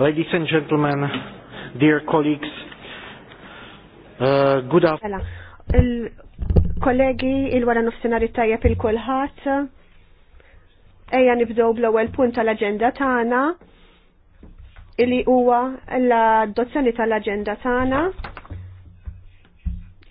Ladies and gentlemen, dear colleagues, uh, good afternoon. Mela, Il-kollegi il-wara nofsinari tajjeb il-kulħat, eja nibdow bl-ewwel punt tal-aġenda tagħna illi huwa l-adozzjoni tal-aġenda tagħna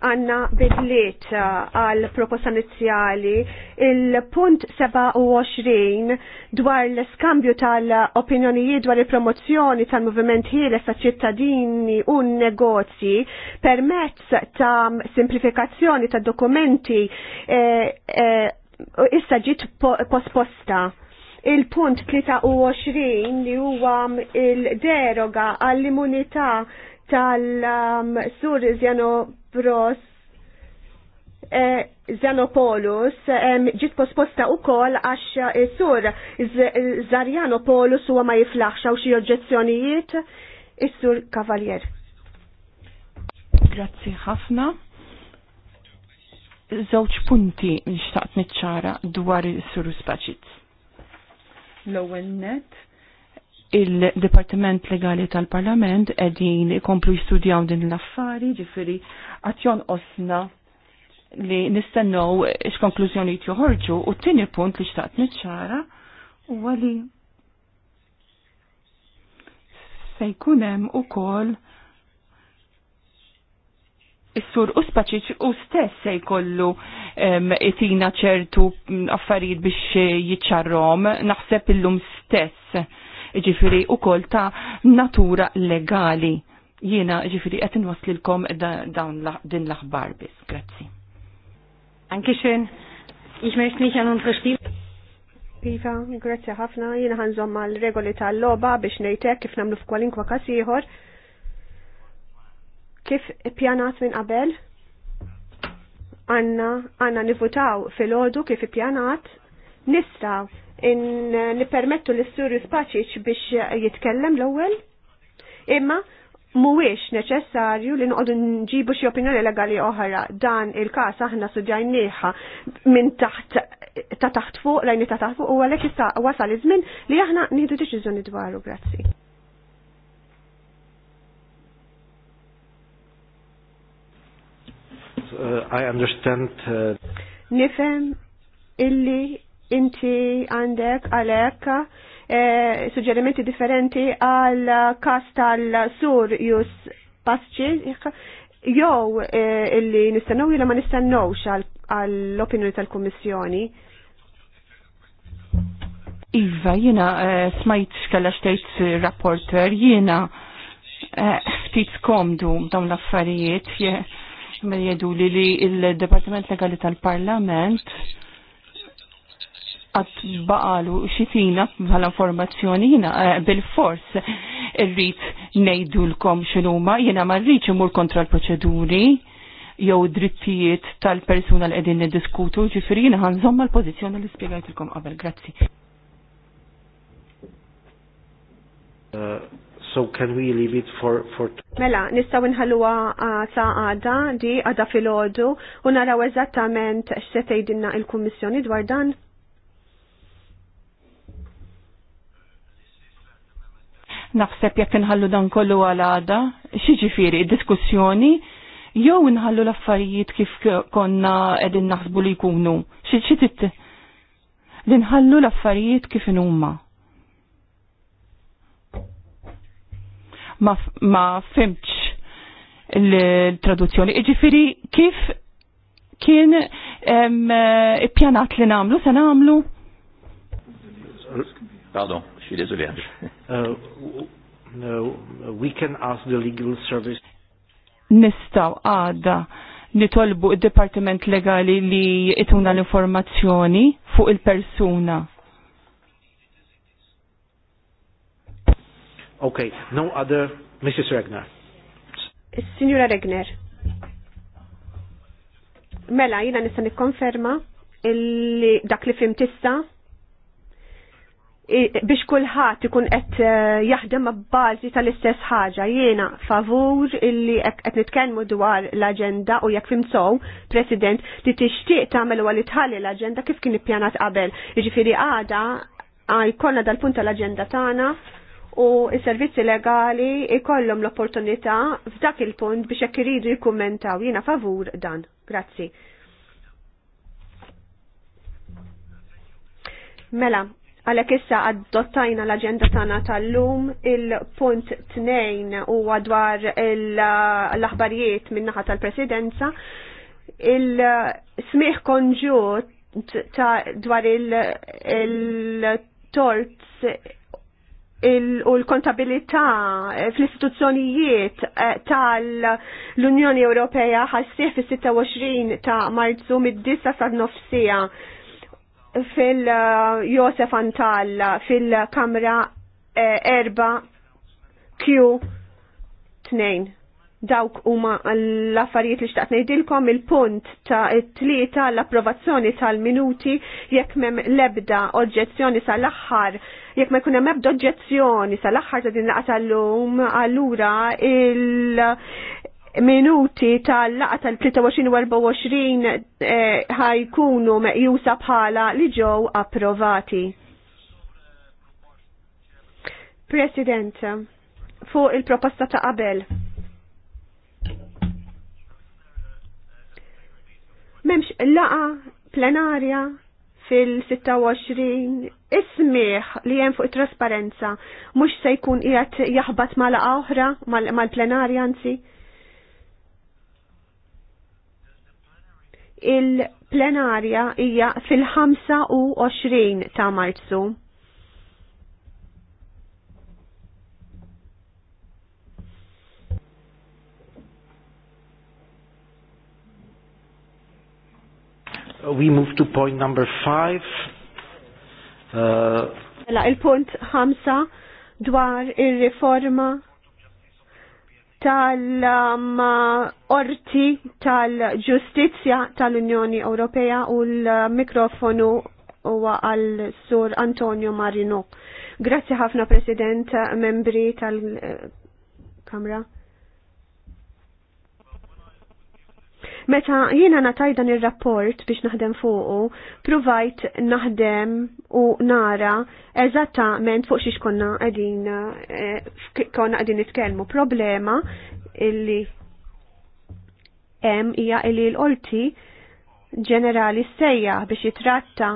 għanna bidliet uh, għal proposta inizjali il-punt 27 dwar l-skambju tal-opinjonijiet dwar il-promozzjoni tal-moviment ħieles ta' ċittadini u negozji permezz ta' simplifikazzjoni ta' dokumenti eh, eh, issa ġiet posposta il-punt 23 li huwa il-deroga għall-immunità tal-sur um, Zjano Bros Zanopolus eh, ġit posposta u kol għax eh, sur Zarjanopolus huwa ma jiflaħx u xie oġġezzjonijiet is-sur Kavalier. Grazzi ħafna. Żewġ punti nixtaqt niċċara dwar is-sur Spaċiz. L-ewwel net il-Departiment Legali tal-Parlament qegħdin ikomplu jistudjaw din l-affari, ġifieri qatt jonqosna li nistennow x-konklużjoni joħorġu u t-tini punt li xtaqt nitċara u għali sejkunem u kol Is-sur u spaċiċ u stess se jkollu itina ċertu affarijiet biex jiċċarrom, naħseb illum stess, ġifiri u kol ta' natura legali. Jiena ġifiri qed waslilkom dawn din l-aħbar bis. Grazzi. Dankeschön. Ich möchte mich an unsere Spiel... Iva, grazie ħafna, jina ħanżom mal regoli tal-loba biex nejtek kif namlu f'kwalinkwa kas ieħor. Kif ippjanat minn qabel? Anna Anna nivutaw fil-ħodu kif ippjanat, nistaw in nipermettu l-isturju spaċiċ biex jitkellem l-ewwel. Imma Mhuwiex neċessarju li noqogħdu nġibu xi opinjoni legali oħra dan il-każ aħna suġajniħa minn taħt ta' taħt fuq, lajni ta' taħt fuq, u għalhekk issa wasal iż-żmien li aħna nieħdu deċiżjoni dwaru, grazzi. Uh, I understand. Uh, Nifhem illi inti għandek għalhekk Eh, suġġerimenti differenti għal kast tal-sur jus pasċi jew eh, illi nistennew jew ma nistennewx għall-opinjoni tal-Kummissjoni. Iva, jina eh, smajt xkella xtejt rapporter, jina ftit komdu dawn l-affarijiet, jedu li li il-Departiment Legali tal-Parlament għad baqalu xitina bħala informazzjoni jina eh, bil-fors irrit nejdulkom xinuma jina ma rriċ imur kontra l-proċeduri jew drittijiet tal-persuna li qegħdin niddiskutu, ġifieri għan zomma l-pożizzjoni li spjegajtilkom qabel. Grazzi. Uh, so can we leave it for for Mela, nistgħu nħalluha uh, sa għada di għada filgħodu u naraw eżattament x'se tgħidilna l kummissjoni dwar dan? Naħseb jekk inħallu dan kollu għal għada, xiġifieri diskussjoni jew inħallu l-affarijiet kif konna qegħdin naħsbu li jkunu. Xi li nħallu l-affarijiet kif inhuma. Ma, ma fimx l-traduzzjoni. Iġifiri kif kien eh, il-pjanat li namlu, se namlu? Pardon. Uh, we can ask the legal service. Nistaw għada nitolbu il-Departiment Legali li ituna l-informazzjoni fuq il-persuna. Okay, no other Mrs. Regner. Signora Regner. Mela, jina nista nikkonferma il dak li fim tista biex kulħadd ikun qed eh, jaħdem b'bażi tal-istess ħaġa. Jiena favur illi qed nitkellmu dwar l-aġenda u jekk fimsow, President, li tixtieq tagħmel li tħalli l-aġenda kif kien ippjanat qabel. Jiġifieri għada jkollna dal-punt tal-aġenda tagħna u s-servizzi legali jkollhom l-opportunità f'dak il-punt biex jekk iridu jikkummentaw. Jiena favur dan. Grazzi. Mela, Għalek issa adottajna l-agenda tana tal-lum il-punt 2 u għadwar l-aħbarijiet minnaħa tal-presidenza il-smiħ konġut ta' dwar il-torts u l-kontabilità fl-istituzzjonijiet eh, tal-Unjoni Ewropea ħassieħ fis-26 ta' Marzu mid disa sa' nofsija fil-Josef Antalla fil-Kamra 4Q2 eh, dawk huma l-affarijiet li xtaqt ngħidilkom il-punt ta' tlieta l-approvazzjoni tal-minuti jekk m'hemm l-ebda oġġezzjoni sal-aħħar jekk ma jkun hemm ebda oġġezzjoni sal-aħħar ta' din laqgħa tal-lum allura minuti tal-laqa tal-23 u 24 eh, ħajkunu eh, meqjusa bħala li ġew approvati. President, fuq il-proposta ta' qabel. Memx laqa plenarja fil-26 ismiħ li jen fuq trasparenza mux se jkun jgħat jahbat ma laqa oħra mal-plenarja anzi. il-plenarja hija fil-25 ta' Marzu. Uh, we move to point number five. Uh, mela, il-punt 5 dwar il-riforma tal-orti tal-ġustizja tal-Unjoni Ewropea u l-mikrofonu huwa għal sur Antonio Marino. Grazzi ħafna President, membri tal-Kamra. Meta jiena nataj dan ir-rapport biex naħdem fuqu, provajt naħdem u nara eżattament fuq xiex konna qegħdin eh, konna qegħdin nitkellmu problema illi hemm hija illi l-qorti ġenerali sejja biex jitratta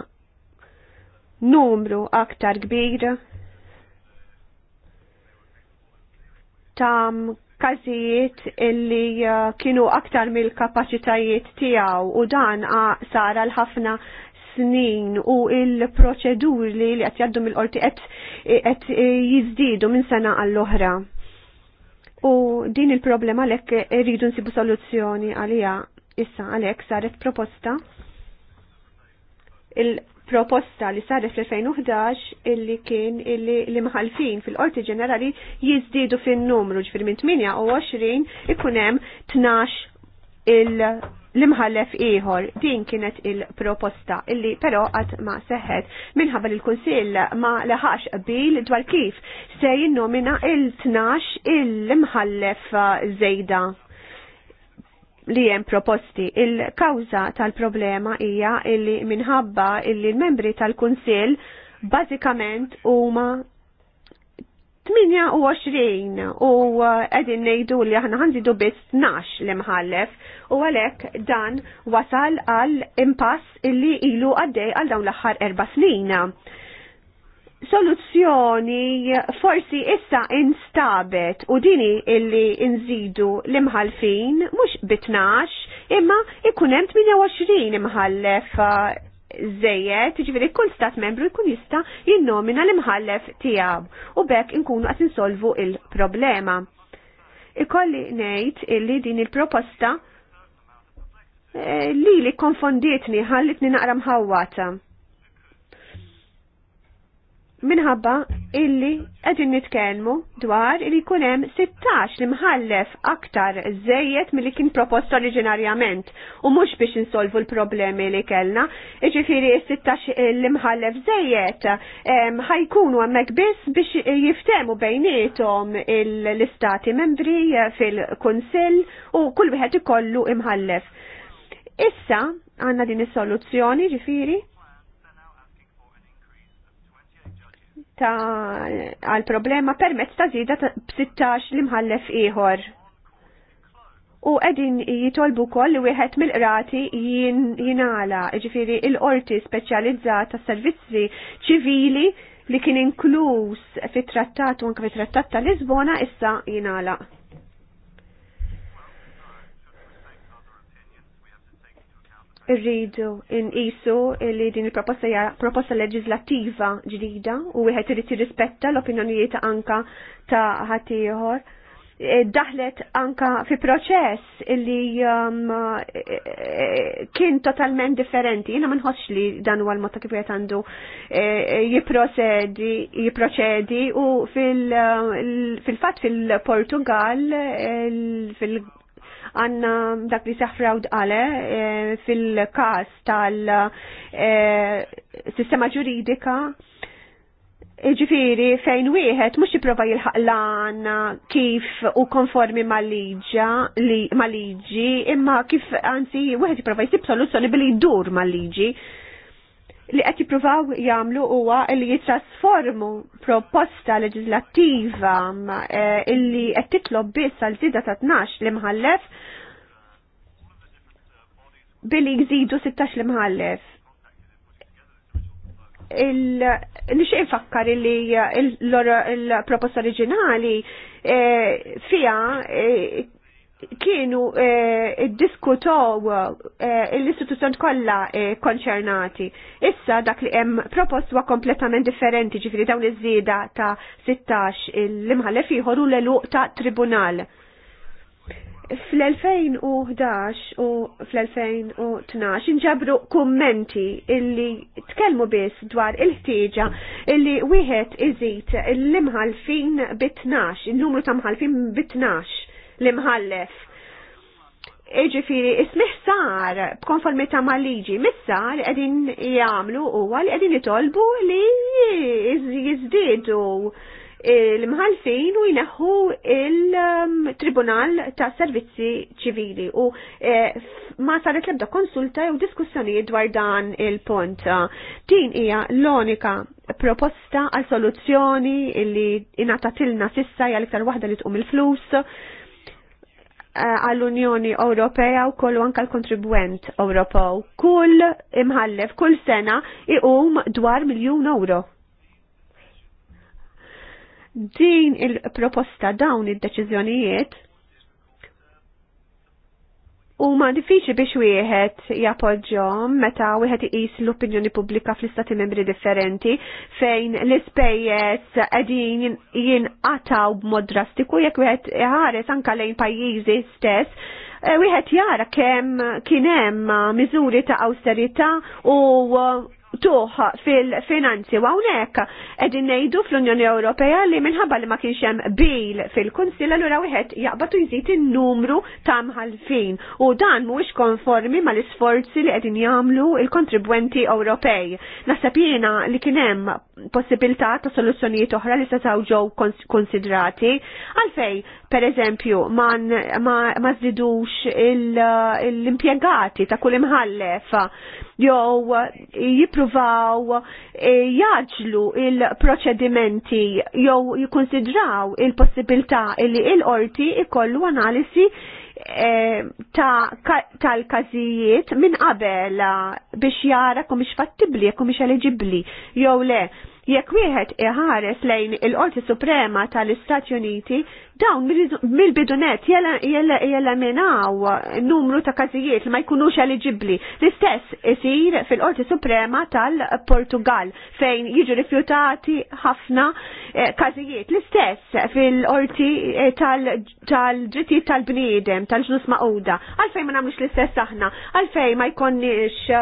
numru aktar kbir ta' każijiet illi uh, kienu aktar mill-kapaċitajiet tiegħu u dan sara l-ħafna snin u il-proċeduri li qed jgħaddu mill-qorti qed e, jiżdiedu minn sena għall-oħra. U din il-problema lek irridu nsibu soluzzjoni għalija issa għalhekk saret proposta proposta li saret fl-2011 illi kien illi li mħalfin fil-qorti ġenerali jizdidu fin-numru ġifir minn 28 ikun hemm 12 il-imħallef ieħor. Din kienet il-proposta illi però qatt ma seħħet minħabba li l-Kunsill ma laħax qbil dwar kif se jinnomina il-12 il-imħallef żejda li hemm proposti. Il-kawża tal-problema hija illi minħabba illi l-membri tal-Kunsill bażikament huma 28 u għedin uh, nejdu li aħna ħanżidu biss 12 li mħallef u għalek dan wasal għal impass illi ilu għaddej għal dawn l axar erba snina soluzzjoni forsi issa instabet u dini illi nżidu l-imħalfin mux bitnax imma ikunem 28 imħallef uh, zejet, ġiviri kull stat membru jkun jista jinnomina l-imħallef tijab u bekk inkunu għat insolvu il-problema. Ikolli nejt illi din il-proposta eh, li li konfondietni ħallitni naqra mħawwata minħabba illi għedin nitkelmu dwar illi kunem 16 li mħallef aktar zejjed mill-li kien propost oriġinarjament u mux biex insolvu l-problemi li kellna, iġifiri 16 li mħallef zejjed ħajkunu għemmek biss biex jiftemu bejnietom l-istati membri fil-konsil u kull wieħed ikollu imħallef. Issa għanna din is-soluzzjoni ġifiri ta' għal problema permezz ta' zida b-16 li mħallef ieħor. U għedin jitolbu koll li wieħed mill-qrati jinala, ġifiri il-qorti speċjalizzata servizzi ċivili li kien inkluż fit-trattat u anke fit-trattat ta' Lisbona issa jinala. in nqisu li din il-proposta proposta leġislattiva ġdida u wieħed irid jirrispetta l-opinjonijiet anka ta' ħatiħor. E, daħlet anka fi proċess li um, e, e, kien totalment differenti. Jiena ma li dan huwa l motta kif qed għandu jipproċedi u um, fil-fatt fil-Portugal fil għanna dak li seħfrawd għale eh, fil-kas tal-sistema eh, ġuridika Ġifiri, fejn wieħed mhux jipprova jilħaq lan kif u konformi mal-liġi, imma kif anzi wieħed jiprofa jsib soluzzjoni billi jdur mal-liġi li qed jippruvaw jagħmlu huwa li jitrasformu proposta leġislattiva eh, illi qed titlob biss għal zida ta' 12 li mħallef billi jżidu 16 l-imħallef. Nixie infakkar li l-proposta oriġinali eh, fija eh, kienu eh, diskutow l-istituzzjoni kollha konċernati. Issa dak li hemm propost huwa kompletament differenti ġifiri dawn iż-żieda ta' 16 l-imħallef ieħor l-eluq ta' tribunal fl-2011 u fl-2012 inġabru kummenti illi tkellmu biss dwar il-ħtieġa illi wieħed iżid l-imħalfin bit-12, il-numru ta' mħalfin bit-12 l-imħallef. Iġifiri, ismiħ sar b'konformità ma' liġi, mis-sar qegħdin jagħmlu huwa li qegħdin jitolbu li jiżdiedu jiz l mħalfin u jneħħu il-Tribunal ta' Servizzi Ċivili u eh, ma saret lebda konsulta jew diskussjoni dwar dan il punt Din hija l-onika proposta għal soluzzjoni li inatatilna sissa hija l-iktar waħda li tqum il-flus eh, għall-Unjoni Ewropea u kollu anka l-kontribwent Ewropew. Kull imħallef, kull sena iqum dwar miljun euro Din il-proposta dawn id-deċiżjonijiet huma diffiċli biex wieħed jappoġġhom meta wieħed iqis l-opinjoni pubblika fl-istati membri differenti fejn l-ispejjeż qegħdin jinqataw b'mod drastiku jekk wieħed iħares anke lejn pajjiżi stess eh, wieħed jara kemm kien hemm miżuri ta' awsterità u tuħ fil-finanzi u hawnhekk edin ngħidu fl-Unjoni Ewropea li minħabba li ma kienx hemm bil fil-Kunsill allura wieħed jaqbatu jżid in-numru ta' mħalfin u dan mhuwiex konformi mal-isforzi li qegħdin jagħmlu il-kontribwenti Ewropej. Naħseb jiena li kien hemm possibilità ta' soluzzjonijiet oħra li setgħu ġew konsidrati għalfej per eżempju, ma żidux l-impjegati ta' kull imħallef jew jippruvaw eh, jaġlu il-proċedimenti jew jikkonsidraw il-possibilità li il-qorti ikollu analisi eh, tal-kazijiet minn qabel eh, biex jara kumiex fattibli, kumiex eligibli, jew le. Jekk wieħed iħares lejn il-Qorti Suprema tal-Istati Uniti, dawn mill-bidunet jella menaw numru ta' kazijiet li ma jkunux eligibli. L-istess isir fil-Qorti Suprema tal-Portugal fejn jiġu rifjutati ħafna eh, kazijiet. L-istess fil-Qorti eh, tal-ġitti tal-bniedem tal-ġnus uda. Għalfejn ma namlux l-istess aħna, għalfejn ma jkunnix.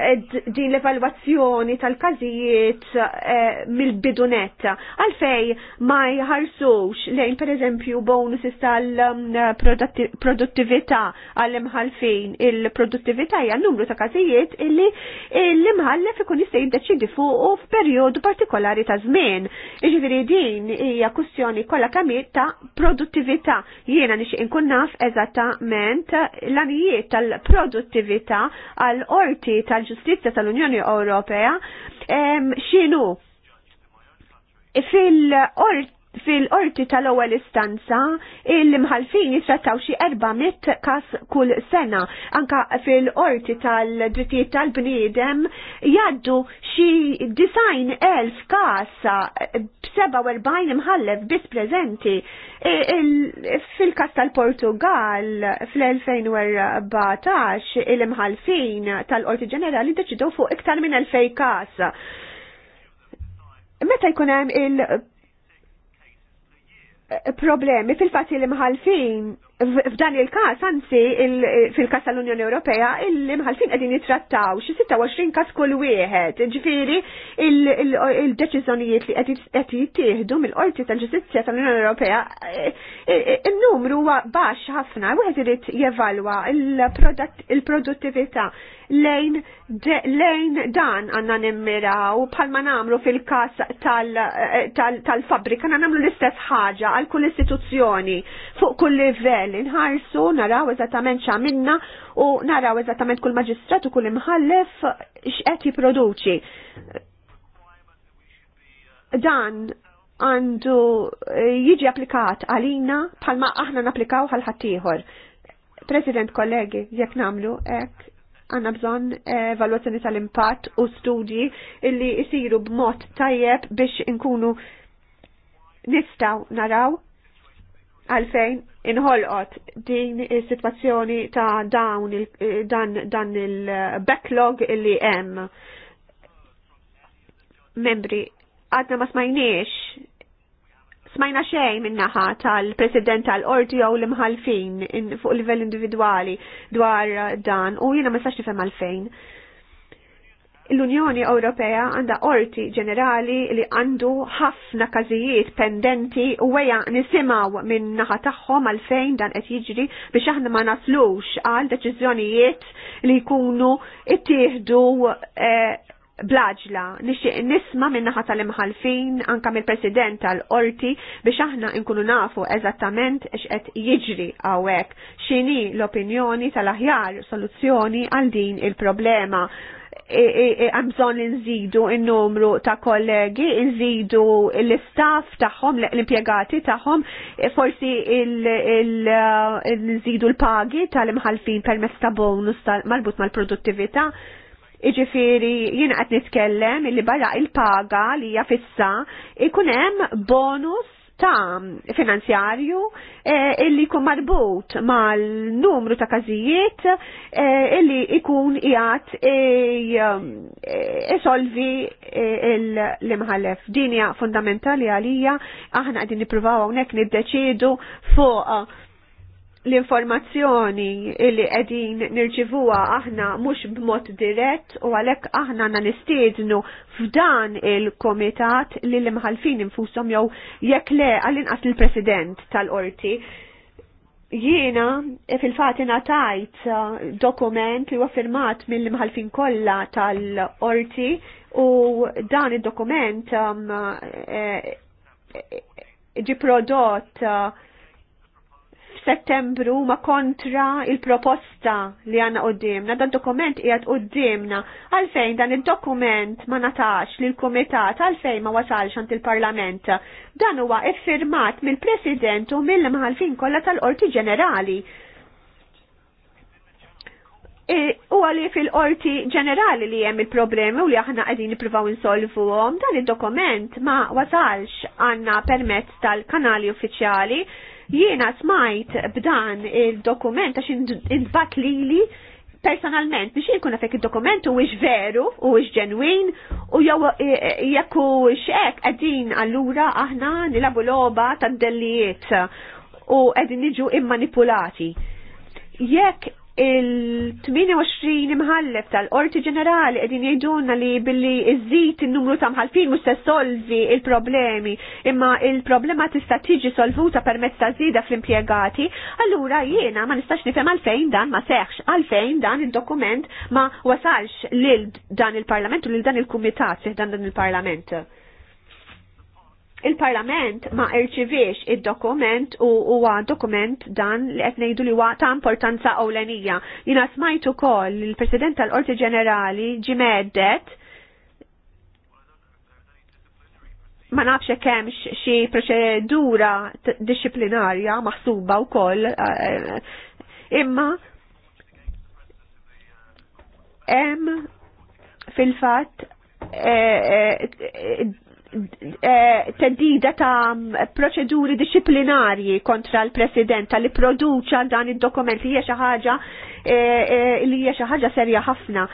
Eh, din l-evalwazzjoni tal-każijiet eh, mill-bidunetta. Għalfej ma jħarsux lejn per eżempju bonuses tal-produttività għall-imħalfin. Il-produttività hija numru ta' każijiet illi l-imħallef ikun jista' jiddeċidi fuq f'perjodu partikolari ta' żmien. Iġifieri din hija kwestjoni kollha kamiet ta' produttività. Jiena nixtieq inkun naf eżattament l-anijiet tal-produttività għall-orti tal ġustizja tal-Unjoni Ewropea xinu fil-qorti fil-qorti tal-ewwel istanza il-mħalfin jitrattaw xi 400 każ kull sena anka fil-qorti tal-drittijiet tal-bniedem jaddu xi design elf każ b'47 imħallef biss preżenti e, fil-każ tal-Portugal fl-2014 il-mħalfin tal-qorti ġenerali deċidu fuq iktar minn 2000 kas. Meta jkun hemm il- Eh, problemi fil-fatti li mħalfin f'dan il-kas, anzi fil-kas tal-Unjoni Ewropea, li mħalfin għedin jitrattaw xi 26 kas kull wieħed, ġifiri il-deċiżjonijiet li qed jittieħdu mill-qorti tal-ġustizzja tal-Unjoni Ewropea, eh, eh, il-numru huwa baxx ħafna, wieħed irid jevalwa il-produttività lejn, lejn dan għanna nimmiraw palma namlu fil-kas eh, tal-fabrika, għanna namlu l-istess ħaġa għal kull istituzzjoni fuq kull livell, nħarsu, naraw eżattament x'għamilna u naraw eżattament kull maġistrat u kull imħallef x'qed jipproduċi. Dan għandu jiġi applikat għalina palma aħna naplikaw għal ħattijħor. President kollegi, jekk namlu ek, għanna bżon eh, valwazzjoni tal-impatt u studji illi jisiru b'mod tajjeb biex inkunu nistaw naraw għalfejn inħolqot din is-sitwazzjoni ta' dawn il, eh, dan, dan il-backlog illi hemm membri għadna ma smajniex smajna xejn minnaħa tal-president tal-ordi jew l-imħalfin fuq livell individwali dwar dan u jiena ma nifhem għalfejn. L-Unjoni Ewropea għandha orti ġenerali li għandu ħafna każijiet pendenti u weja nisimgħu minn naħa tagħhom għalfejn dan qed jiġri biex aħna ma naslux għal deċiżjonijiet li jkunu ittieħdu eh, blaġla nixtieq nisma minnaħa tal-imħalfin anka mill-President tal-Qorti biex aħna nkunu nafu eżattament x'qed jiġri hawnhekk x'inhi l-opinjoni tal-aħjar soluzzjoni għal din il-problema Għam bżonn nżidu n-numru ta' kollegi, nżidu l-istaff tagħhom, l-impjegati tagħhom, forsi uh, nżidu l-pagi tal-imħalfin permezz ta' bonus marbut mal-produttività. Iġifiri, jien qed nitkellem illi barra il-paga li hija fissa ikun hemm bonus ta' finanzjarju eh, illi jkun marbut mal-numru ta' każijiet eh, illi jkun qiegħed eh, isolvi eh, l-imħallef. Din hija fundamentali għalija aħna qegħdin nippruvaw hawnhekk niddeċiedu fuq l-informazzjoni li qegħdin nirċivuha aħna mhux b'mod dirett u għalhekk aħna na nistiednu f'dan il-komitat li l-imħalfin infushom jew jekk le għall-inqas il-President tal-qorti. Jiena fil-fatt ingħatajt uh, dokument li huwa firmat mill-imħalfin kollha tal-qorti u dan id-dokument um, eh, eh, ġi prodott uh, f'Settembru ma kontra il-proposta li għanna qoddimna, dan dokument qiegħed qoddimna, għalfejn dan il-dokument ma natax l kumitat għalfejn ma wasalx għand il-Parlament. Dan huwa iffirmat mill-President u mill maħalfin kollha tal-Qorti Ġenerali. E, u għalli fil-qorti ġenerali li jem il-problemi u li aħna għedin niprivaw insolvu għom, dan il-dokument ma wasalx għanna permezz tal-kanali uffiċjali Jiena smajt b'dan il-dokument għax indbat lili personalment biex jinkun għafek il-dokument u wix veru u wix ġenwin u e, e, jekku xek għadin allura aħna nilabu loba tad dellijiet u għadin iġu immanipulati. Jekk il-28 imħallef tal-Qorti Ġenerali qegħdin jgħidulna li billi iżid in-numru ta' mħalfin mhux se solvi il-problemi, imma il-problema tista' tiġi solvuta permezz ta' żieda fl-impjegati, allura jiena ma nistax nifhem għalfejn dan ma seħx, għalfejn dan id-dokument ma wasalx lil dan il-Parlament u lil dan il-Kumitat dan il-Parlament. il il parlament il-Parlament ma irċivix id-dokument u huwa dokument dan li qed ngħidu li huwa ta' importanza ewlenija. Jiena smajt ukoll il-President tal-Qorti Ġenerali ġimeddet ma nafx hekk hemm xi proċedura disciplinarja maħsuba wkoll eh, imma hemm fil-fatt eh, eh, Eh, teddida ta' proċeduri disciplinarji kontra l-President li produċa dan id-dokument li hija xi ħaġa eh, eh, li hija xi ħaġa serja ħafna.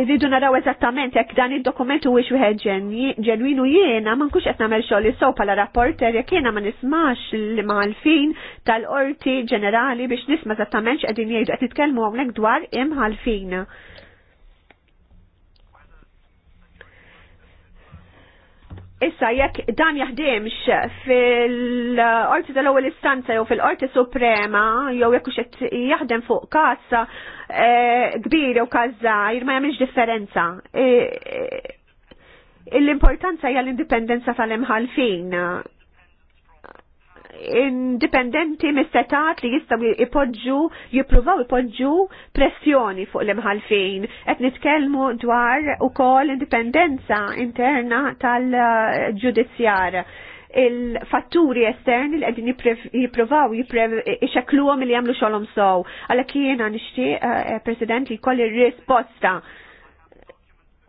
Rridu naraw eżattament jekk dan id-dokument huwiex wieħed ġenwinu jiena ma nkunx qed nagħmel xogħol issew bħala rapporter jekk jiena ma nismax li maħalfin tal-qorti ġenerali biex nisma' eżattament x'qegħdin jgħidu qed nitkellmu hawnhekk dwar im imħalfin. Issa jekk dan jaħdimx fil-qorti tal-ewwel istanza jew fil-qorti suprema jew jekk qed jaħdem fuq kazza e, kbir jew kazzajr ma jagħmilx differenza. E, e, l-importanza hija l-indipendenza tal-imħalfin indipendenti mis-setat li jistgħu ipoġġu, jippruvaw ipoġġu pressjoni fuq l-imħalfin. Qed nitkellmu dwar ukoll indipendenza interna tal-ġudizzjar il-fatturi esterni li għedin jiprovaw ixekluhom li jamlu xolom sow. Għalla kiena nishtiq, eh, President, li kolli risposta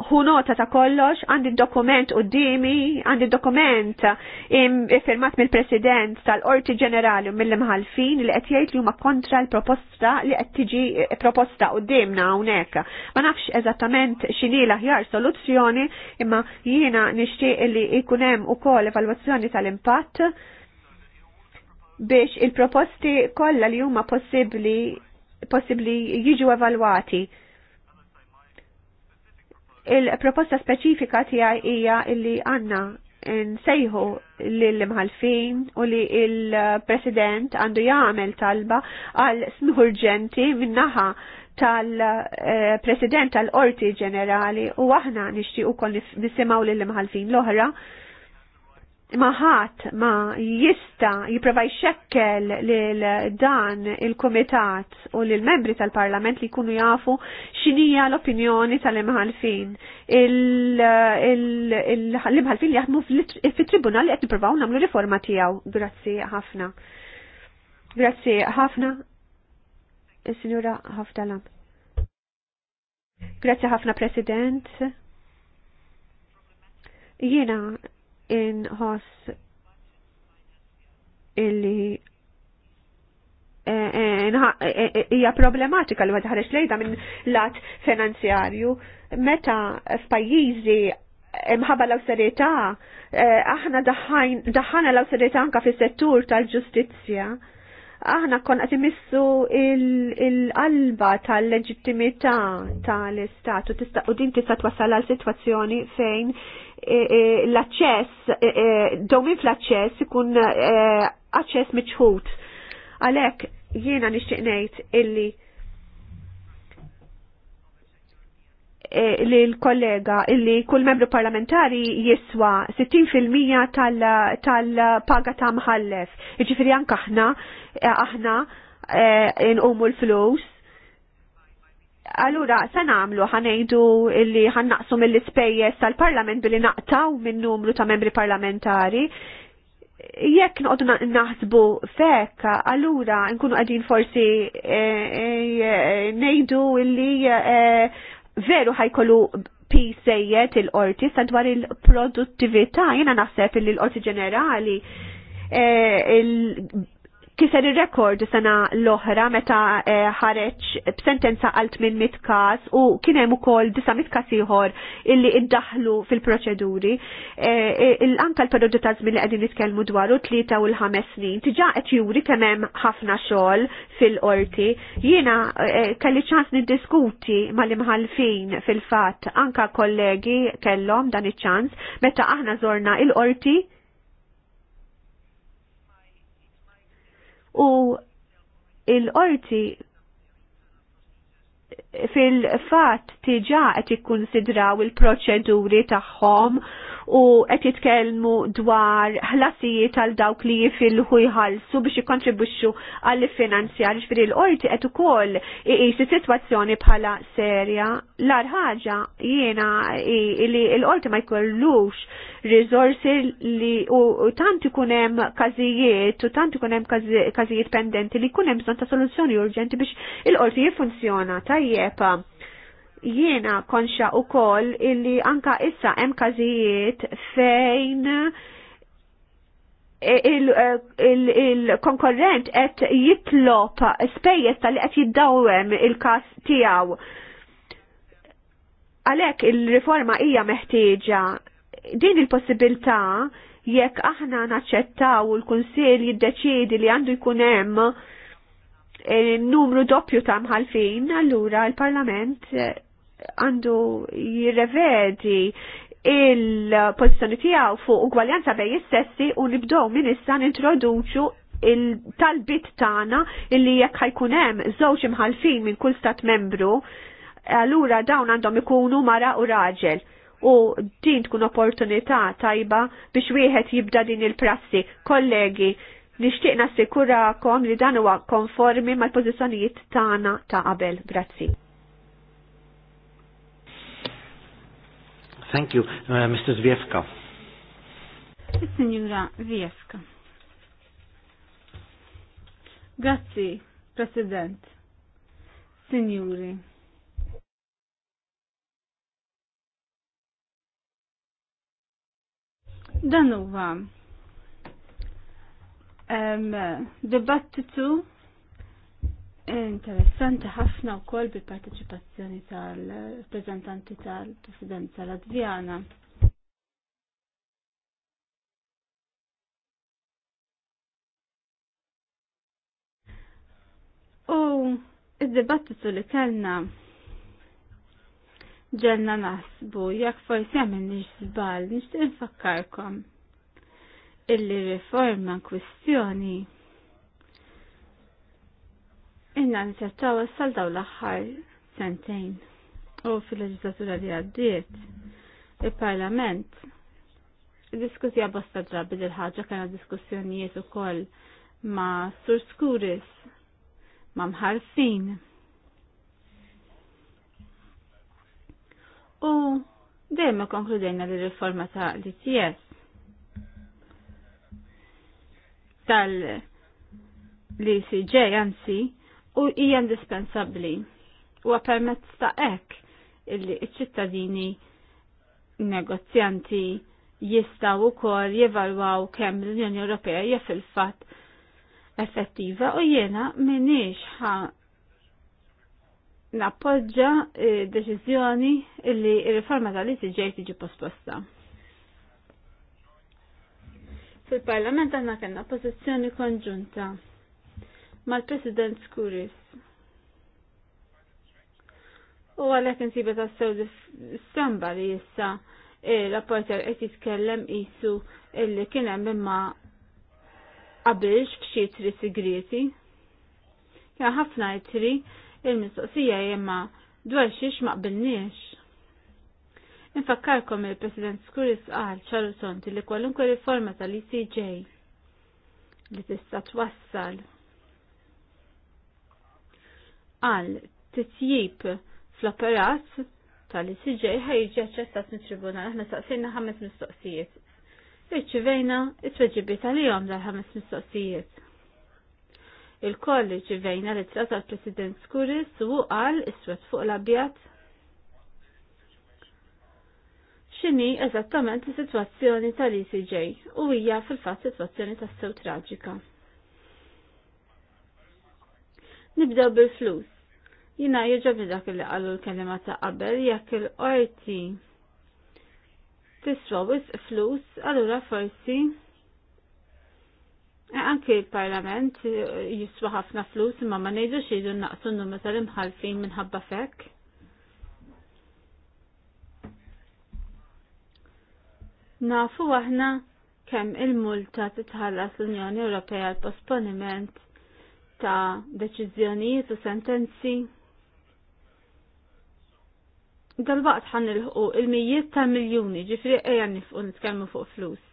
hu nota ta' kollox, għandi dokument u dimi, għandi dokument firmat mill-President tal-Orti Ġenerali mill-imħalfin li qed jgħid li huma kontra l-proposta li qed tiġi proposta u dimna hawnhekk. Ma nafx eżattament x'inhi l-aħjar soluzzjoni, imma jiena nixtieq li jkun hemm ukoll evalwazzjoni tal-impatt biex il-proposti kollha li huma possibbli possibbli jiġu evalwati Il-proposta speċifika tiegħi hija li għandna nsejħu l-imħalfin u li il-president għandu jagħmel talba għal snurġenti minnaħa tal-president tal-Qorti Ġenerali u aħna nixtieq ukoll nisimgħu lill-imħalfin l-oħra maħat ma jista jiprofa jxekkel lil dan il-komitat u lil membri tal-parlament li jkunu jafu xinija l-opinjoni tal-imħalfin. L-imħalfin li jaħdmu fit-tribunal li qed nippruvaw nagħmlu riforma tiegħu. Grazzi ħafna. Grazzi ħafna. Is-Sinjura Ħafdalam. Grazzi ħafna President. Jiena inħoss illi eh, eh, eh, hija problematika li għadħarġ lejda minn lat finanzjarju. Meta f'pajjiżi imħabba l-awsterità, aħna daħħana l-awsterità anka fis-settur tal-ġustizzja. Aħna kon qed il l-qalba tal-leġittimità tal-istat u din tista' twassal għal sitwazzjoni fejn E, e, l-aċċess, e, domin fl-aċċess ikun aċċess miċħut. Għalhekk jiena nixtieq ngħid illi li l-kollega illi kull membru parlamentari jiswa 60% tal-paga ta' mħallef. Iġifiri anka aħna, aħna nqumu l-flus Allura, sa namlu ħanejdu illi ħannaqsu mill-ispejjeż tal-Parlament billi naqtaw minn numru ta' membri parlamentari. Jekk noqdu naħsbu fekk, allura nkunu għadin forsi e, e, e, ngħidu illi veru ħajkollu pisejjed il-qorti sadwar il-produttività, jiena naħseb illi l-qorti ġenerali kiser il-rekord sena l-oħra meta eh, ħareċ b'sentenza għalt minn mitkas u kienem ukoll 900 mitkas ieħor illi iddaħlu fil-proċeduri. Eh, eh, anka l-periodu ta' żmien li qegħdin nitkellmu dwaru tlieta u l-ħames snin. Tiġa qed juri kemm hemm ħafna xogħol fil-qorti. Jiena kelli ċans niddiskuti mal-imħalfin fil-fatt anka kollegi kellhom dan iċ-ċans meta aħna żorna il-qorti u il-qorti fil-fat tiġa qed ikkunsidraw il-proċeduri tagħhom u qed jitkellmu dwar ħlasijiet għal dawk li jifilħu jħallsu biex jikkontribwixxu għall finanzjar ġifieri l-qorti qed ukoll iqisi sitwazzjoni bħala serja. L-ar ħaġa jiena li l-qorti ma jkollux riżorsi li u tant ikun hemm każijiet u tant ikun hemm każijiet pendenti li jkun hemm bżonn ta' soluzzjoni urġenti biex il-qorti jiffunzjona tajjeb Jiena konxa u koll illi anka issa hemm każijiet fejn il-konkurrent qed jitlob spejjeż tal-li qed jiddawwem il-każ tiegħu. Għalhekk il-riforma hija meħtieġa din il-possibilità jekk aħna naċċettaw il-Kunsill jiddeċiedi li għandu jkun hemm eh, numru doppju ta' mħalfin, allura l-Parlament eh, għandu jirrevedi il-pozizjoni tijaw fuq ugwaljanza bej is u nibdow minn issa nintroduċu il-talbit tagħna illi jekk ħajkun hemm żewġ imħalfin minn kull stat membru, allura dawn għandhom ikunu mara u raġel u din tkun opportunità tajba biex wieħed jibda din il-prassi. Kollegi, nixtieq nassikurakom li dan huwa konformi mal-pożizzjonijiet tagħna ta' qabel. Grazzi. Thank you, uh, Mr. Zviefka. Signora Zviefka. Grazie, President. Signori. Dan um, debattitu interessanti ħafna u koll bil-parteċipazzjoni tal-reprezentanti tal-presidenza Latvijana. U id debattitu li kellna ġenna nasbu, jekk forsi għamilni żball, nixtieq infakkarkom illi riforma kwistjoni Inna nisettaw għassal daw l-axħar sentejn u fil-leġislatura li għaddiet il-parlament diskutija bosta drabi dil-ħagġa kena diskussjonijiet u koll ma Sur Skuris ma mħarfin u dejma konkludejna li riforma ta' l-ITS tal lcj icj anzi u hija indispensabbli. Huwa permezz ta' hekk illi ċ ċittadini negozjanti jistaw ukoll jevalwaw kemm l-Unjoni Ewropea hija fil-fatt effettiva u jiena minix ħa nappoġġa eh, deċiżjoni illi r riforma tal-ICJ tiġi posposta. Fil-Parlament għandna kellna pożizzjoni konġunta mal-President Skuris. U għalek nsibet għassew samba li jissa eh, l-apporter qed jitkellem qisu illi kien hemm imma qabilx f'xi tri sigreti. Ja ħafna jitri il-mistoqsija imma dwar xiex ma qbilniex. Infakkarkom il-President Skuris qal ċaru sonti li kwalunkwe riforma tal-ECJ li tista' twassal għal titjib fl-apparat tal-ICJ ħajġi ċessat mit-tribunal, aħna saqsejna ħames mistoqsijiet. Irċivejna it-tweġibi tal-jom dal-ħames mistoqsijiet. Il-koll irċivejna li trata l-President Skuris u għal iswed fuq l-abjat xini eżattament l-situazzjoni tal-ICJ u hija fil-fatt situazzjoni tas-sew traġika. Nibdew bil-flus. Jina jieġabi dak li għallu l-kelima ta' qabel jekk il-qorti tiswa wisq flus, allura forsi eh, anke il-parlament eh, jiswa ħafna flus imma ma ngħidux iridu naqsu n-numru tal-imħalfin minħabba fekk. Nafu aħna kemm il-multa titħallas l-Unjoni Ewropea l-posponiment ta' deċiżjonijiet u sentenzi. Dal-waqt ħan il-ħu il-mijiet ta' miljoni ġifri eja nifqu nitkellmu fuq flus.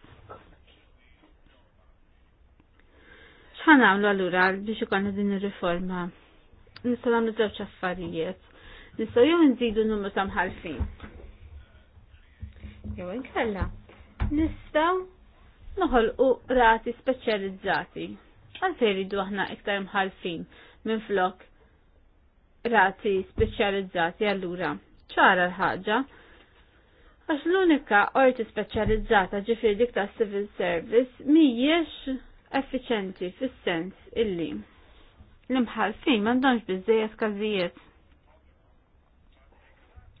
ħan għamlu għallura biex ikonna din ir-riforma. Nistaw nagħmlu żewġ affarijiet. Nistgħu jow nżidu n-numru ta' mħalfin. Jow nkella. Nistgħu noħolqu rati speċjalizzati se jridu aħna iktar mħalfin minn flok rati speċjalizzati allura. ċara l-ħagġa, għax l-unika orti speċjalizzata ġifir dik ta' civil service mhijiex effiċenti fis-sens illi l-imħalfin m'għandhomx biżejjed każijiet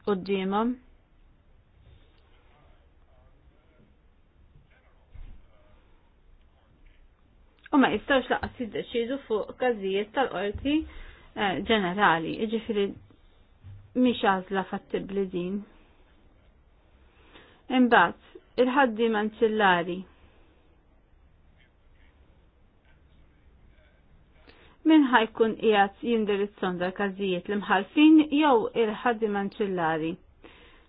Uddimom, u ma jistawx laqas jiddeċidu fuq każijiet tal-qorti eh, ġenerali, iġifiri miex għazla fattibli din. Imbat, il-ħaddi manċillari. Min ħajkun qiegħed jindirizzon dal każijiet l-imħalfin jew il-ħaddi manċillari.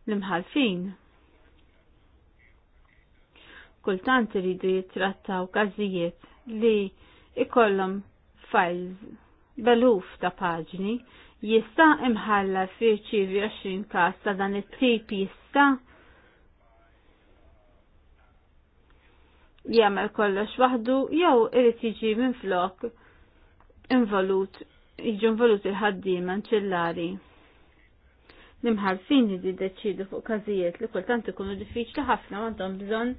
L-imħalfin. Kultant iridu jittrattaw każijiet li ikollom files beluf ta' paġni jista' imħalla firċivi 20 każ ta' dan it-tip jista' jagħmel kollox waħdu jew irid jiġi minflok involut jiġu involut il-ħaddiema ċellari. l-imħalfin li deċidu fuq każijiet li kultant ikunu diffiċli ħafna għandhom bżonn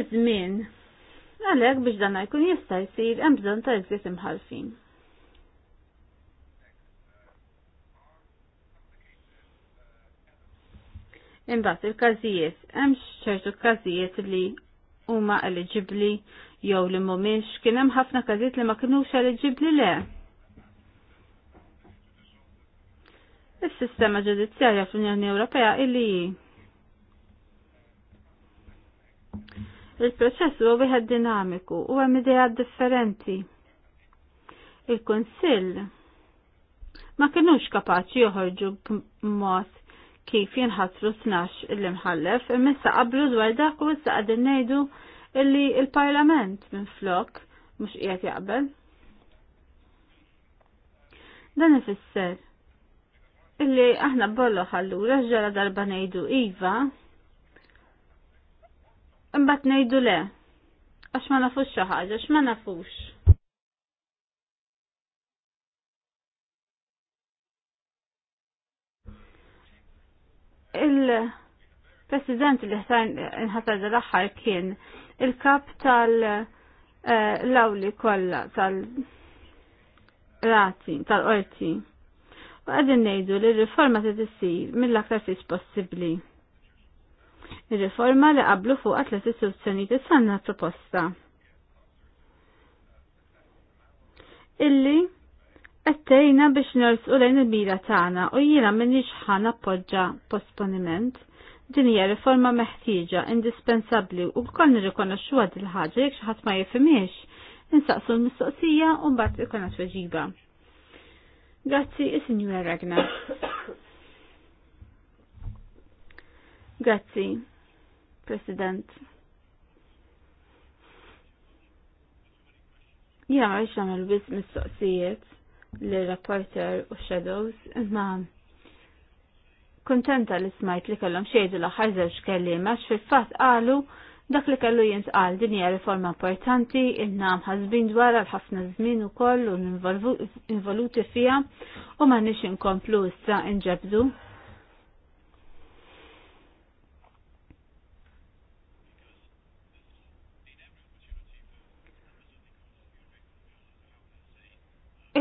iż-żmien Għalek biex dan jkun jista' jsir hemm bżonn ta' iżjed imħalfin. Imbagħad il-każijiet, hemm ċertu każijiet li huma eliġibbli jew li mhumiex, kien hemm ħafna każijiet li ma kinux eliġibbli le. Is-sistema ġudizzjarja fl-Unjoni Ewropea illi Il-proċess huwa wieħed dinamiku u hemm idea differenti. Il-Kunsill ma kinux kapaċi joħorġu b'mod kif jinħatru snax il-imħallef imissa qablu dwar dak u issa qegħdin ngħidu illi il-Parlament minn flok mhux qiegħed jaqbel. Dan ifisser illi aħna bollu ħallura ġara darba ngħidu iva Imbat nejdu le. Għax ma nafux xi ħaġa, ma nafux. Il-president li ħtar inħatar l aħħar kien il-kap tal-lawli eh, kollha tal-rati, tal-qorti. U għadin nejdu li r-riforma t-tissir mill-aktar fis possibli ir-riforma li qablu fuq istituzzjoni t sanna proposta. Illi għattajna biex u lejn il bira tagħna u jiena minniex ħan appoġġa posponiment. Din hija riforma meħtieġa, indispensabbli u wkoll nirrikonoxxu għad il-ħaġa jekk xaħat ħadd ma jifimiex, Insaqsu l-mistoqsija u mbagħad għat tweġiba. Grazzi is-Sinjura Ragna. Grazzi. President. Ja, ma rridx nagħmel biss mistoqsijiet li rapporter u shadows imma kontenta li smajt li kellhom xejdu l-aħħar żewġ maċ fil-fatt qalu dak li kellu jintqal din hija riforma importanti inna mħazbin dwar għal ħafna żmien ukoll u involuti fiha u m'għandniex inkomplu issa inġebdu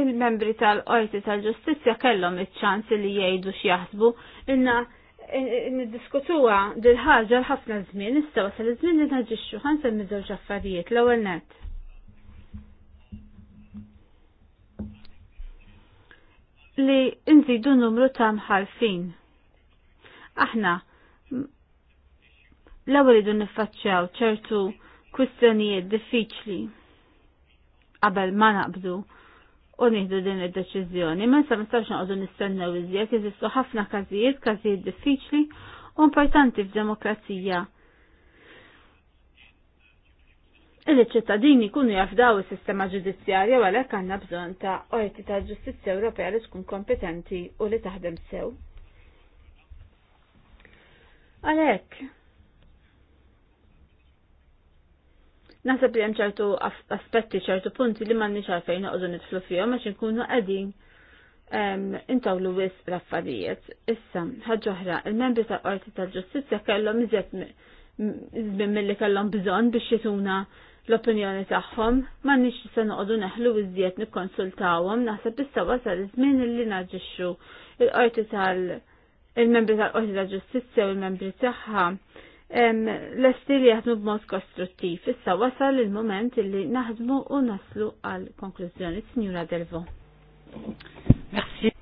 il-membri tal-qorti tal-ġustizja kellhom iċ-ċans li jgħidu x'jaħsbu inna eh, eh, niddiskutuha dil ħaġa l-ħafna żmien, issa wasal żmien li naġixxu ħansemmi żewġ affarijiet l-ewwel nett. Li nżidu numru ta' mħalfin. Aħna l-ewwel idu niffaċċjaw ċertu kwistjonijiet diffiċli qabel ma naqbdu u nieħdu din id-deċiżjoni. Ma sa nistax noqogħdu nistennew iżjed jeżistu ħafna każijiet, każijiet diffiċli u importanti f'demokrazija. Il-ċittadini kunu jafdaw is-sistema ġudizzjarja għalhekk għandna bżonn ta' qorti ta' ġustizzja Ewropea li tkun kompetenti u li taħdem sew. Għalhekk, Nasab li hemm ċertu aspetti, ċertu punti li m'għandniex għalfejn noqogħdu nidħlu fihom għax inkunu qegħdin ehm, intawlu wis l-affarijiet. Issa, ħaġa oħra, il-membri tal-Qorti tal-Ġustizzja kellhom iżjed żmien milli kellhom bżonn biex jituna l-opinjoni tagħhom, m'għandniex se noqogħdu neħlu iżjed nikkonsultawhom, naħseb issa wasal iż-żmien li naġixxu il-Qorti tal- il-membri tal-Qorti tal-Ġustizzja u l-membri tagħha l estili li b b'mod kostruttiv. Issa wasal il-moment illi naħdmu u naslu għal konklużjoni. Signora Delvo. Merci.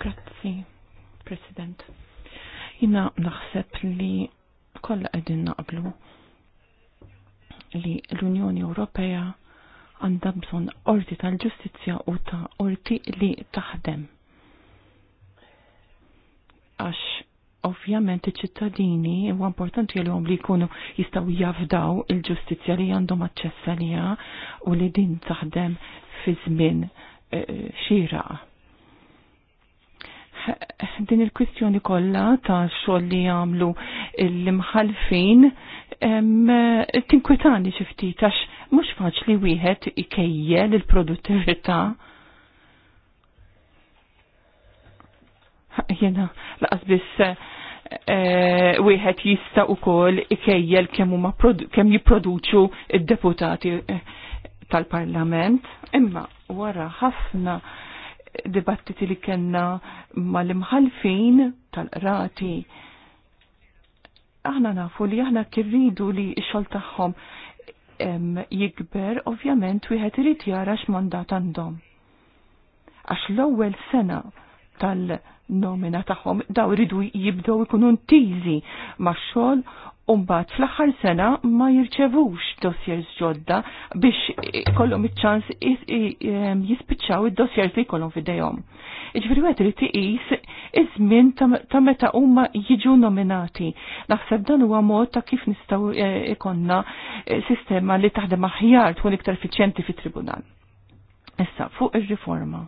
Grazzi, President. Jina naħseb li kolla għedin naqblu li l-Unjoni Ewropea għandha bżonn orti tal-ġustizzja u ta' orti li taħdem. Għax ovvjament iċ-ċittadini huwa importanti għalhom li jkunu jistgħu jafdaw il-ġustizzja li għandhom aċċessa liha u li din taħdem fi żmien e, xieraq. Din il-kwistjoni kollha ta' xogħol li jagħmlu l-imħalfin tinkwetani xi ftit għax mhux faċli wieħed ikejjel il-produttività Jena, laqas biss eh, eh, wieħed jista' ukoll ikejjel kemm huma kemm jipproduċu id-deputati eh, tal-Parlament, imma wara ħafna dibattiti li kellna mal-imħalfin tal-qrati. Aħna nafu li aħna kif ridu li x-xogħol tagħhom jikber, ovvjament wieħed irid jara x'mandat għandhom. Għax l-ewwel sena tal- nomina tagħhom daw ridu jibdow ikunu ntiżi max-xogħol Umbat fl-axar sena ma jirċevux dossiers ġodda biex kollom iċ-ċans jispiċċaw id-dossiers li kollom fidejhom. Iġveri għet li tiqis iż-żmien ta' meta huma jiġu nominati. Naħseb dan huwa mod ta' kif nistgħu e, ikonna e, sistema li taħdem aħjar tkun iktar effiċjenti fit-tribunal. Issa, fuq ir-riforma.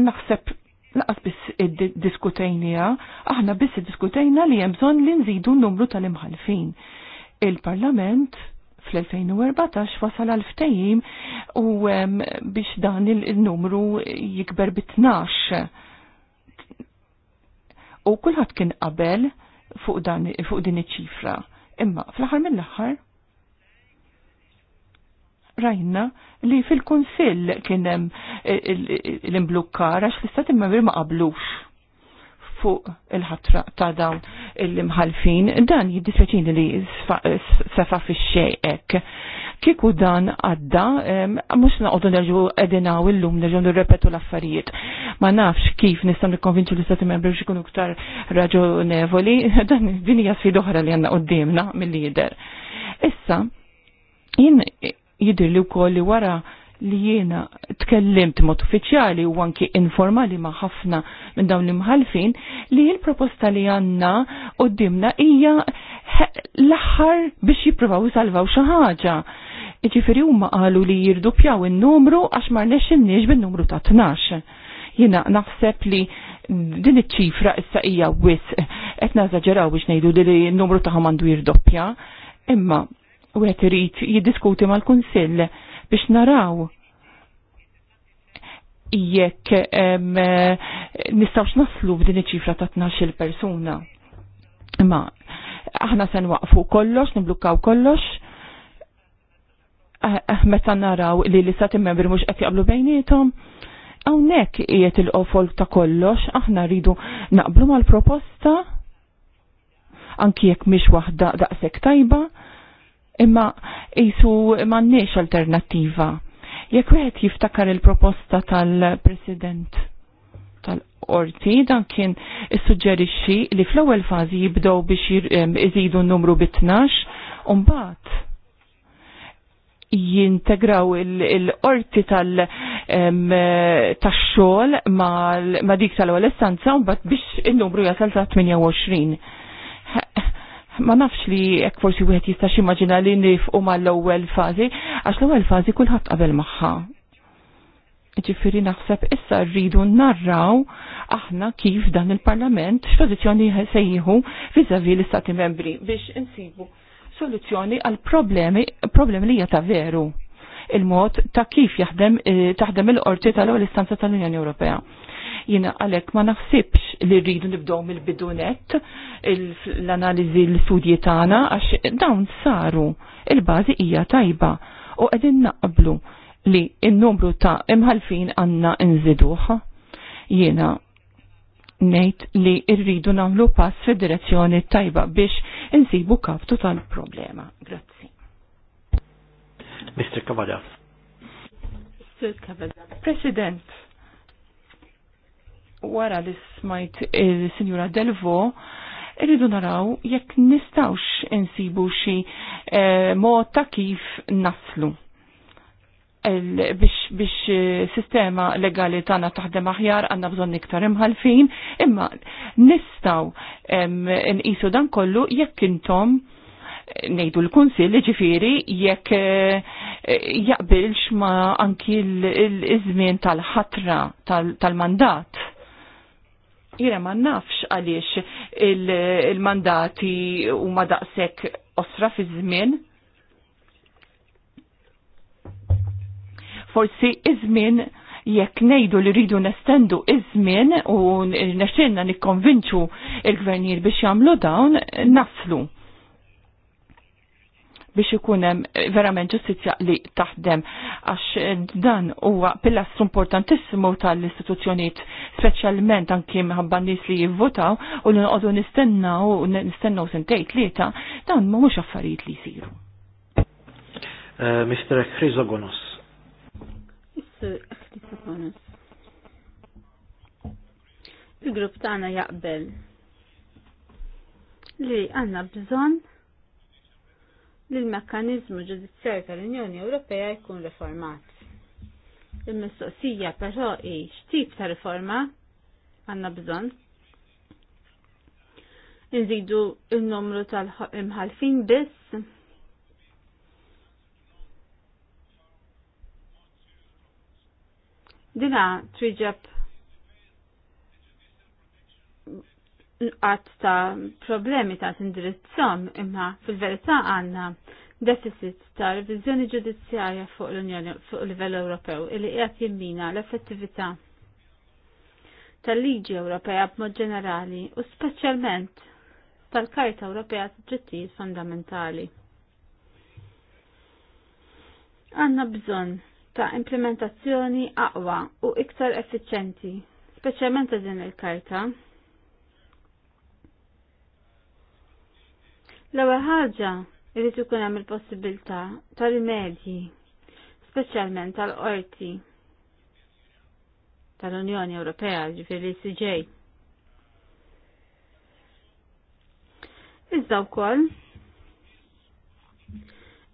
naħseb naqas biss id-diskutejnija, aħna biss id-diskutejna li jemżon li nżidu n-numru tal-imħalfin. Il-Parlament fl-2014 wasal għal ftejim u biex dan il-numru jikber bit-12. U kullħat kien qabel fuq, dan, fuq din iċ-ċifra. Imma fl-aħħar mill-aħħar rajna li fil-Kunsill kien hemm eh, l-imblukkar għax l-istati ma qablux fuq il-ħatra ta' dawn il-imħalfin, dan jiddispeċin li sefa fi xejek. Kiku dan għadda, mux naqdu nerġu edinaw l lum nerġu nirrepetu l-affarijiet. Ma nafx kif nistam nikkonvinċu l-istati membri biex ikunu ktar raġunevoli, dan din hija sfida oħra li għandna qoddimna mill-lider. Issa, jidir li wkoll li wara li jiena tkellimt mod uffiċjali u anki informali ma' ħafna minn dawn l-imħalfin li l-proposta li għanna u dimna hija l-aħħar biex jippruvaw isalvaw xi ħaġa. Iġifieri huma qalu li jirdupjaw in-numru għax ma rnexxinniex bin-numru ta' 12. Jiena naħseb li din iċ-ċifra issa hija wisq qed nażaġeraw biex ngħidu li n-numru tagħhom għandu jirdoppja. Imma u għet rrit jiddiskuti mal-Kunsill biex naraw jekk nistawx naslu b'din iċifra ta' 12 persuna. Ma aħna sen waqfu kollox, niblukkaw kollox, eh, eh, meta naraw li li sati membri mux qed jaqblu bejnietom, hawnhekk qiegħed il-qofol ta' kollox, aħna rridu naqblu mal-proposta, anki jekk mhix waħda daqshekk tajba, imma jisu m'għandniex alternattiva. Jekk wieħed jiftakar il-proposta tal-President tal-Orti, dan kien issuġġerixxi li fl-ewwel fażi jibdew biex iżidu n-numru bitnax 12 u mbagħad jintegraw il-orti tal-xol ma dik tal-ewwel istanza u biex il-numru jasal ta' 28 ma nafx li ek forsi wieħed jista' ximmaġina li nifqu mal-ewwel fażi, għax l-ewwel fażi kulħadd qabel magħha. Ġifieri naħseb issa rridu narraw aħna kif dan il-Parlament x'pożizzjoni se jieħu viżavi l-Istati Membri biex insibu soluzzjoni għal problemi problemi li hija ta' veru il-mod ta' kif jaħdem eh, taħdem il-qorti tal-ewwel istanza tal-Unjoni Ewropea Jina għalek ma naħsibx li rridu nibdow mill-bidunet l-analizi l-studji tagħna għax dawn saru il-bażi hija tajba u qegħdin naqblu li n-numru ta' imħalfin għanna nżiduħ. Jiena ngħid li rridu nagħmlu pass fid-direzzjoni tajba biex insibu kaftu tal-problema. Grazzi. Mr. Kavada. Mr. Kavada. President, wara li smajt il-Sinjura Delvo, irridu naraw jekk nistawx insibu xi eh, mod ta' kif naslu biex, biex eh, sistema legali tagħna taħdem aħjar għandna bżonn iktar imħalfin, imma nistaw nqisu dan kollu jekk intom eh, ngħidu l-kunsil ġifieri jekk jaqbilx ma anki l-izmin tal-ħatra tal-mandat. -tal Jena ma nafx għaliex il-mandati il u ma daqsek osra fi żmien. Forsi iż-żmien jekk nejdu li rridu nestendu iż-żmien u nesċenna nikkonvinċu il-gvernijiet biex jagħmlu dawn naflu biex ikun hemm eh, verament ġustizzja li taħdem għax eh, dan huwa pilastru importantissimu tal-istituzzjonijiet speċjalment anki minħabba nies li jivvotaw u li noqogħdu nistennaw nistennaw sentejn tlieta dan mhumiex affarijiet li jsiru. Eh, Mr. Mr. Chrysogonos. Il-grupp tagħna jaqbel li għandna bżonn li l-mekkanizmu ġudizzjarju tal-Unjoni Ewropea jkun riformat. Il-mistoqsija però hi x'tip ta' riforma għandna bżonn. Nżidu il-numru tal-imħalfin biss dina triġab għat ta' problemi ta' tindirizzom imma fil-verità għanna deficit ta' revizjoni ġudizzjarja fuq l-Unjoni fuq livell Ewropew illi qiegħed jimmina l-effettività tal-liġi Ewropea b'mod ġenerali u speċjalment tal-Karta Ewropea tad-Drittijiet Fundamentali. Għanna bżonn ta' implementazzjoni aqwa u iktar effiċenti, speċjalment ta' din il-karta, L-ewwel ħaġa irrit ikun hemm il-possibilità tal-medji, speċjalment tal-qorti tal-Unjoni Ewropea, ġifieri CJ. Iżda wkoll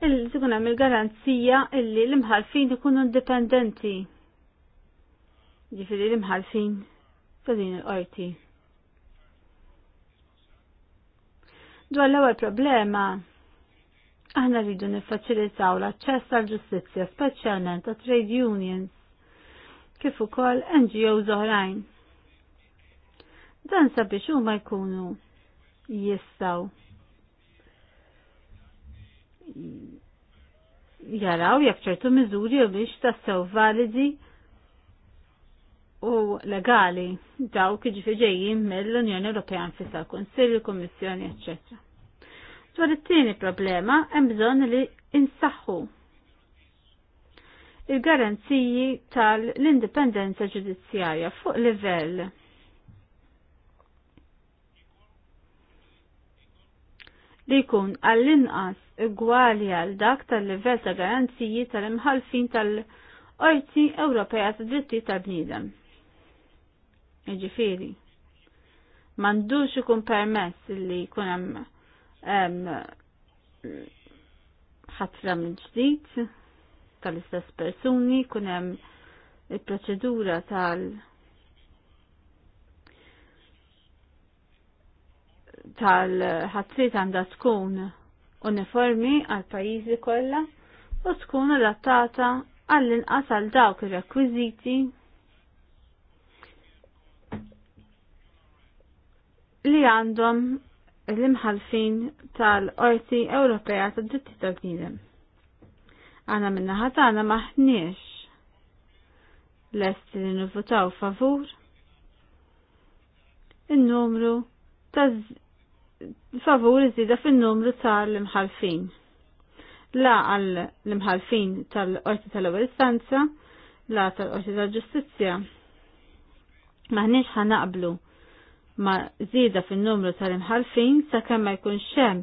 il-tikun hemm il-garanzija illi l-imħalfin ikunu indipendenti. Ġifieri l-imħalfin ta' din il-qorti. Dwar l-ewwel problema Aħna rridu niffaċilitaw l-aċċess tal ġustizzja speċjalment ta' trade unions kif ukoll NGOs oħrajn. Dan sabiex huma jkunu jistgħu jaraw jekk ċertu miżuri u biex tassew validi u legali dawk ġifiġejjin mill-Unjoni Ewropea nfisha l-Kunsill, il-Kummissjoni, eċċetera. Dwar it-tieni problema hemm bżonn li insaħħu il-garanziji tal-indipendenza ġudizzjarja fuq livell li jkun għall-inqas igwali għal dak tal-livell ta' garanziji tal-imħalfin tal-Qorti Ewropea ta' Dritti tal-Bniedem. Jiġifieri, mandux ikun permess li jkun hemm ħatra minn ġdid tal-istess persuni, kun hemm il-proċedura tal- tal-ħatriet għandha tkun uniformi għal pajjiżi kollha u tkun adattata għall-inqas għal dawk ir-rekwiżiti li għandhom l-imħalfin tal-Qorti Ewropea tad-Dritti tal-Bniedem. Għana minna ħatana maħniex l-est li nivvotaw favur il-numru ta' favur iżida fin-numru tal-imħalfin. La għall l-imħalfin tal-Qorti tal-Ewwel Istanza, la tal-Qorti tal-Ġustizzja. Maħniex ħanaqblu ma' żieda fin-numru tal-imħalfin sakemm ma jkunx hemm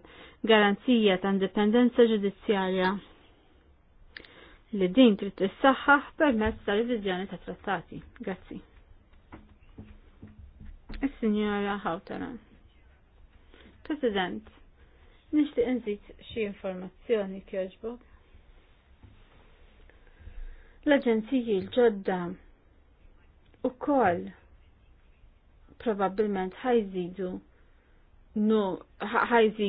garanzija ta' indipendenza ġudizzjarja li din trid tissaħħaħ permezz ta' riviżjoni ta' trattati. Grazzi. Is-Sinjora Hautana. President, nixtieq inżid xi informazzjoni kjoġbok. L-Aġenziji l-ġodda u koll probabbilment ħajżidu nu ħajżi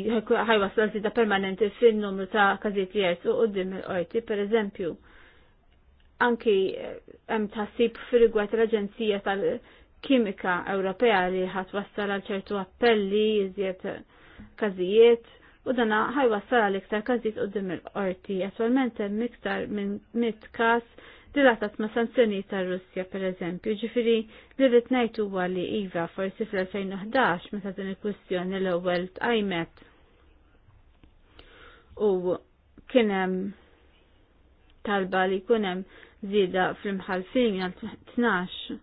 permanenti fin-numru ta' każijiet li jersu qudiem il-qorti, pereżempju. Anki eh, hemm tasib fir l-Aġenzija tal-Kimika Ewropea li ħadd wassal għal ċertu appelli iżjed każijiet u dana ħajwassal għal iktar każijiet qudiem il-qorti. Attwalment hemm iktar minn mit każ rilatat ma' sanzjoni ta' Russja per eżempju, ġifiri li rrit najtu li Iva forsi fl-2011 meta din il-kwistjoni l-ewwel tqajmet. U kienem talba li kunem zida fl-imħalfin għal 12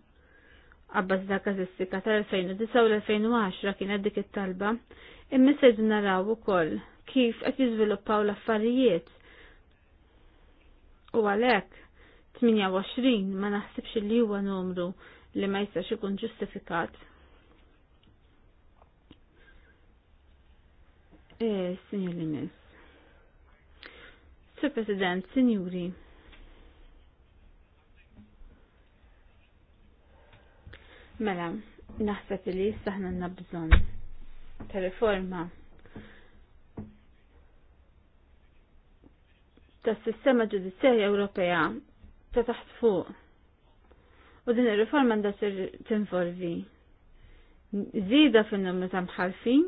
għabbas da kazistika tal-2009 u l-2010 kienet dik it-talba, imma se naraw ukoll kif qed jiżviluppaw l-affarijiet. U għalhekk 28 ma naħsibx li huwa numru li ma jistax ikun ġustifikat. Eh, signor Limis. Sir President, signori. Mela, naħseb li saħna għandna bżonn ta' riforma tas sistema ġudizzjarja Ewropea ta' taħt fuq. U din ir-riforma għandha tinvolvi żieda fin-numru ta' mħalfin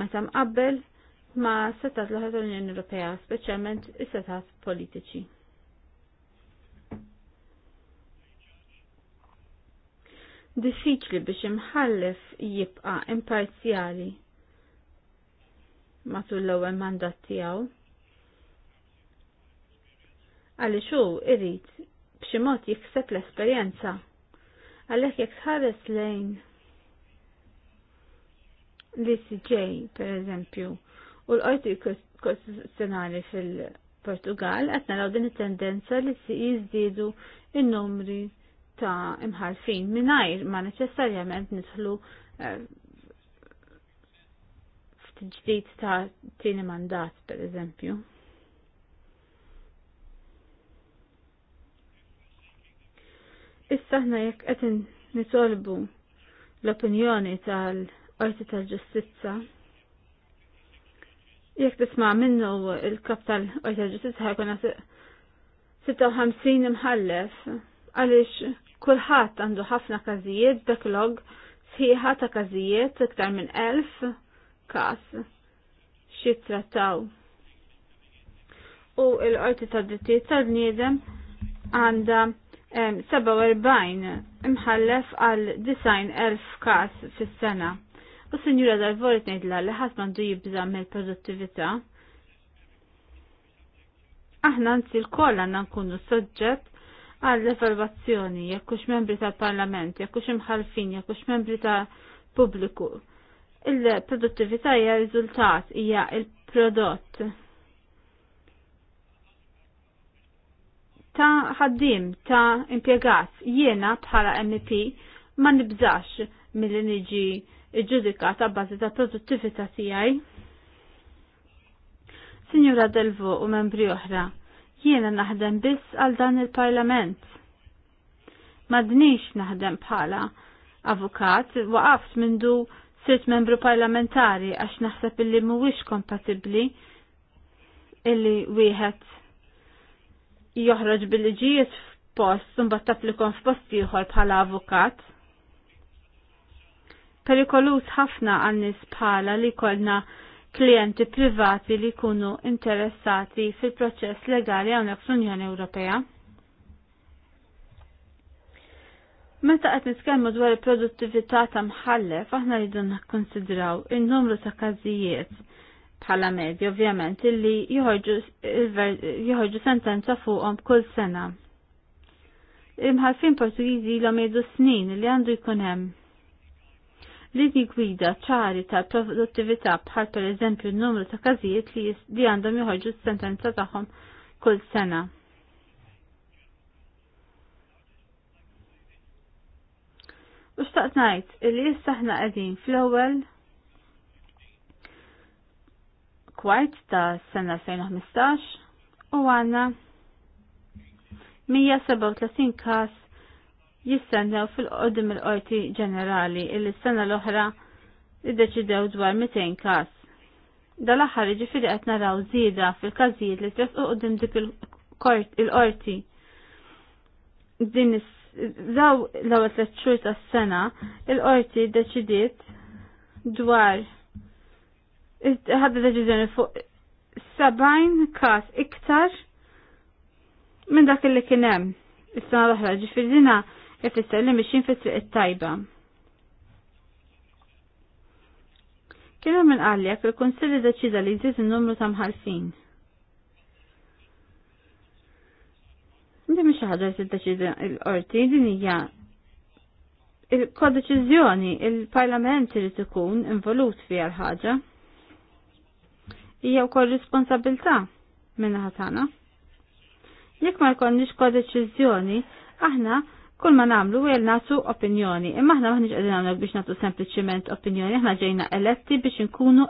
meta mqabbel ma' setat l l-Unjoni Ewropea, speċjalment is-setat politiċi. diffiċli biex imħallef jibqa imparzjali matul l-ewwel mandat tiegħu. Għaliex hu irid b'xi mod jikseb l-esperjenza. Għalhekk jekk tħares lejn l-ICJ, per eżempju, u l-qorti kostituzzjonali fil-Portugal qed naraw din it-tendenza li si jiżdiedu in-numri ta' imħalfin mingħajr ma neċessarjament nidħlu eh, ġdid ta' tieni mandat, per eżempju. Issa ħna jekk qed nitolbu l-opinjoni tal-Qorti tal ġustizza jekk tisma' minnu il-kap tal-Qorti tal ġustizza ħajkun 56 imħallef għaliex kulħadd għandu ħafna każijiet backlog sħiħa ta' każijiet iktar minn elf każ xi trattaw. U l-qorti tad-dittijiet tal-bniedem għandha 47 imħallef għal elf kas fis-sena. U sinjura dal-vorit ngħidla li ħadd m'għandu jibza mill-produttività. Aħna nsi l-koll għandna nkunu soġġett għall evalvazzjoni jekk hux membri tal-Parlament, jekkux hux imħalfin, jekkux hux membri tal-pubbliku. Il-produttività hija riżultat hija il-prodott. il prodott ta' ħaddim ta' impiegat jiena bħala MP ma nibżax milli niġi ta' bazi ta' produttività tiegħi. Sinjura Delvo u membri oħra, jiena naħdem biss għal dan il-Parlament. Madnix naħdem bħala avukat, waqaft mindu sitt membru parlamentari għax naħseb illi mhuwiex kompatibbli illi wieħed joħroġ bil-liġijiet f'post mbagħad tapplikom f'post ieħor bħala avukat. Perikolus ħafna għan nies bħala li kollna klijenti privati li jkunu interessati fil-proċess legali hawnhekk fl-Unjoni Ewropea. Meta qed nitkellmu dwar il-produttività ta' mħallef aħna rridu nakkonsidraw in-numru ta' każijiet bħala medji ovvjament illi joħorġu sentenza fuqhom kull sena. Imħalfin Portugiżi l jgħidu snin li għandu jkun hemm. Lini gwida ċari tal-produttività bħal per eżempju n-numru ta' każijiet li li għandhom joħorġu sentenza tagħhom kull sena. U xtaqt ngħid li issa aħna qegħdin fl-ewwel kwart ta' sena 2015 u għanna 137 kas jistennew fil qoddim il-qorti ġenerali illi s-sena l-oħra id-deċidew dwar 200 kas. Dal-aħħar ġifiri qed naraw żieda fil-każijiet li u qudiem dik il-qorti. Din daw l-ewwel tliet xhur tas-sena il-qorti ddeċidiet dwar ħadda deċiżjoni fuq 70 każ iktar minn dak li kien hemm is-sena l-oħra ġifieri dina ifisser li mixin fi triq it-tajba. Kien hemm inqal jekk il-Kunsilli deċida li jżid in-numru ta' mħalfin. Inti mhix xi ħaġa l-qorti, din hija il-kodeċiżjoni il-Parlament irid ikun involut fiha l-ħaġa hija wkoll responsabilità minna ħatana. Jekk ma jkollniex kodeċiżjoni, aħna kull ma nagħmlu għel nasu opinjoni, imma aħna maħniġ qegħdin nagħmlu biex nagħtu sempliċiment opinjoni, aħna ġejna eletti biex inkunu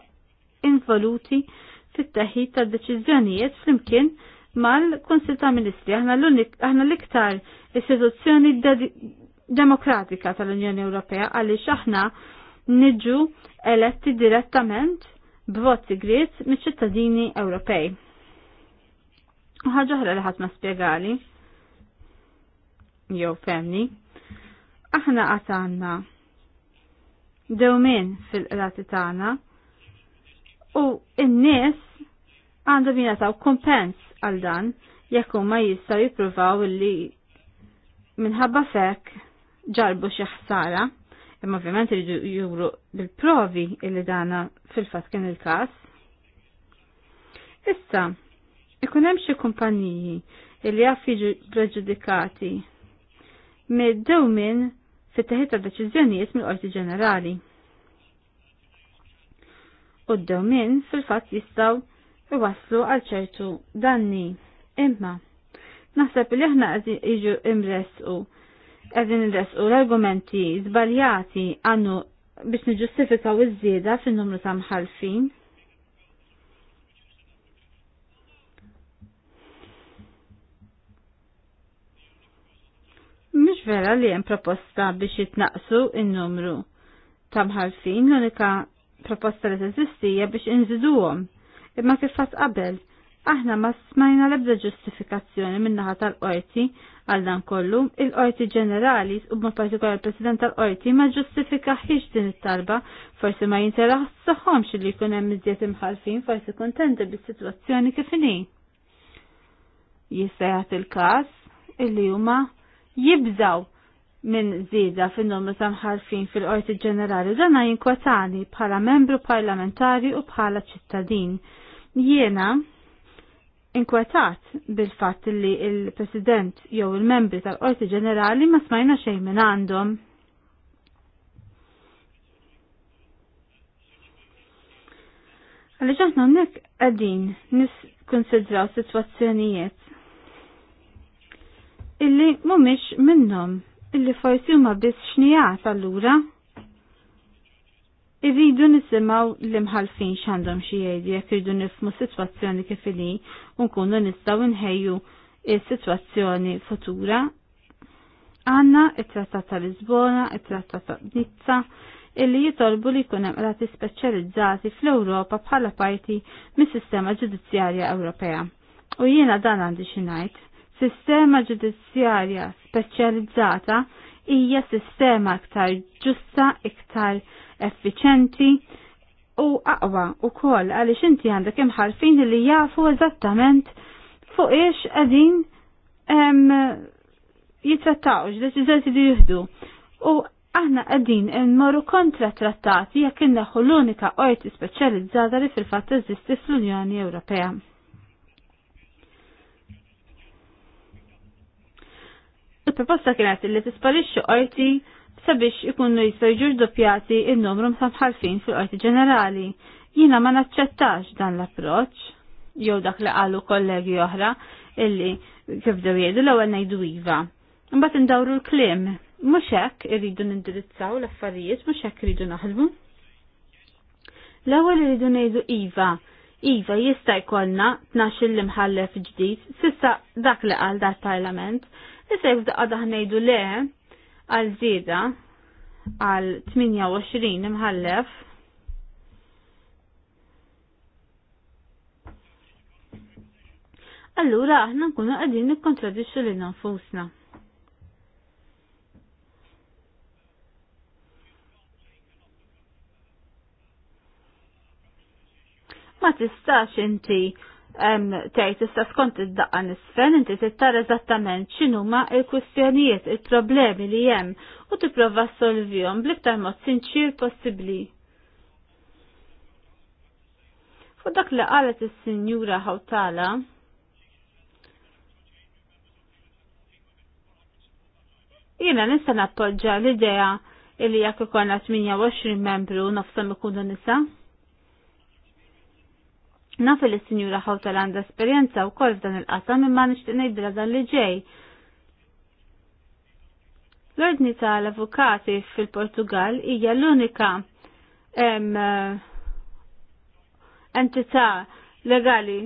involuti fit-teħid ta' deċiżjonijiet flimkien mal-Konsil ta' Ministri. Aħna l aħna l-iktar istituzzjoni demokratika tal-Unjoni Ewropea għaliex aħna niġu eletti direttament b'vot sigriet miċ-ċittadini Ewropej. Ħaġa oħra li ħadd ma spjegali jew femni, aħna għatanna dewmin fil-qrati tagħna u n-nies għandhom jingħataw kumpens għal dan jekk huma jistgħu jippruvaw li minħabba fek ġarbu xi ħsara, imma ovvjament juru bil-provi illi dana fil-fat kien il-kas. Issa, ikun hemm xi kumpaniji li jaf jiġu preġudikati mid-dewmin fit-teħid ta' deċiżjonijiet mill-Qorti Ġenerali. U d-dewmin fil-fatt jistgħu iwaslu għal ċertu danni. Imma, naħseb li aħna jiġu imresqu qegħdin irresqu l-argumenti żbaljati għannu biex niġustifikaw iż-żieda fin-numru ta' mħalfin. Mhux vera li hemm proposta biex jitnaqsu in-numru ta' mħalfin, l-unika proposta li teżisti hija biex inżiduhom. Imma kif qabel, Aħna ma smajna l-ebda ġustifikazzjoni minnaħa tal-qorti għal dan kollu, il-qorti ġenerali u mod partikolari president tal-qorti ma ġustifika ħiex din it-talba, forsi ma jinteraħsaħħomx li jkun hemm iżjed imħalfin, forsi kontenti bis-sitwazzjoni kif inhi. Jista' jagħti il-każ illi huma jibżaw minn zida fin numru ta' mħalfin fil-qorti ġenerali dan jinkwatani bħala membru parlamentari u bħala ċittadin. Jiena inkwetat bil-fatt li il-President jew il-membri tal-Qorti Ġenerali ma smajna xejn minn għandhom. Għaliex aħna unnek għadin nis-konsidraw situazzjonijiet illi mumiex minnom illi forsi huma biss xnijat allura. lura Irridu nisimaw l-imħalfin xandom xi jgħidu jekk irridu nifmu sitwazzjoni kif li nkunu nistgħu nħeju is-sitwazzjoni futura. Għanna it-Trattat ta' Lisbona, it-Trattat ta' Nizza, illi jitolbu li jkun hemm rati speċjalizzati fl-Ewropa bħala parti mis-sistema ġudizzjarja Ewropea. U jiena dan għandi xi ngħid. Sistema ġudizzjarja speċjalizzata hija sistema iktar ġusta, iktar effiċenti u aqwa u koll għalix inti għandek imħarfin li jafu eżattament fuq ix għadin jitrattawx, deċiżati li jihdu. U aħna għadin immorru kontra trattati jekk inneħu l-unika qorti speċjalizzata li fil-fatt eżisti fl-Unjoni Ewropea. Il-proposta kienet li tisparixxu qorti sabiex ikunu jistgħu jiġu doppjati il-numru msamħalfin fil-qorti ġenerali. Jiena ma naċċettax dan l-approċċ jew dak li qalu kollegi oħra illi kif dew jgħidu l-ewwel ngħidu iva. Imbagħad indawru l-kliem. Mhux hekk irridu nindirizzaw l-affarijiet, mhux hekk irridu naħdmu. L-ewwel irridu ngħidu iva. Iva jista' jkollna tnax il imħallef ġdid, sissa dak li qal dar parlament, issa jibda qadaħ ngħidu le, għal żieda għal 28 imħallef Allura aħna nkunu qegħdin nikkontradixxu lil nfusna. Ma tistax inti tgħid issa skont id-daqqa nisfen inti tittar eżattament x'inhuma l-kwistjonijiet, il-problemi li hemm u tipprova solvihom bl-iktar mod sinċir possibbli. Fuq dak li qalet is-Sinjura Hawtala, jiena nista' nappoġġa l-idea li jekk ikollna 28 membru nofshom ikunu nisa' Naf li s-sinjura l għanda esperienza u kol f'dan il-qasam imma nixtieq nejdra dan li ġej. L-ordni tal-avukati fil-Portugal hija l-unika entità legali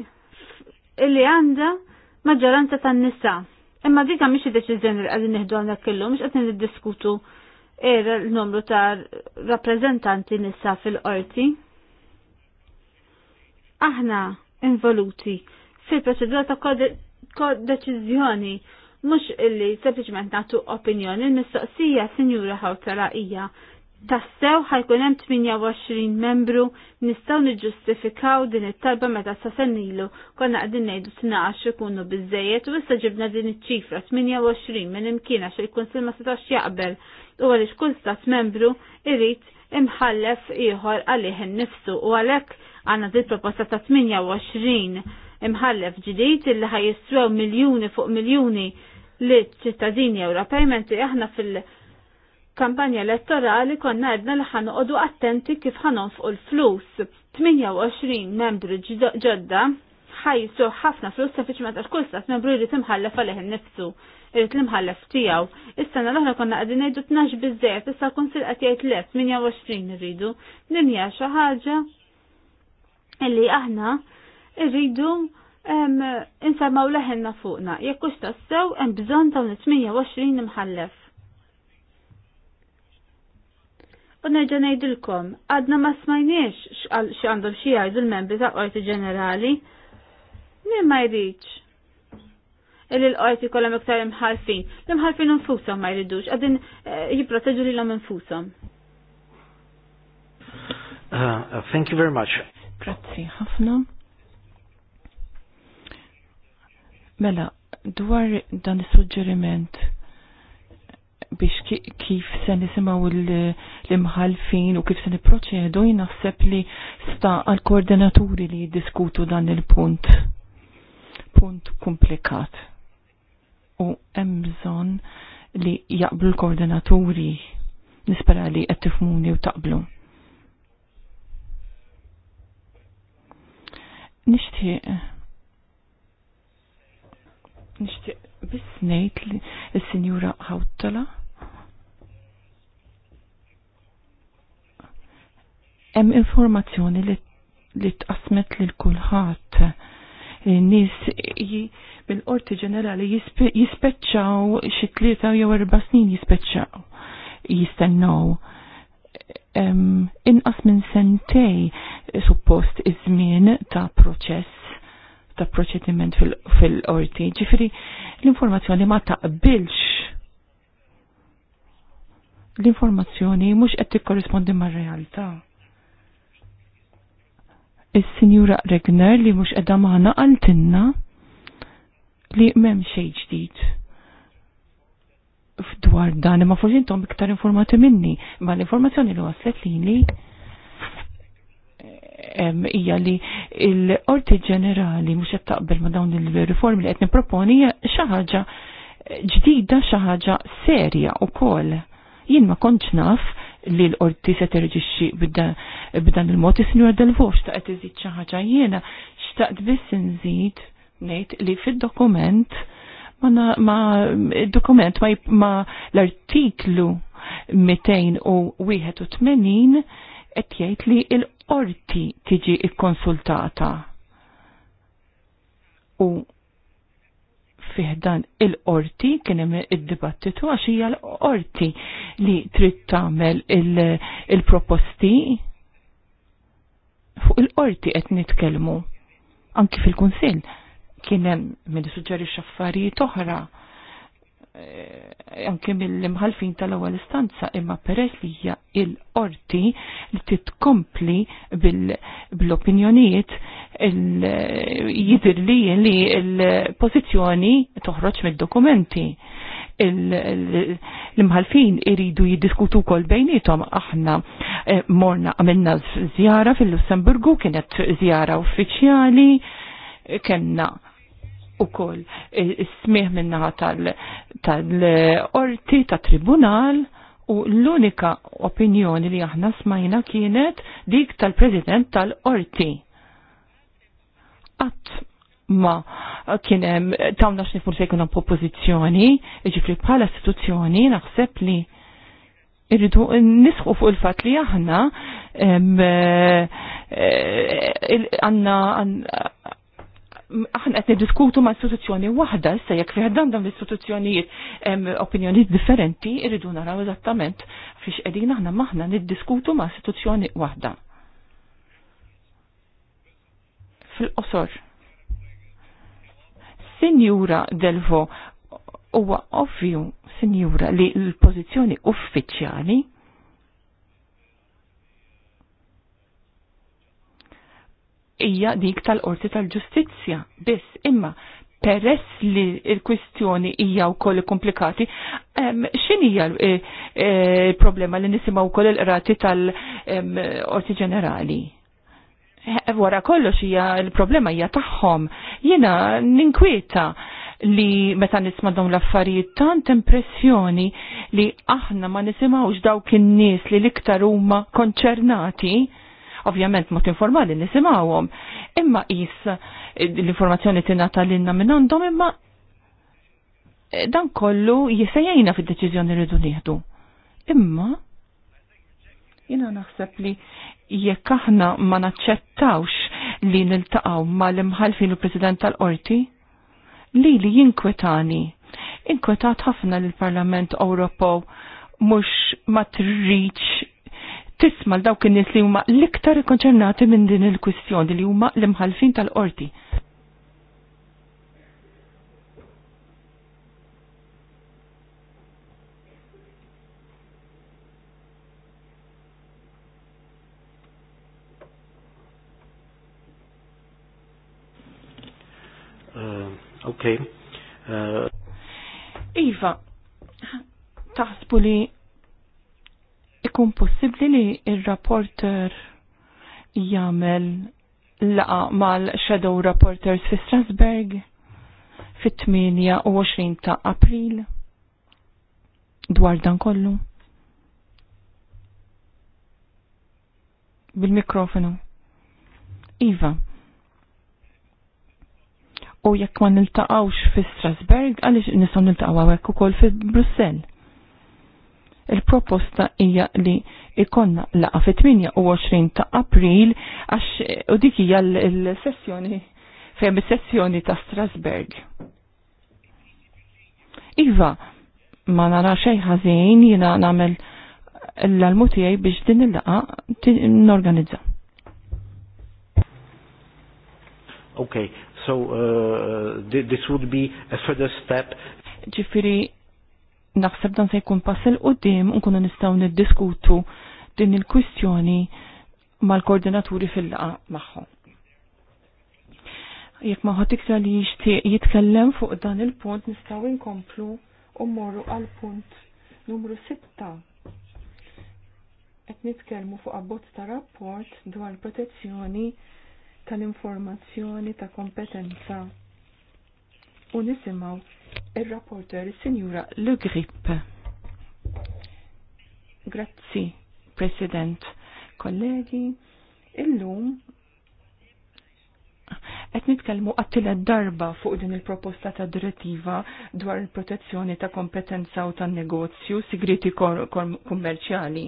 illi għanda maġġoranza tan-nisa. Imma dika mhix deċiżjoni li qegħdin nieħdu għandha kellu mhux qed niddiskutu era l-numru ta' rappreżentanti nisa fil-qorti aħna involuti fil-proċedura ta' kod deċiżjoni mhux illi sempliċement nagħtu opinjoni l-mistoqsija Sinjura Hawtala hija tassew ħajkun hemm 28 membru nistgħu niġġustifikaw din it-talba meta sa senilu konna qegħdin ngħidu 12 ikunu biżejjed u issa ġibna din iċ-ċifra 28 minn imkien għax il-Kunsill ma setax jaqbel u għaliex kull stat membru irid imħallef ieħor għalih innifsu u għalhekk għanna dil proposta ta' 28 imħallef ġdijt illi ħajiswew miljoni fuq miljoni li ċittadini Ewropej menti aħna fil-kampanja elettorali konna għedna li ħanoqodu attenti kif ħanon fuq il-flus. 28 membru ġodda ħajsu ħafna flus sempliċement għax kull stat membru jrid imħallef għalih innifsu, jrid l-imħallef tiegħu. Is-sena l-oħra konna qegħdin ngħidu 12 biżejjed issa kun sil jgħid lef 28 irridu. Din hija xi ħaġa illi aħna irridu insammaw leħenna fuqna. Jekk hux tassew hemm bżonn ta' 28 imħallef. U nerġa' ngħidilkom, għadna ma smajniex x'għandhom xi jgħidu l-membri ta' qorti ġenerali. Min ma jridx illi l-qorti kollha iktar imħalfin. L-imħalfin infushom ma jridux, qegħdin eh, jipproteġu lilhom infushom. Uh, thank you very much. Grazzi ħafna. Mela, dwar dan is-suġġeriment biex kif se nisimaw l-imħalfin u kif se niproċedu naħseb li sta għal-koordinaturi li jiddiskutu dan il-punt. Punt komplikat. U emżon li jaqblu l-koordinaturi nispera li qed tifmuni u taqblu. Nishtiq. Nishtiq biss ngħid li s-Sinjura Hawtala. Hemm informazzjoni li li tqasmet lil kulħadd. Nis bil-qorti ġenerali jispeċċaw xi tlieta jew erba' snin jispeċċaw jistennew inqas minn sentej suppost iż-żmien ta' proċess ta' proċediment fil-qorti. Fil Ġifieri l-informazzjoni ma taqbilx l-informazzjoni mhux qed tikkorrispondi mar-realtà. Is-Sinjura Regner li mhux qiegħda magħna qaltilna li m'hemm xejn ġdid dwar dan, ma forsi intom iktar informati minni, ma l-informazzjoni li waslet li li hija li l-Qorti Ġenerali mhux qed taqbel ma' dawn il-riformi li qed nipproponi hija xi ħaġa ġdida xi ħaġa serja wkoll. Jien ma kontx naf li l-qorti se terġixxi b'dan il-mod is del Delvox ta' qed iżid xi ħaġa jiena xtaqt biss inżid ngħid li fid-dokument ma dokument ma, ma l-artiklu 281 qed jgħid li l-qorti tiġi ikkonsultata. U fiħdan il-qorti kien hemm id-dibattitu għax hija l-qorti li trid tagħmel il-proposti fuq il-qorti qed nitkellmu anki fil-Kunsill kienem mill suġġeri xaffarijiet oħra eh, anke mill-imħalfin tal-ewwel istanza imma peress li hija l-qorti li titkompli bl-opinjonijiet jidir li li l-pożizzjoni toħroġ mid-dokumenti l-imħalfin iridu jiddiskutu kol bejnietom aħna eh, morna għamilna zjara fil-Lussemburgu kienet zjara uffiċjali eh, kemna u koll smieħ minnaħa tal-orti, tal-tribunal, u l-unika opinjoni li aħna smajna kienet dik tal-president tal-orti. Qatt ma kienem tawna xnifur se jkunem popozizjoni, ġifri bħala istituzzjoni naħseb li irridu nisħu fuq il-fat li aħna eh, għanna aħna qed niddiskutu ma' istituzzjoni waħda issa jekk fih dan dan l-istituzzjonijiet opinjonijiet differenti irridu naraw eżattament fiex qegħdin aħna maħna niddiskutu ma' istituzzjoni waħda. Fil-qosor. Sinjura Delvo, huwa ovvju, Sinjura, li l-pożizzjoni uffiċjali hija dik tal-Qorti tal-Ġustizzja biss imma peress li il-kwistjoni hija wkoll komplikati, x'inhija il-problema eh, eh, li nisimgħu wkoll il-qrati tal-Qorti Ġenerali? Eh, wara kollox hija il-problema hija tagħhom. Jiena ninkwieta li meta nisma' dawn l-affarijiet tant impressjoni li aħna ma nisimgħux dawk in-nies li l-iktar huma konċernati ovvjament mod informali nisimgħuhom, imma qis eh, l-informazzjoni tingħata lilna minn għandhom imma eh, dan kollu jisejjajna fid-deċiżjoni li rridu nieħdu. Imma jina naħseb li jekk aħna ma naċċettawx li niltaqgħu mal-imħalfin u President tal-Qorti, li li jinkwetani. Inkwetat ħafna l-Parlament Ewropew mhux ma trriċ tisma l dawk in-nies li huma l-iktar konċernati minn din il-kwistjoni li huma l-imħalfin tal-qorti. Uh, okay. Uh... Iva, taħsbu li ikun possibli li il-rapporter jagħmel laqa mal-Shadow Rapporters fi Strasberg fit-28 ta' April dwar dan kollu. Bil-mikrofonu. Iva. U jekk ma niltaqawx fi Strasberg, għaliex nisom niltaqaw għawek ukoll fi Brussell il-proposta hija li ikonna laqa fit-28 ta' April għax u dik hija l-sessjoni fejn is-sessjoni ta' Strasberg. Iva, ma nara xejn ħażin jina nagħmel l almutijaj biex din il-laqa n-organizza. Okay, so uh, this would be a further step. Ġifiri, naħseb dan se jkun passel qudiem nkunu nistgħu niddiskutu din il-kwistjoni mal-koordinaturi fil-laqa magħhom. Jekk ma ħadd iktar li jixtieq jitkellem fuq dan il-punt nistgħu nkomplu u mmorru għal punt numru 6. Qed nitkellmu fuq abbozz ta' rapport dwar protezzjoni tal-informazzjoni ta' kompetenza u nisimgħu Il-rapporter, Signora Le Grip. Grazzi, President, kollegi. Illum qed nitkellmu għattila darba fuq din il-proposta ta' direttiva dwar il-protezzjoni ta' kompetenza u tan negozju sigriti kummerċjali.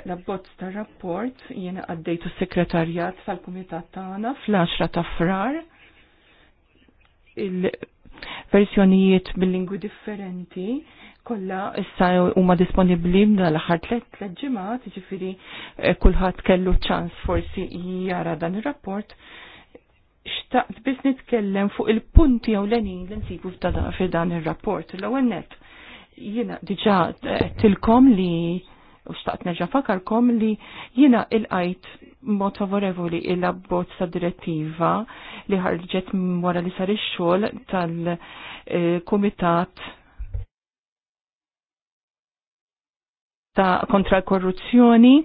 L-abbozz ta' rapport jiena għaddejtu s sekretarjat tal-kumitat tagħna fl-10 ta' frar il Versjonijiet bil-lingwi differenti kollha issa huma disponibbli dal-aħħar tliet ġimgħat, jiġifieri eh, kulħadd kellu ċans forsi jara dan ir-rapport xtaqt biss nitkellem fuq il-punti lenin li nsibu f'dan ir-rapport. L-ewwel net jiena diġà tilkom li u staqt nerġa' fakarkom li jiena il-qajt mod favorevoli il-abbozz ta' direttiva li ħarġet wara li sar ix-xogħol tal-Kumitat ta' kontra l-korruzzjoni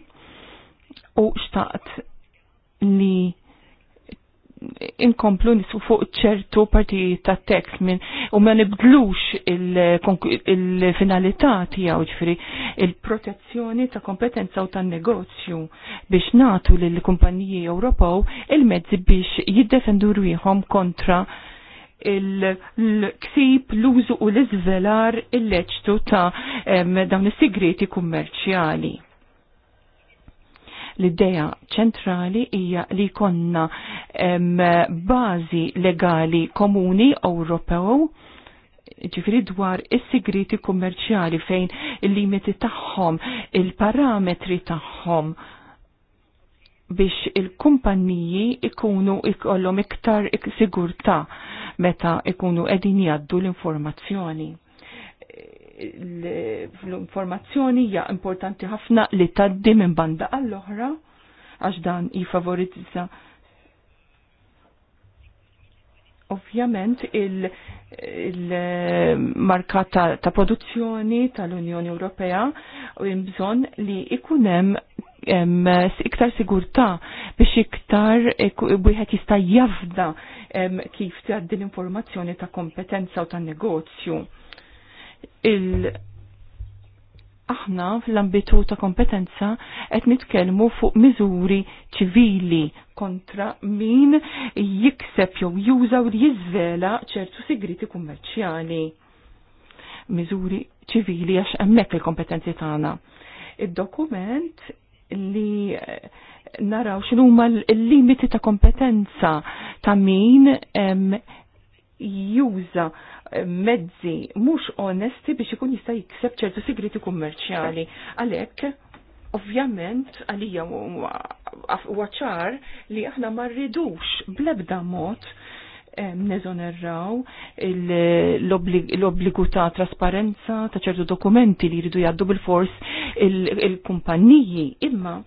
u staqt li inkomplu nisu fuq ċertu partijiet ta' tekst minn u ma nibdlux il-finalità il tiegħu ġifri il-protezzjoni ta' kompetenza u ta' negozju biex natu lil kumpaniji Ewropew il-mezzi biex jiddefendu rwieħhom kontra il-ksib, l-użu u l-izvelar il-leċtu ta' dawn is-sigreti kummerċjali L-idea ċentrali hija li konna bażi legali komuni Ewropew ġifiri dwar is-sigriti kummerċjali fejn il-limiti tagħhom, il-parametri tagħhom biex il-kumpanniji ikunu ikollhom iktar sigurtà meta ikunu qegħdin jgħaddu l-informazzjoni l-informazzjoni hija importanti ħafna li taddi minn banda għall-oħra għax dan jifavorizza ovvjament il-marka il ta', produzzjoni tal-Unjoni Ewropea u bżonn li ikunem em, iktar sigurtà biex iktar wieħed jista' jafda kif tgħaddi l-informazzjoni ta' kompetenza u ta' negozju il- aħna fl-ambitu ta' kompetenza qed nitkellmu fuq miżuri ċivili kontra min jikseb jew jużaw li jiżvela ċertu sigriti kummerċjali. Miżuri ċivili għax hemmhekk il-kompetenzi tagħna. Id-dokument li eh, naraw xinu huma l-limiti ta' kompetenza ta' min juża mezzi mhux onesti biex ikun jista' jikseb ċertu sigriti kummerċjali. Għalhekk ovvjament għalija waċar li aħna ma rridux blebda mod eh, nezoneraw l-obbligu ta' trasparenza ta' ċertu dokumenti li jridu jaddu bil-fors il-kumpanniji imma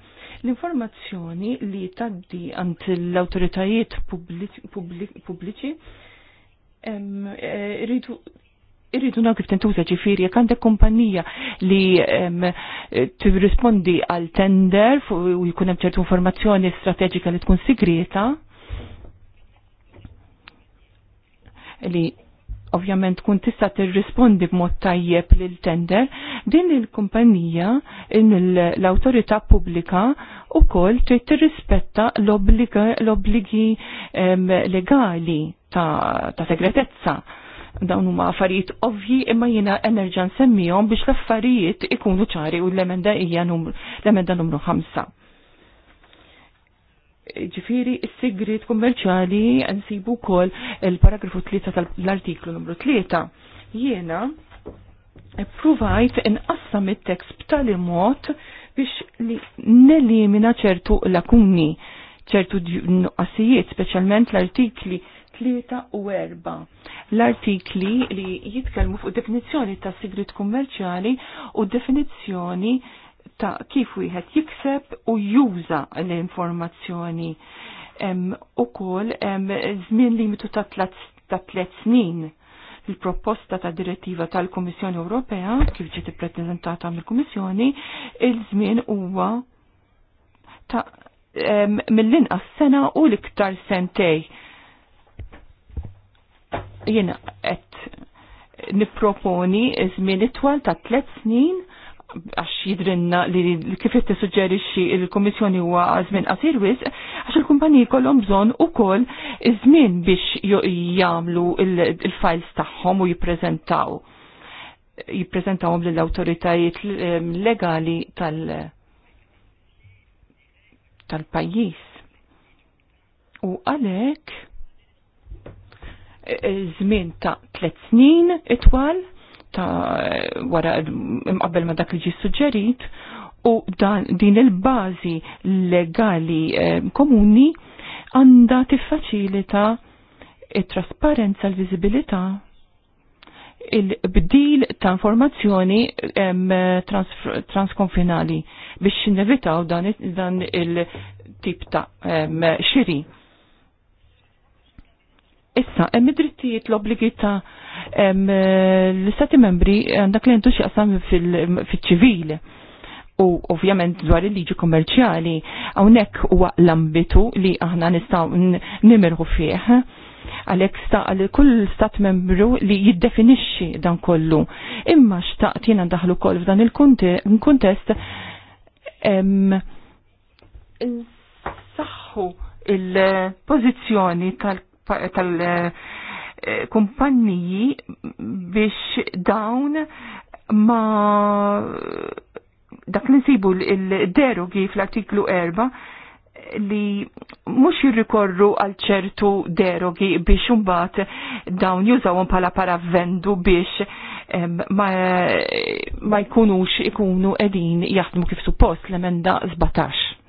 l-informazzjoni li taddi għand l-autoritajiet pubbliċi Eh, irridu irridu kif tintuża ġifieri jekk għandek kumpanija li eh, tirrispondi għal tender u jkun hemm ċertu informazzjoni strateġika li tkun sigrieta li ovvjament kun tista' tirrispondi b'mod tajjeb lil tender, din il-kumpanija l-awtorità pubblika wkoll trid tirrispetta l-obbligi legali ta', ta segretezza. Dawn huma affarijiet ovvji imma jiena enerġan semmihom biex l-affarijiet ikunu ċari u l-emenda hija l-emenda numru 5 ġifiri s-sigrit kummerċali nsibu kol il-paragrafu 3 tal-artiklu numru 3. Jiena provajt inqassam it-tekst b'tali mod biex li nelimina ċertu lakuni, ċertu nuqqasijiet, speċjalment l-artikli 3 u 4. L-artikli li jitkellmu fuq definizzjoni ta' sigrit kummerċjali u definizzjoni ta' kif wieħed jikseb u juża l-informazzjoni. U kol zmin limitu ta' tlet snin il-proposta ta' direttiva tal-Kummissjoni Ewropea, kif ġiet ippreżentata mill-Kummissjoni, il-żmien huwa ta' mill-inqas sena u l-iktar sentej. Jiena qed nipproponi żmien itwal ta' tliet snin għax jidrinna li kif tissuġġerixxi il-Kummissjoni huwa żmien qasir wisq għax il-kumpaniji kollhom bżonn ukoll żmien biex jagħmlu il-files tagħhom u jippreżentaw jippreżentawhom lill awtoritajiet ehm, legali tal tal-pajjiż. U għalhekk e- e- żmien ta' tliet snin itwal ta' wara imqabbel ma' dak li ġi suġġerit u dan din il-bażi legali eh, komuni għandha tiffaċilita it-trasparenza, l-viżibilità il-bdil ta' informazzjoni transkonfinali trans biex nevitaw dan, dan il-tip ta' xiri. Issa, hemm id-drittijiet l-obbligi ta' eh, l-istati membri għandak eh, li jentux jaqsam fil-ċivil. U ovvjament dwar il-liġi kommerċjali, hawnhekk huwa l-ambitu li aħna nistgħu nimerħu fih. Għalhekk sta' għal kull stat membru li jiddefinixxi dan kollu. Imma xtaqt jiena daħlu koll f'dan il-kuntest saħħu il-pożizzjoni eh, tal- tal-kumpanniji eh, biex dawn ma dak li nsibu il-derogi fl-artiklu 4 li mux jirrikorru għal ċertu derogi biex umbat dawn jużawon pala vendu biex ma, ma jkunux ikunu edin jaħdmu kif suppost l-emenda 17.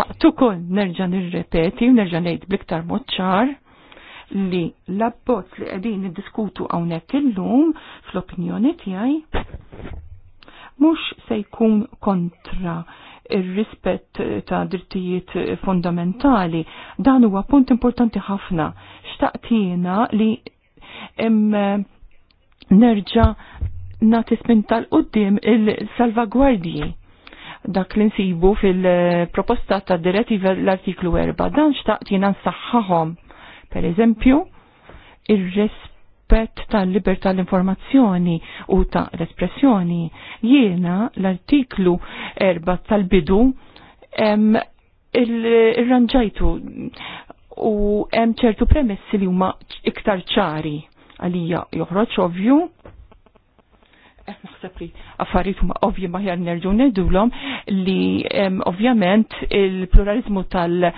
xtaqt ukoll nerġa' nirrepeti u nerġa' ngħid bliktar mod ċar li l li qegħdin niddiskutu hawnhekk illum fl-opinjoni tiegħi mhux se jkun kontra il rispett ta' drittijiet fondamentali. Dan huwa punt importanti ħafna. Xtaqtina li im, nerġa' nagħti spinta l-qudiem il-salvagwardji dak li nsibu fil-proposta ta' direttiva l-artiklu 4. Dan xtaqt jina nsaħħahom. Per eżempju, il-rispett tal-libertà l-informazzjoni u ta' l-espressjoni. Jiena l-artiklu 4 tal-bidu il-ranġajtu u hemm ċertu premessi li huma iktar ċari għalija joħroġ ovvju Eh, naħseb li affarijiet huma ovvji ma ħjar nerġgħu ngħidulhom li ovvjament il-pluralizmu tal-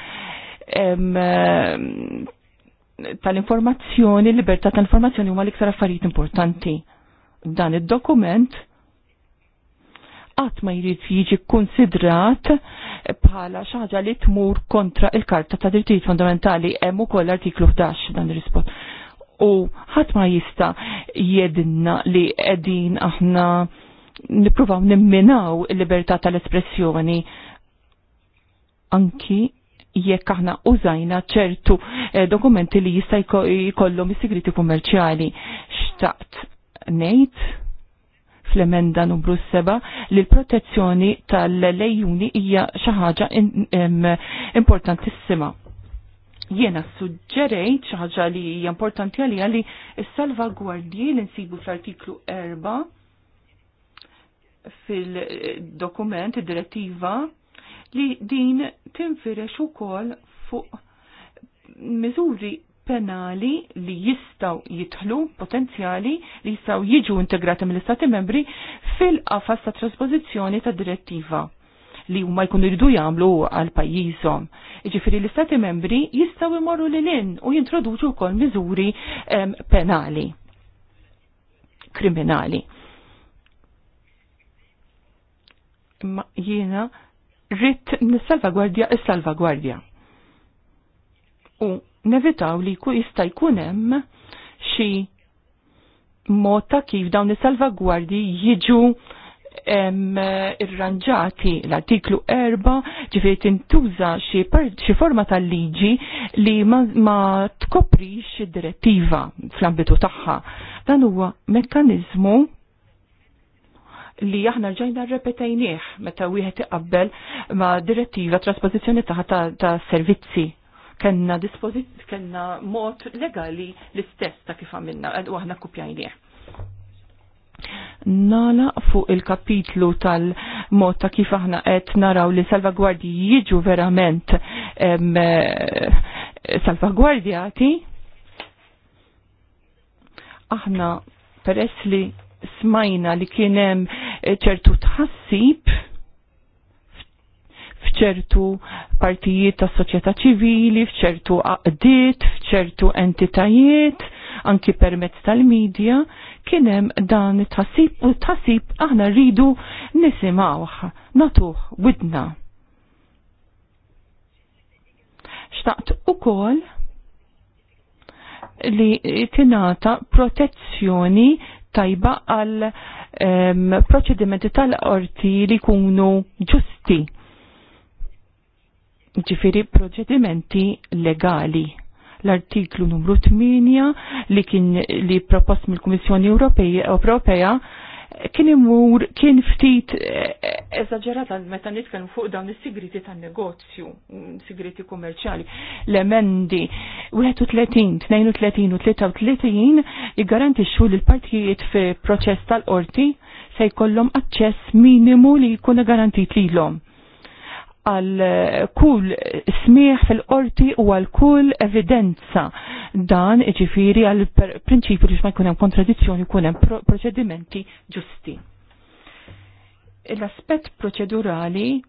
tal-informazzjoni, libertà tal-informazzjoni huma l-iktar affarijiet importanti. Dan id-dokument qatt ma jrid jiġi konsidrat bħala xi ħaġa li tmur kontra il-Karta ta' Drittijiet Fundamentali hemm ukoll artiklu 11 dan ir-rispott u ħadd ma jista' jedinna li qegħdin aħna nippruvaw nimminaw il-libertà tal-espressjoni anki jekk aħna użajna ċertu eh, dokumenti li jista' jkollhom is-sigriti kummerċjali. Xtaqt ngħid fl-emenda numru 7 li l-protezzjoni tal-lejjuni hija xi ħaġa importantissima Jiena suġġerejt xi ħaġa li hija importanti għalija li s-salvagwardji li nsibu fl-artiklu 4 fil-dokument, id-direttiva, li din tinfirex ukoll fuq miżuri penali li jistaw jitħlu potenzjali li jistaw jiġu integrati mill-Istati membri fil-qafas ta' trasposizjoni ta' direttiva li huma jkunu jridu jagħmlu għal pajjiżhom. Iġifieri l-Istati membri jistgħu jmorru lil in u jintroduċu wkoll miżuri penali kriminali. Ma jiena rrit nis-salvagwardja is-salvagwardja. U nevitaw li ku jista' jkun hemm xi mod ta' kif dawn is-salvagwardji jiġu irranġati l-artiklu 4 ġifiri tintuża xi forma tal-liġi li ma, ma tkoprix direttiva fl-ambitu tagħha. Dan huwa mekkaniżmu li aħna ġajna repetajnieħ meta wieħed iqabbel ma' direttiva Traspożizzjoni taħ ta', ta servizzi kenna, kenna mod legali l-istess ta' kif għamilna u aħna kupjajnieħ. Nala fuq il-kapitlu tal-mod ta' kif aħna qed naraw li salvagwardji jiġu verament eh, salvagwardjati. Aħna peress li smajna li kienem ċertu tħassib fċertu partijiet ta' soċjetà ċivili, fċertu aqdiet, fċertu entitajiet, anki permezz tal-medja, kienem dan tasib u tasib aħna rridu nisimawħ, natuħ, widna. Xtaqt u kol li tinata protezzjoni tajba għal um, proċedimenti tal-orti li kunu ġusti ġifiri proċedimenti legali l-artiklu numru 8 li kien li propost mill-Kummissjoni Ewropea kien imur kien ftit eh, eh, eżagġerat meta nitkellmu fuq dawn is-sigriti tan-negozju, mm, sigriti kummerċjali, l-emendi 31, 32 u 33 jiggarantixxu li l-partijiet fi proċess tal-qorti se jkollhom aċċess minimu li jkun garantit lilhom għal eh, kull smieħ fil-qorti u għal kull evidenza dan ġifiri għal prinċipju li ma jkun hemm kontradizzjoni jkun hemm proċedimenti ġusti. L-aspett proċedurali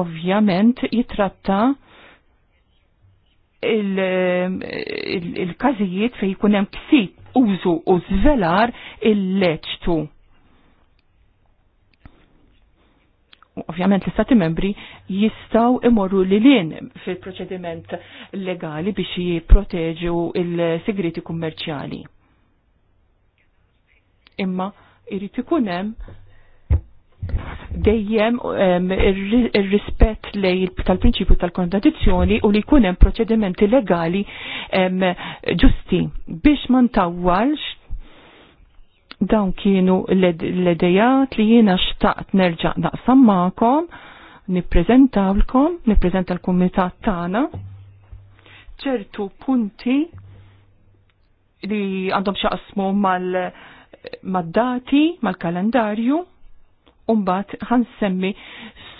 ovvjament jitratta eh, il-każijiet fejn jkun hemm ksib użu u zvelar il-leċtu ovvjament l-istati membri jistaw imorru li lin fil-proċediment legali biex jiproteġu il-segreti kummerċjali. Imma irrit ikunem dejjem ir-rispett lej tal-prinċipju tal-kontradizzjoni u li jkun hemm proċedimenti legali ġusti biex ma ntawwalx Dawn kienu l-edejat li jiena xtaqt nerġa' naqsam magħkom, niprezentawlkom, nippreżenta l-kumitat tagħna ċertu punti li għandhom xaqsmu mal-dati, mal dati mal kalendarju Umbat ħansemmi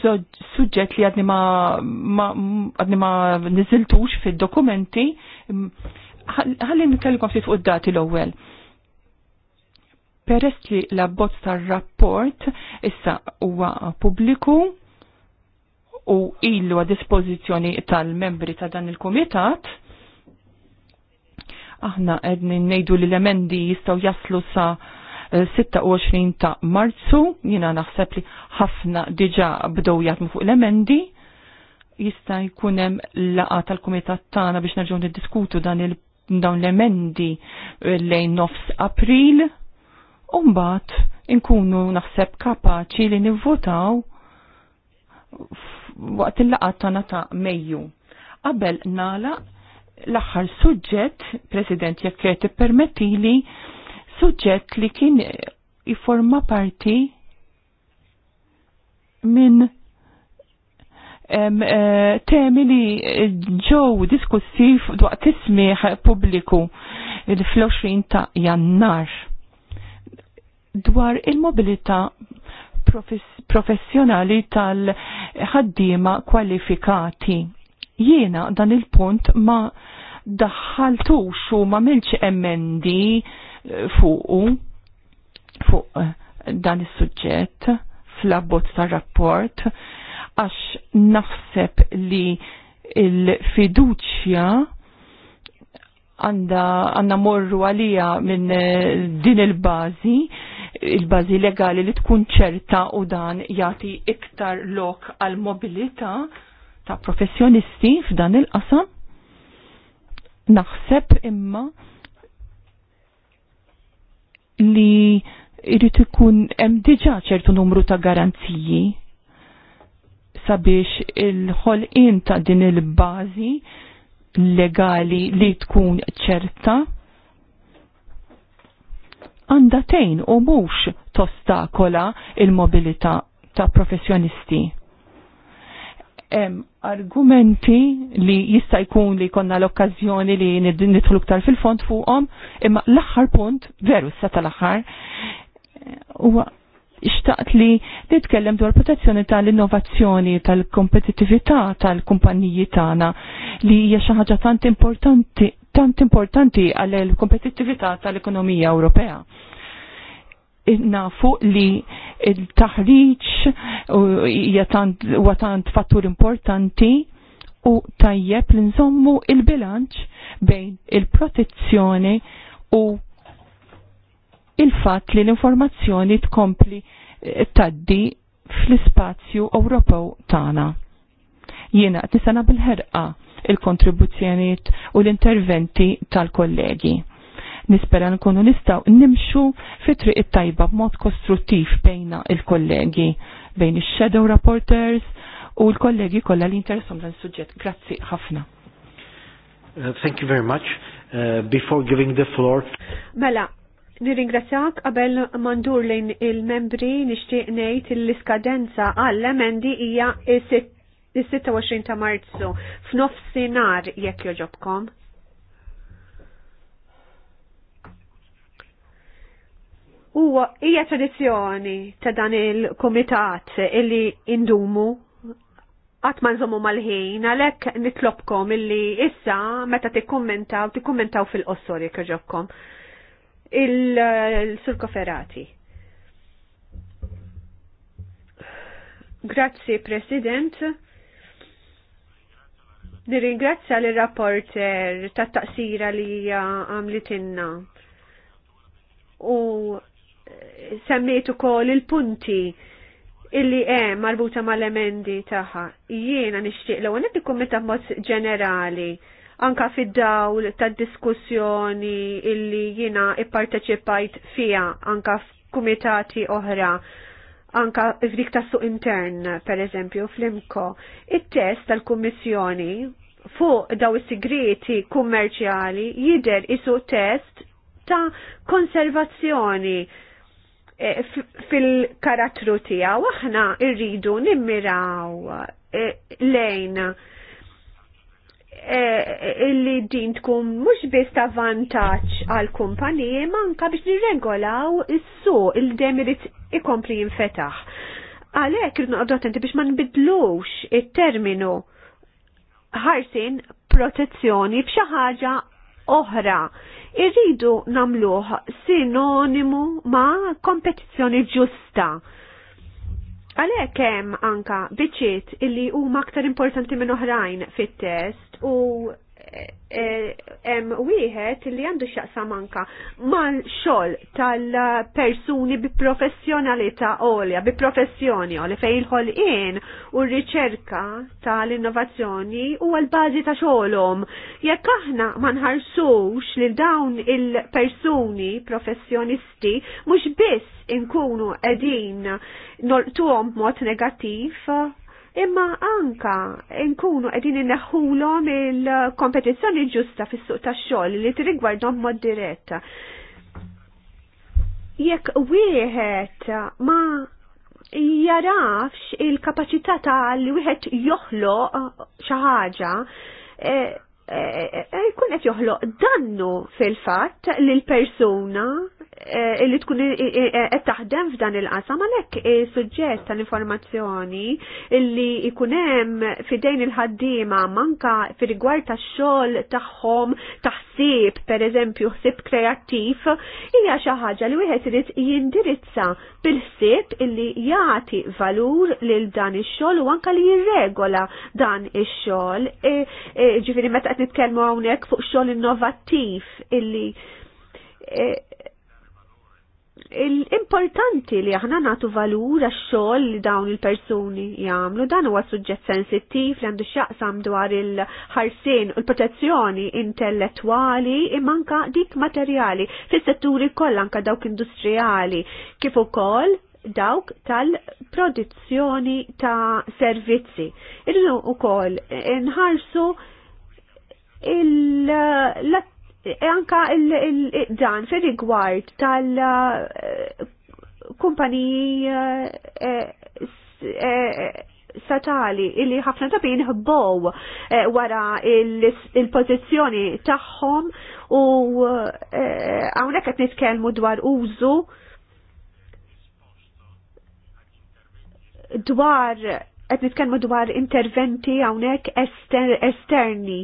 suġġett li għadni ma, ma, niziltux fil-dokumenti, ħalli kellikom ftit fuq dati l-ewwel. Peress li l-abbozz tar-rapport issa huwa pubbliku u ilu a dispożizzjoni tal-membri ta' dan il-kumitat, aħna edni ngħidu li l-emendi jistgħu jaslu sa' 26 eh, ta' Marzu, jina naħseb li ħafna diġa bdow jatmu fuq l-emendi, jista' jkunem laqa tal-kumitat tagħna biex nerġgħu niddiskutu dan il dawn l-emendi eh, lejn nofs April Umbat inkunu naħseb kapaċi li nivvotaw waqt il-laqat tana ta' Mejju. Qabel nala l-aħħar suġġett, President, jekk qed permettili, suġġett li kien jiforma parti minn eh, temi li ġew diskussiv dwaqt ismiħ pubbliku fl-20 ta' jannar dwar il-mobilità professjonali tal-ħaddiema kwalifikati. Jiena dan il-punt ma daħħaltux u ma milċ emendi eh, fuqu fuq eh, dan is-suġġett fl-abbozz tar-rapport għax naħseb li il-fiduċja għanna morru għalija minn eh, din il-bazi, il-bazi legali li tkun ċerta u dan jati iktar lok għal mobilita ta' professjonisti f'dan il-qasam. Naħseb imma li irrit ikun hemm diġà ċertu numru ta' garanziji sabiex il-ħolqien ta' din il-bażi legali li tkun ċerta għandatejn tejn u mux tostakola il-mobilita ta' professjonisti. Em, argumenti li jista' jkun li konna l-okkazjoni li nidħlu ktar fil-font fuqhom, imma l-aħħar punt, veru s-sata tal-aħħar, ixtaqt li nitkellem dwar protezzjoni tal-innovazzjoni, tal-kompetitività tal-kumpanniji tagħna li hija xi ħaġa tant importanti tant importanti għal kompetittività tal-ekonomija Ewropea. Nafu li il-taħriġ hija huwa tant fattur importanti u tajjeb li nżommu il-bilanċ bejn il-protezzjoni u il-fatt li l-informazzjoni tkompli eh, taddi fl-ispazju Ewropew tagħna. Jiena qed nisana bil-ħerqa il-kontribuzzjonijiet u l-interventi tal-kollegi nispera nkunu nistaw nimxu fi triq it-tajba b'mod kostruttiv bejna il-kollegi, bejn ix-shadow rapporters u l-kollegi kollha li interessom dan suġġett. Grazzi ħafna. Uh, thank you very much. Uh, before giving the floor. Mela, Nirringrazzjak qabel mandur lejn il-membri nixtieq ngħid l-iskadenza għall-emendi hija is-26 ta' Marzu f'nofsinhar jekk joġobkom. Huwa hija tradizzjoni ta' dan il-kumitat illi indumu għat nżommu mal-ħin, għalek nitlobkom illi issa meta tikkommentaw, tikkommentaw fil-qossor jekk joġobkom il-surkoferati. Grazzi, President. Nirringrazzja l rapporter ta' taqsira li għamlitinna. U semmietu kol il-punti illi hemm marbuta mal-emendi tagħha. Jiena nixtieq l għonet nibdi kummenta mod ġenerali anka fid-dawl tad diskussjoni illi jina ipparteċipajt fija anka f'kumitati oħra anka f'dik ta' suq intern, per eżempju, fl-imko. Il-test tal-Kummissjoni fuq daw is-sigreti kummerċjali jider isu test ta' konservazzjoni e, fil-karattru tiegħu aħna rridu nimmiraw e, lejn Eh, illi din tkun mhux biss ta' vantaġġ għal kumpaniji manka biex nirregolaw is-suq il-dem irid ikompli jinfetaħ. Għalhekk irid noqgħod attenti biex ma nbidlux it-terminu ħarsin protezzjoni b'xi ħaġa oħra. Irridu namluħ sinonimu ma' kompetizzjoni ġusta Għalhekk hemm anka biċiet illi huma aktar importanti minn oħrajn fit-test u hemm wieħed li għandu x'jaqsam anka mal-xogħol tal-persuni bi professjonalità għolja, bi professjoni olja fejn il in u r-riċerka tal-innovazzjoni huwa l-bażi ta' xogħolhom. Jekk aħna ma nħarsux li dawn il-persuni professjonisti mhux biss inkunu qegħdin nortuhom mod negattiv imma anka nkunu qegħdin inneħħulhom il-kompetizzjoni ġusta fis-suq tax-xogħol li tirigwardhom mod diretta. Jekk wieħed ma jarafx il-kapaċità ta' li wieħed joħloq xi ħaġa, eh, Eh, eh, eh, jkun qed joħloq dannu fil-fatt lil persuna li tkun qed taħdem f'dan il-qasam għalhekk suġġett tal-informazzjoni li jkun hemm fidejn il-ħaddiema manka fir-rigward tax-xogħol tagħhom taħsib pereżempju ħsieb kreattiv hija xi ħaġa li wieħed irid jindirizza bil-ħsieb illi jagħti valur lil dan ix-xogħol u anke li jirregola dan ix-xogħol. Ġifieri meta qed nitkellmu hawnhekk fuq xogħol innovattiv illi e, l-importanti li aħna natu valur għax xogħol li dawn il-persuni jagħmlu dan huwa suġġett sensittiv li għandu x'jaqsam dwar il-ħarsien u l-protezzjoni intellettwali imanka dik materjali fis-setturi kollha anke dawk industrijali kif ukoll dawk tal-produzzjoni ta' servizzi. Irridu wkoll inħarsu nħarsu E anka e dan fir rigward tal-kumpaniji eh, eh, eh, statali illi ħafna tabin ħbow wara il-pozizjoni tagħhom u hawnhekk qed nitkellmu dwar użu dwar qed nitkellmu dwar interventi hawnhekk esterni.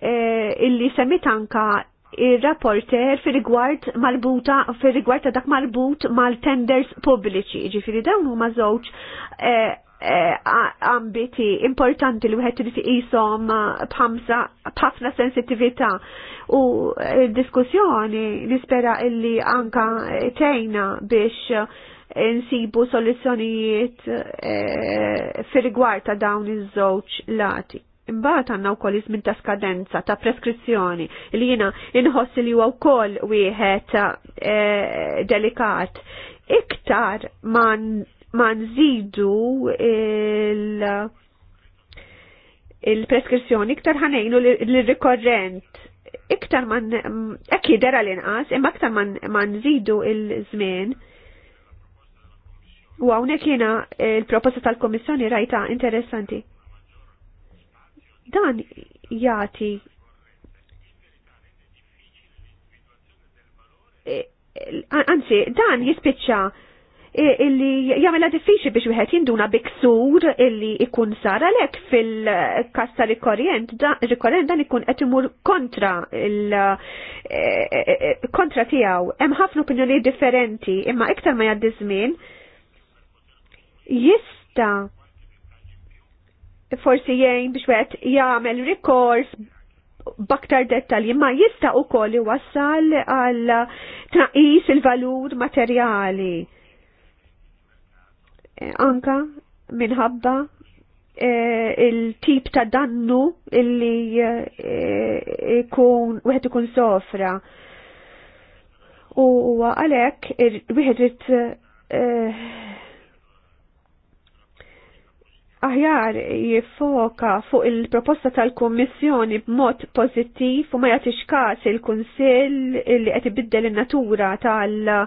Eh, illi semmit anka il-rapporter fi rigward malbuta, fi rigward ta' dak malbut mal-tenders pubbliċi, ġifiri dawn huma żewġ eh, eh, ambiti importanti li wieħed irid b'ħamsa b'ħafna sensittività u diskussjoni nispera illi anka tejna biex insibu soluzzjonijiet fi rigward ta' dawn iż-żewġ lati. Imbagħad għandna wkoll iż-żmien ta' skadenza ta' preskrizzjoni li jiena inħoss li huwa wkoll wieħed eh, delikat. Iktar ma nżidu il il-preskrizzjoni iktar ħanejnu l-rikorrent iktar man ekki dera l-inqas imma iktar man nżidu il-żmien u hawnhekk jiena il-proposta tal komissjoni rajta interessanti Dan jati e, anzi, dan jispiċċa e, illi jagħmilha diffiċli biex wieħed jinduna biksur illi ikun sar għalhekk fil kasta ta' rikorrent dan ikun qed imur kontra il e, kontra tiegħu. Hemm ħafna opinjonijiet differenti, imma iktar ma jgħaddi żmien jista' forsi jgħin biex wet jagħmel rikors baktar dettalji ma jista' ukoll wassal għal tnaqis il-valur materjali. Anka minħabba e, il-tip ta' dannu illi e, ikun, u għed wieħed ikun sofra. U għalek, wieħed irid e, aħjar jifoka fuq il-proposta tal-Kummissjoni b'mod pozittiv u ma jagħtix każ il-Kunsill li qed ibiddel in-natura tal-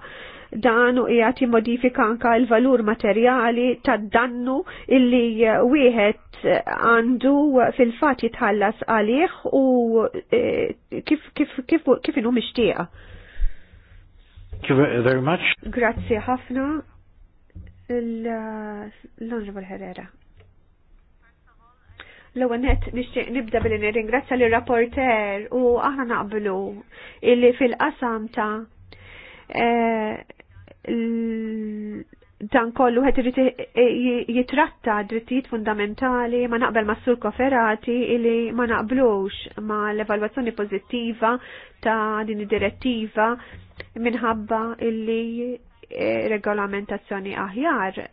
dan u jgħati modifika anka l-valur materjali tad dannu illi wieħed għandu fil fatt jitħallas għalih u e, kif kif kif kif inhu mixtieqa. Thank you very much. Grazzi ħafna l-Honorable Herrera. L-ewwel nett nixtieq nibda billi nirringrazzja lir rapporter u aħna naqblu illi fil-qasam ta' e, dan kollu qed irid jitratta drittijiet fundamentali ma naqbel ma' sur koferati illi ma naqblux ma' l-evalwazzjoni pożittiva ta' din id-direttiva minħabba illi e, regolamentazzjoni aħjar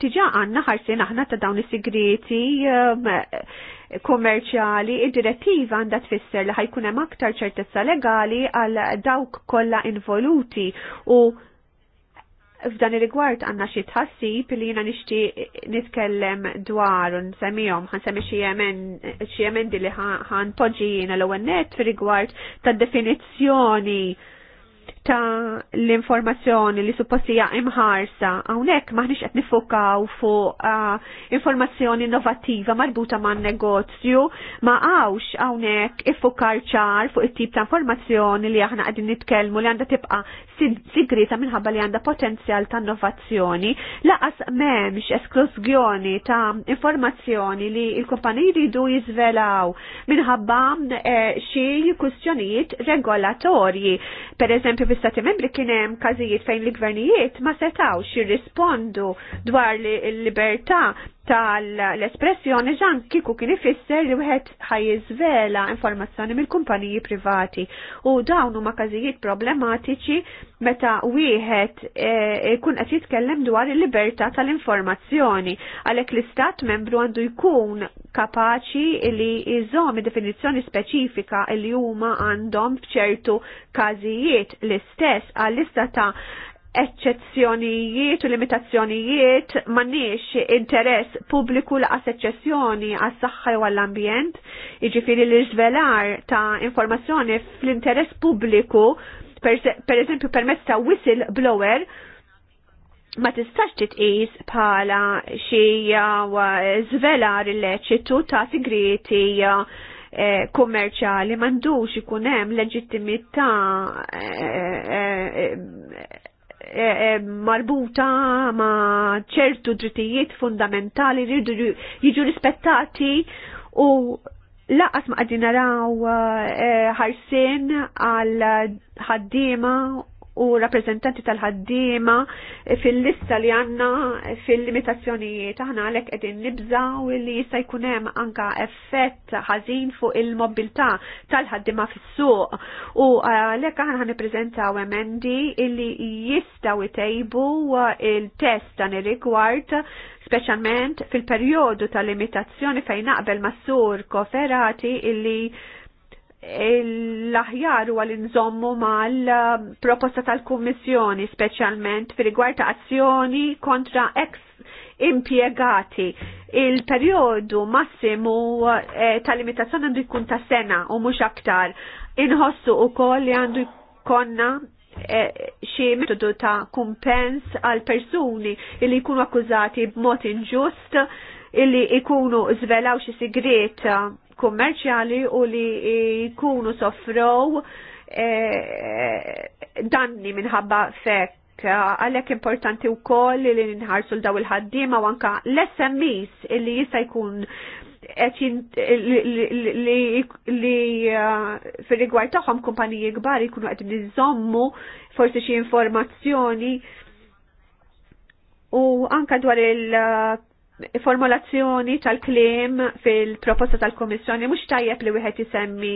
tiġa għanna ħarsin aħna ta' dawn is-sigreti um, kommerċjali, id-direttiva għandha tfisser li ħajkun hemm aktar ċertezza legali għal dawk kollha involuti u f'dan ir-rigward għandna xi tħassib li jiena nixtieq nitkellem dwar u nsemmihom ħansemmi xi emendi li ħanpoġġi jiena l-ewwel net fir-rigward tad-definizzjoni ta' l-informazzjoni li suppostija imħarsa, għawnek maħnix qed nifokaw fuq uh, informazzjoni innovativa marbuta ma' negozju, ma' għawx għawnek ifokar ċar fuq it-tip ta' informazzjoni li aħna għadin nitkelmu li għanda tibqa sigrita minħabba li għanda potenzjal ta' innovazzjoni, laqas memx esklużjoni ta' informazzjoni li il-kumpaniji ridu jizvelaw minħabba eh, xie kustjonijiet regolatorji, per eżempju l istati membri kien hemm każijiet fejn l-gvernijiet ma setawx jirrispondu dwar l-libertà tal-espressjoni ġan kiku kien ifisser li wieħed ħajjiżvela informazzjoni mill-kumpaniji privati u dawn huma każijiet problematiċi meta wieħed e, ikun qed jitkellem dwar il-libertà tal-informazzjoni għalhekk l-istat membru għandu jkun kapaċi li jżomm definizzjoni speċifika li huma għandhom f'ċertu każijiet l-istess għall-lista ta' eċċezzjonijiet u limitazzjonijiet m'għandniex interess pubbliku laqas eċċezzjoni għas saħħa u għall-ambjent, jiġifieri l-iżvelar ta' informazzjoni fl-interess pubbliku, per eżempju permezz ta' whistle blower, ma tistax titqis bħala xi żvelar illeċitu ta' sigriti eh, kummerċali mandux ikun hemm leġittimità eh, eh, E, e, marbuta ma' ċertu drittijiet fundamentali jridu jiġu rispettati u laqas ma' għadin naraw e, ħarsin għal ħaddiema u rappresentanti tal ħaddima fil-lista li għanna fil-limitazzjonijiet aħna għalek edin u li jista' jkun hemm anka effett ħażin fuq il-mobilità tal ħaddima fis-suq u uh, għalek aħna ħanippreżentaw emendi illi jistgħu jtejbu uh, il-test dan ir-rigward speċjalment fil-perjodu tal-limitazzjoni fejn naqbel mas koferati illi l-aħjar huwa li nżommu mal-proposta tal-Kummissjoni, speċjalment fi riguarda azzjoni kontra ex impiegati. Il-perjodu massimu eh, tal-limitazzjoni għandu jkun ta' sena u mhux aktar. Inħossu ukoll li għandu jkollna xie eh, xi metodu ta' kumpens għal persuni li jkunu akkużati b'mod inġust illi ikunu zvelaw xi sigret eh, kummerċjali u li jkunu sofrow eh, eh, danni minħabba fekk għalek importanti u koll li nħarsu l-daw il ħaddim u anka l-SMEs li jista jkun li eh, fil-rigward taħħom kumpaniji gbar jkunu għed nizommu forsi xie informazzjoni u anka dwar il- formulazzjoni tal-klim fil-proposta tal-Komissjoni mhux tajjeb li wieħed isemmi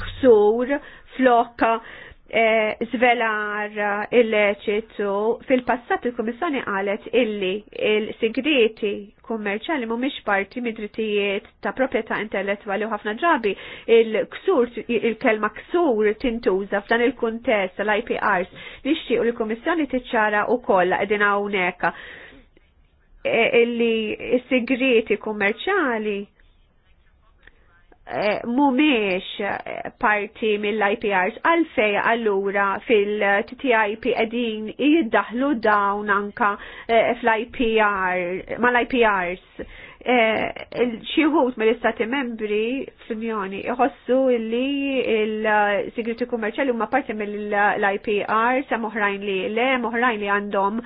ksur flok eh, zvelar il eh, illeċitu fil-passat il-Komissjoni qalet illi il-segreti kummerċali mhumiex parti mid-drittijiet ta' proprjetà intellettwali u ħafna ġrabi il-ksur il-kelma ksur tintuża f'dan il-kuntest l-IPRs u l-Kummissjoni tiċċara wkoll qegħdin hawnhekk E, illi s-segreti kummerċali e, mumiex parti mill-IPRs għalfej allura fil-TTIP edin jiddaħlu dawn anka e, fl-IPR, mal-IPRs. Xieħut mill-istati membri fl-Unjoni iħossu li il-segreti kummerċali huma parti mill-IPR sa moħrajn li le, moħrajn li għandhom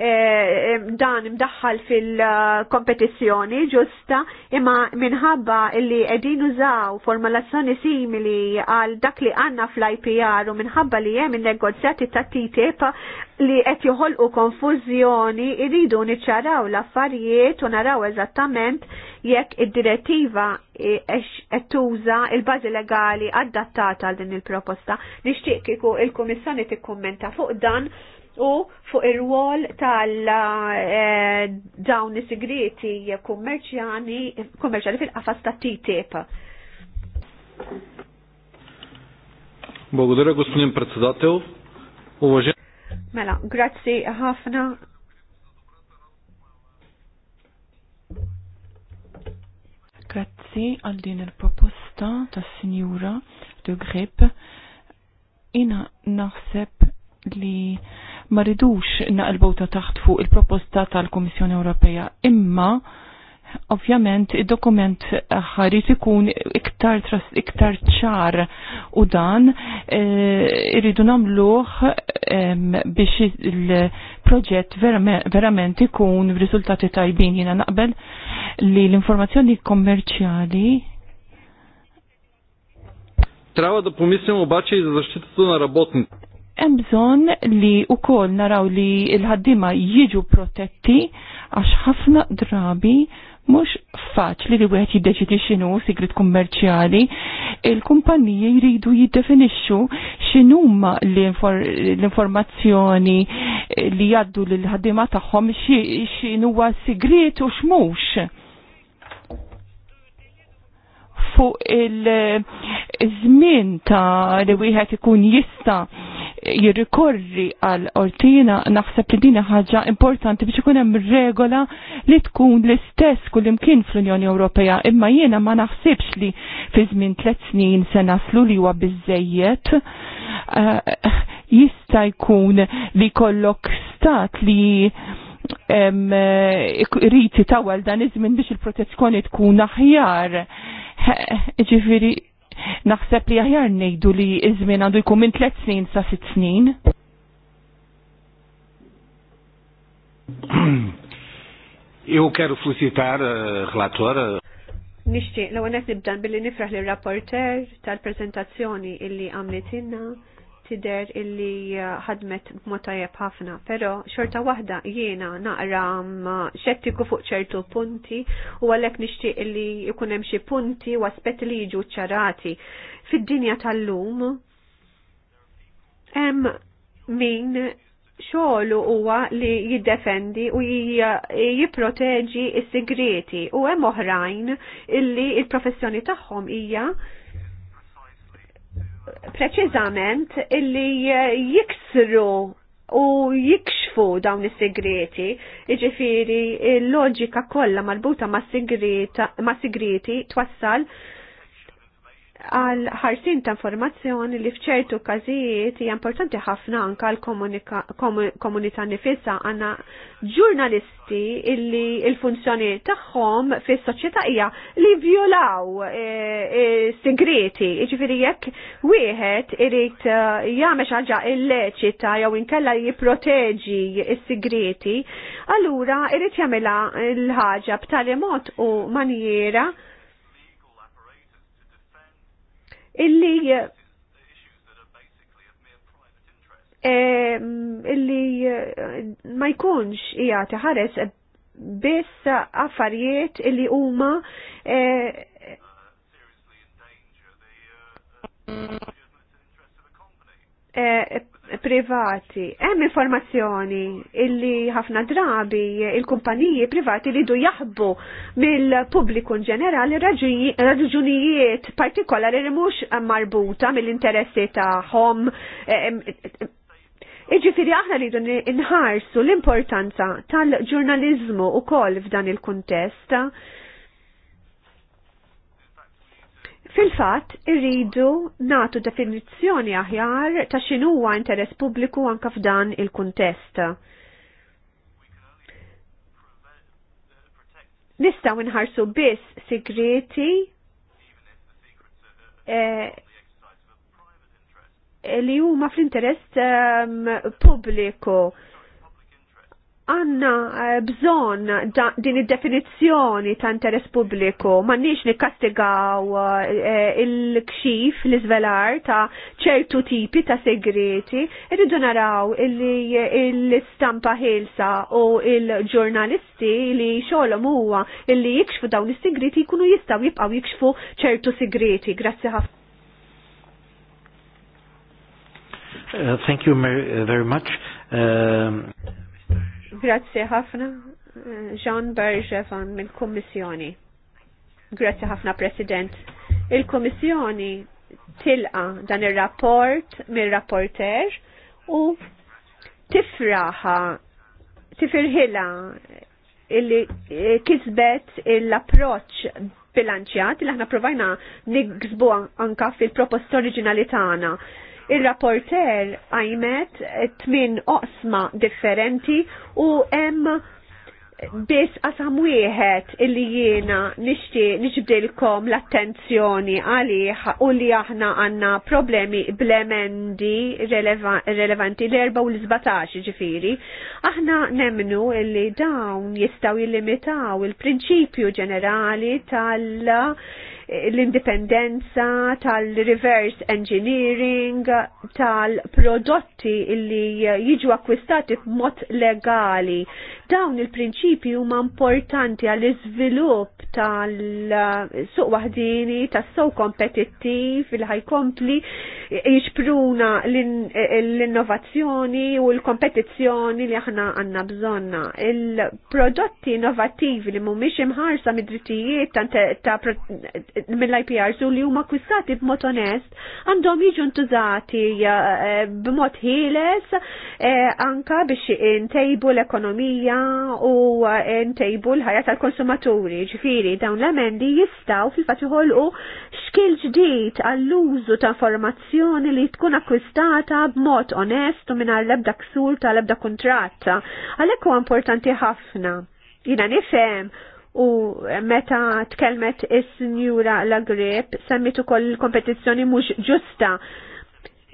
Eh, eh, dan imdaħħal fil-kompetizzjoni ġusta imma minħabba li qegħdin użaw formulazzjoni simili għal dak li għandna fl-IPR u minħabba li hemm in-negozjati ta' TTIP li qed joħolqu konfużjoni iridu niċċaraw l-affarijiet u naraw eżattament jekk id-direttiva qed tuża il-bażi legali adattata għal din il-proposta. Nixtieq kieku il-Kummissjoni tikkummenta fuq dan u fuq ir-wol tal eh, dawn is-sigreti kummerċjani kummerċjali fil-qafas ta' TTIP. Благодаря, господин u Уважен... Mela, grazzi ħafna. Grazzi għal din il-proposta ta' Sinjura de Grip. Ina naħseb li ma ridux naqilbu ta' taħt fuq il-proposta tal-Komissjoni Ewropea, imma ovvjament id-dokument ħarit ikun iktar tras, iktar ċar u dan eh, irridu e, namluħ e, biex il-proġett verament ikun b'riżultati tajbin jina naqbel li l-informazzjoni kommerċjali Trawa da помислим обаче i za zaštitu na работниците hemm bżonn li wkoll naraw li l-ħaddiema jiġu protetti għax ħafna drabi mhux faċli li wieħed jiddeċidi x'inhu sigrit kummerċjali, il kumpanniji jridu jiddefinixxu x'inhuma l-informazzjoni li jgħaddu lil ħaddiema tagħhom x'inhuwa sigrit u x'mhux fuq il-żmien eh, ta' li wieħed ikun jista' jirrikorri għal ortina naħseb li din ħaġa importanti biex ikun hemm regola li tkun l-istess kullimkien fl-Unjoni Ewropea imma jiena ma naħsibx li fi żmien tliet snin se naslu li huwa biżejjed eh, jista' jkun li kollok stat li rriti eh, tawal dan iż-żmien biex il-protezzjoni tkun aħjar Ġifiri, naħseb li aħjar nejdu li izmin żmien għandu jkun minn tliet snin sa sitt snin. Jew keru fusitar eh, relator. Eh. Nixtieq l għonet nibdan billi nifraħ li rapporter tal-preżentazzjoni illi għamlitinna tider illi uh, ħadmet b'mod tajjeb ħafna, però xorta waħda jiena naqra um, xettiku fuq ċertu punti u għalhekk nixtieq illi jkun hemm xi punti u aspet li jiġu ċarati. Fid-dinja tal-lum hemm min xoħlu huwa li jiddefendi u uh, jipproteġi s-segreti u hemm oħrajn illi il-professjoni tagħhom hija preċiżament illi eh, jiksru u jikxfu dawn is-segreti, iġifiri l-loġika kollha marbuta ma' segreti twassal għal ħarsin ta' informazzjoni li fċertu każijiet hija importanti ħafna anke għal komunità nifissa għandna ġurnalisti illi il-funzjoni tagħhom fis-soċjetà hija li vjolaw e, e, segreti, jiġifieri jekk wieħed irid e, jagħmel ħaġa illeċita jew inkella jipproteġi s sigreti allura irid jagħmilha l-ħaġa b'tali mod u manjiera illi eh, illi eh, ma jkunx jgħati ħares biss affarijiet illi huma eh, Eh, privati. Hemm informazzjoni illi ħafna drabi il-kumpaniji privati li du jaħbu mill-pubbliku in ġenerali raġunijiet partikolari li mhux marbuta mill-interessi tagħhom. Eh, Iġifiri aħna li dun inħarsu l-importanza tal-ġurnalizmu u f'dan il kuntest Fil-fat, irridu natu definizzjoni aħjar ta' xinuwa interess pubbliku anka f'dan il-kuntest. Nistaw nħarsu biss segreti eh, li huma fl-interess um, pubbliku għanna eh, bżon din id-definizzjoni ta' interess pubbliku, mannix nikastigaw eh, il-kxif, l-izvelar ta' ċertu tipi ta' segreti, irridu naraw il-stampa ħilsa u il-ġurnalisti li xolom huwa illi jikxfu dawn is-segreti jkunu jistaw jibqaw jikxfu ċertu segreti. Grazzi ħafna. Uh, thank you uh, very much. Um, Grazzi ħafna, Jean Bergevan mill-Kummissjoni. Grazzi ħafna, President. Il-Kummissjoni tilqa dan ir-rapport mir-rapporter u tifraħa tifirħila illi eh, kisbet l-approċ bilanċjat li aħna provajna nigzbu anka fil-proposta oriġinali tagħna Il-rapporter għajmet tmin oqsma differenti u hemm biss qasam wieħed illi jiena nixtieq niġbdilkom l-attenzjoni għalih u li aħna għandna problemi blemendi relevanti l 14 u l-17 ġifiri. Aħna nemnu illi dawn jistgħu jillimitaw il-prinċipju ġenerali tal- l-indipendenza tal-reverse engineering tal-prodotti illi jiġu akkwistati b'mod legali Dawn il-prinċipi huma importanti għall iżvilupp tal-suq waħdini, tas-sow kompetittiv, il-ħajkompli, jiġpruna l-innovazzjoni u l-kompetizzjoni li aħna għanna bżonna. Il-prodotti innovativi li mhumiex imħarsa mid-drittijiet mill-IPRs u li huma kwistati b'mod onest għandhom jiġu ntużati eh, b'mod ħieles eh, anka biex intejbu l-ekonomija u eh, ntejbu l-ħajja tal-konsumaturi. Ġifiri, dawn l-emendi jistaw fil-fat u xkil ġdid għall-użu ta' informazzjoni li tkun akkwistata b'mod onest u minna l-ebda ksur ta' l-ebda kontratta. Għalhekk huwa importanti ħafna. Jina nifhem u meta tkelmet is-sinjura la grip semmitu kol kompetizzjoni mhux ġusta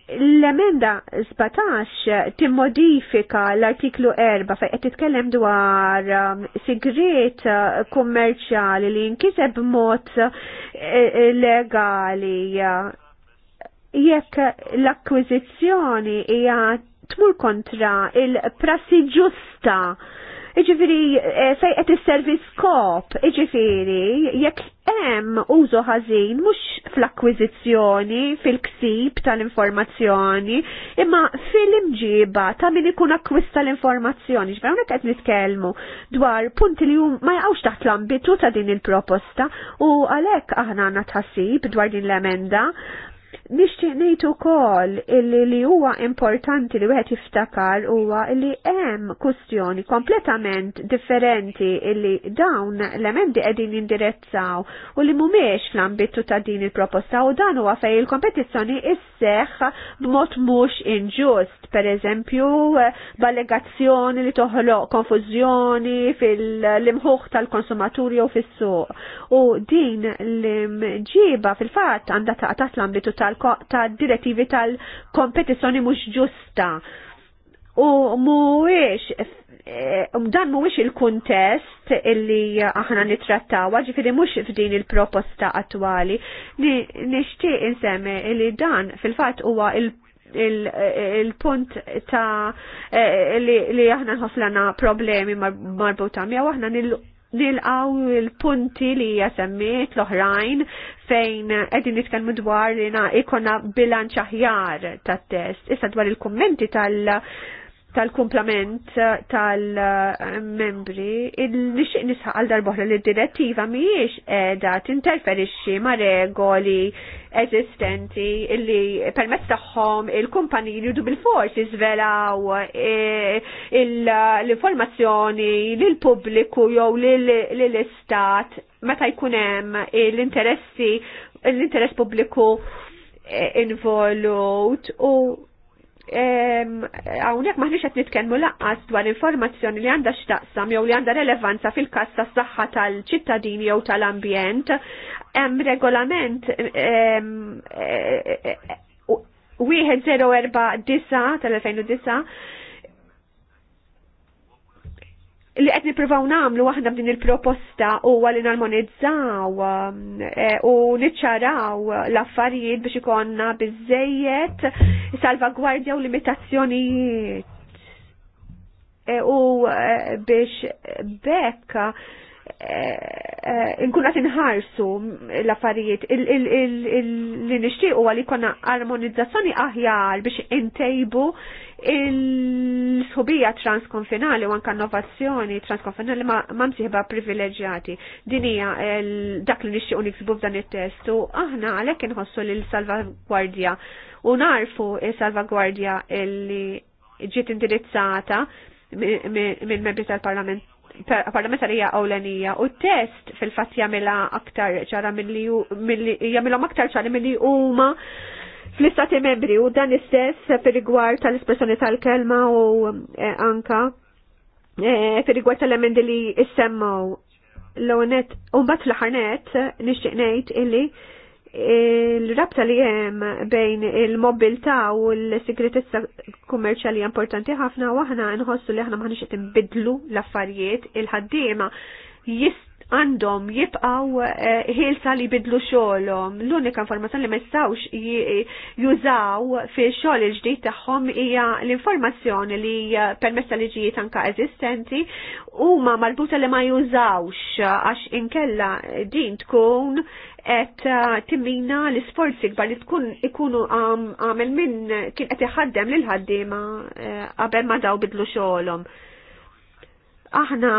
L-emenda 17 timmodifika l-artiklu 4 fejqet qed titkellem dwar um, sigret uh, kummerċjali li jinkiseb b'mod uh, legali uh, jekk l-akkwiżizzjoni hija tmur kontra il-prassi ġusta Iġifiri, eh, sej qed isservi kop, iġifiri, jekk hemm użu ħażin mhux fl-akkwiżizzjoni, fil-ksib tal-informazzjoni, imma fil-imġiba ta' min ikun akkwista l-informazzjoni. Ġifieri unek qed nitkellmu dwar punti li ma jgħawx taħt l-ambitu ta' din il-proposta u għalhekk aħna għandna tħassib dwar din l-emenda Nixtieq ngħid ukoll illi li huwa importanti li wieħed jiftakar huwa li hemm kustjoni kompletament differenti illi dawn l-emendi qegħdin jindirezzaw u li mhumiex l-ambitu ta' din il-proposta u dan huwa fej il-kompetizzjoni isseħ b'mod mhux inġust, pereżempju b'allegazzjoni li toħloq konfużjoni fil limħuħ tal-konsumaturi u fis-suq. U din l-imġiba fil-fatt għandha taqtat l-ambitu tal ta' direttivi tal-kompetizzjoni mhux ġusta. U mhuwiex eh, dan mhuwiex il-kuntest illi aħna nittrattaw, ġifiri mhux f'din il-proposta attwali. Nixtieq insemmi li dan fil-fatt huwa il il-punt ta' eh, li aħna nħoslana problemi marbuta miegħu aħna nil nilqaw il-punti li jasemmiet l-oħrajn fejn edin nitkellmu dwar li ikona bilanċ aħjar tat-test. Issa dwar il-kommenti tal- tal-kumplament eh, tal-membri, il-nixiq nisħaq għal darbohra li direttiva miex edha tinterferixxi ma regoli eżistenti illi permezz tagħhom il-kumpaniji li bil-forsi żvelaw eh, l-informazzjoni lill-pubbliku jew lill-istat meta jkun hemm l-interessi l-interess pubbliku eh, involut u Hawnhekk maħniex qed nitkellmu laqqas dwar informazzjoni li għandha x'taqsam jew li għandha relevanza fil-każ tas-saħħa tal-ċittadini jew tal-ambjent. Hemm regolament e, e, e, wieħed 049 tal-2009 li qed nippruvaw nagħmlu aħna b'din il-proposta huwa li narmonizzaw um, eh, u niċċaraw l-affarijiet biex ikonna bizzejiet salvagwardja u limitazzjonijiet. Eh, u eh, biex bekka Eh, eh, nkun għat l-affarijiet li nishtiqu għalli konna armonizzazzjoni aħjar biex intejbu il-sħubija transkonfinali u anka innovazzjoni transkonfinali ma msiħba privileġjati. Dinija dak li nixtiequ niksbu f'dan it-test u aħna għalhekk inħossu lil salvagwardja u narfu il-salvagwardja li ġiet indirizzata mill-membri tal-Parlament parlamentarija Ewlenija, u test fil-fat jamila aktar ċara mill-li jamilom aktar ċara mill-li huma fl-istati membri u dan istess per rigward tal-espressjoni tal-kelma u anka per rigward tal-emendi li issemmaw l-onet un bat l-ħarnet ngħid illi il-rabta li jem bejn il-mobilta u l-sigretezza kummerċali importanti ħafna u aħna nħossu li aħna maħniex qed bidlu l-affarijiet il-ħaddiema jist għandhom jibqaw eh, ħilsa li bidlu xolom. L-unika informazzjoni li ma jistawx jużaw fi xogħol il-ġdid tagħhom hija l-informazzjoni li eh, permessa liġijiet anka eżistenti huma marbuta li ma jużawx għax inkella din tkun qed uh, timmina l-isforzi kbar li tkun ikunu um, għamel minn kien qed iħaddem lil ħaddiema uh, qabel ma daw bidlu xogħolhom. Aħna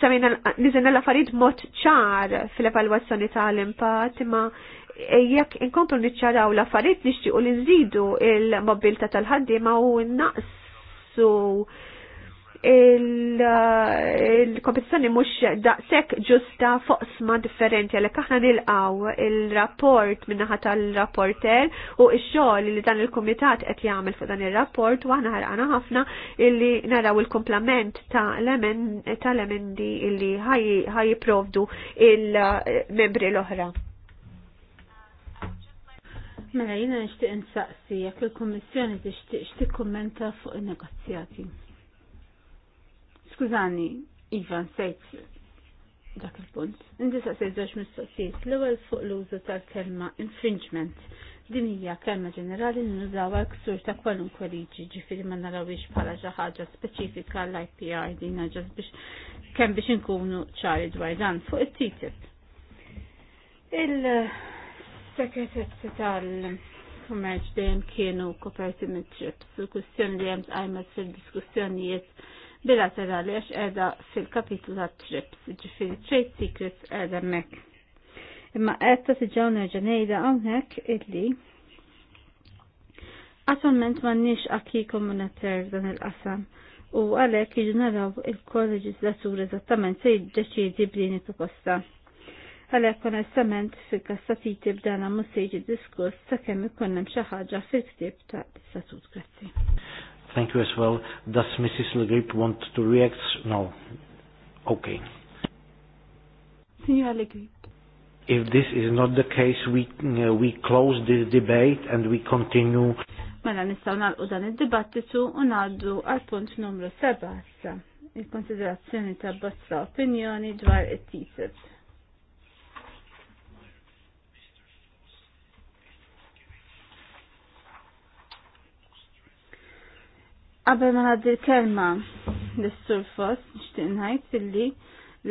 samina niżenna l-affarijiet mod ċar fil-evalwazzjoni tal-impatt imma jekk inkomplu niċċaraw l-affarijiet nixtiequ li nżidu il-mobilta tal-ħaddiema u naqsu il-kompetizzjoni mhux daqshekk ġusta foqsma differenti għalhekk aħna nilqgħu il-rapport minnaħa tal-rapporter u x-xogħol li dan il-kumitat qed jagħmel fuq dan ir-rapport u aħna ħarqana ħafna illi naraw il-komplament tal-emendi illi ħajjiprovdu il-membri l-oħra. Mela jina nixtieq insaqsi jekk il-Kummissjoni tixtieq x'tikkummenta fuq in-negozjati. Skużani, Ivan, sejt dak il-punt. Indi saqsejt żewġ mistoqsijiet. L-ewwel fuq l-użu tal-kelma infringement. Din hija kelma ġenerali li għal ksur ta' kwalunkwe liġi, ġifiri ma narawix bħala xi ħaġa speċifika l-IPR din ġas biex kemm biex inkunu ċari dwar dan fuq it titib il sekretet tal- kummerċ dejjem kienu koperti mit-trips. Il-kustjoni dejjem tqajmet fil-diskussjonijiet bilaterali għax edha fil-kapitlu ta' TRIPS, ġifiri Trade Secrets edha mek. Imma edha si ġawna ġanejda għonek illi Attualment ma nix akki komunitar dan il-qasam u għalek jidu naraw il-kolleġislatur eżattament se jiddeċidi b'din il-proposta. Għalek onestament fil-kassa titib dana mus se jiġi sa' kemm ikun hemm xi ħaġa fil-ktib ta' statut. Grazzi. Thank you as well. Does Mrs. Legrip want to react? No. Okay. Signora Legrip. If this is not the case, we, uh, we close this debate and we continue. Mela nistaw nalqu dan id-dibattitu u ngħaddu għal punt numru seba' il-konsiderazzjoni ta' bozza opinjoni dwar it tisib Qabel ma għaddi l-kelma l istur fos, nixtieq ngħid illi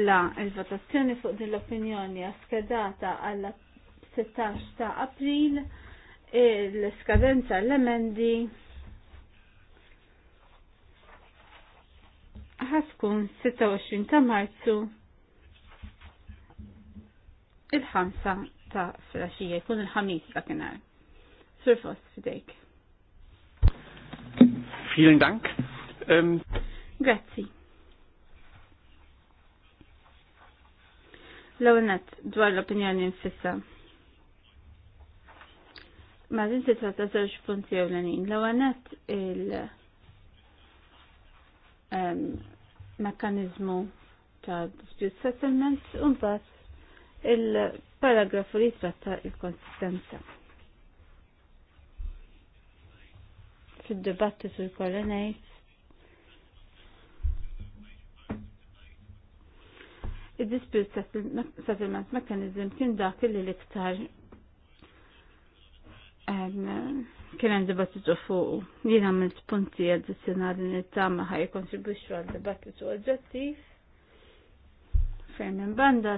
la il-votazzjoni fuq din l-opinjoni għaskedata għal 16 ta' April l skadenza l-emendi ħaskun 26 ta' Marzu il-ħamsa ta' flasġija jkun il-ħamis dakinhar. Sur Surfos, fidejk. Vielen Dank. Ähm Grazzi. L-għonet dwar l-opinjoni nfissa. Ma din titla ta' żewġ punti ewlenin. L-għonet il mekanizmu ta' dispute settlement un il-paragrafu li tratta il-konsistenza. waqt id-dibattitu l kolonajt Id-dispute settlement mechanism kien dak li l-iktar kien hemm dibattitu fuq jien għamilt punti addizzjonali nittama ħaj kontribuċu għal dibattitu oġġettiv. Fejn minn banda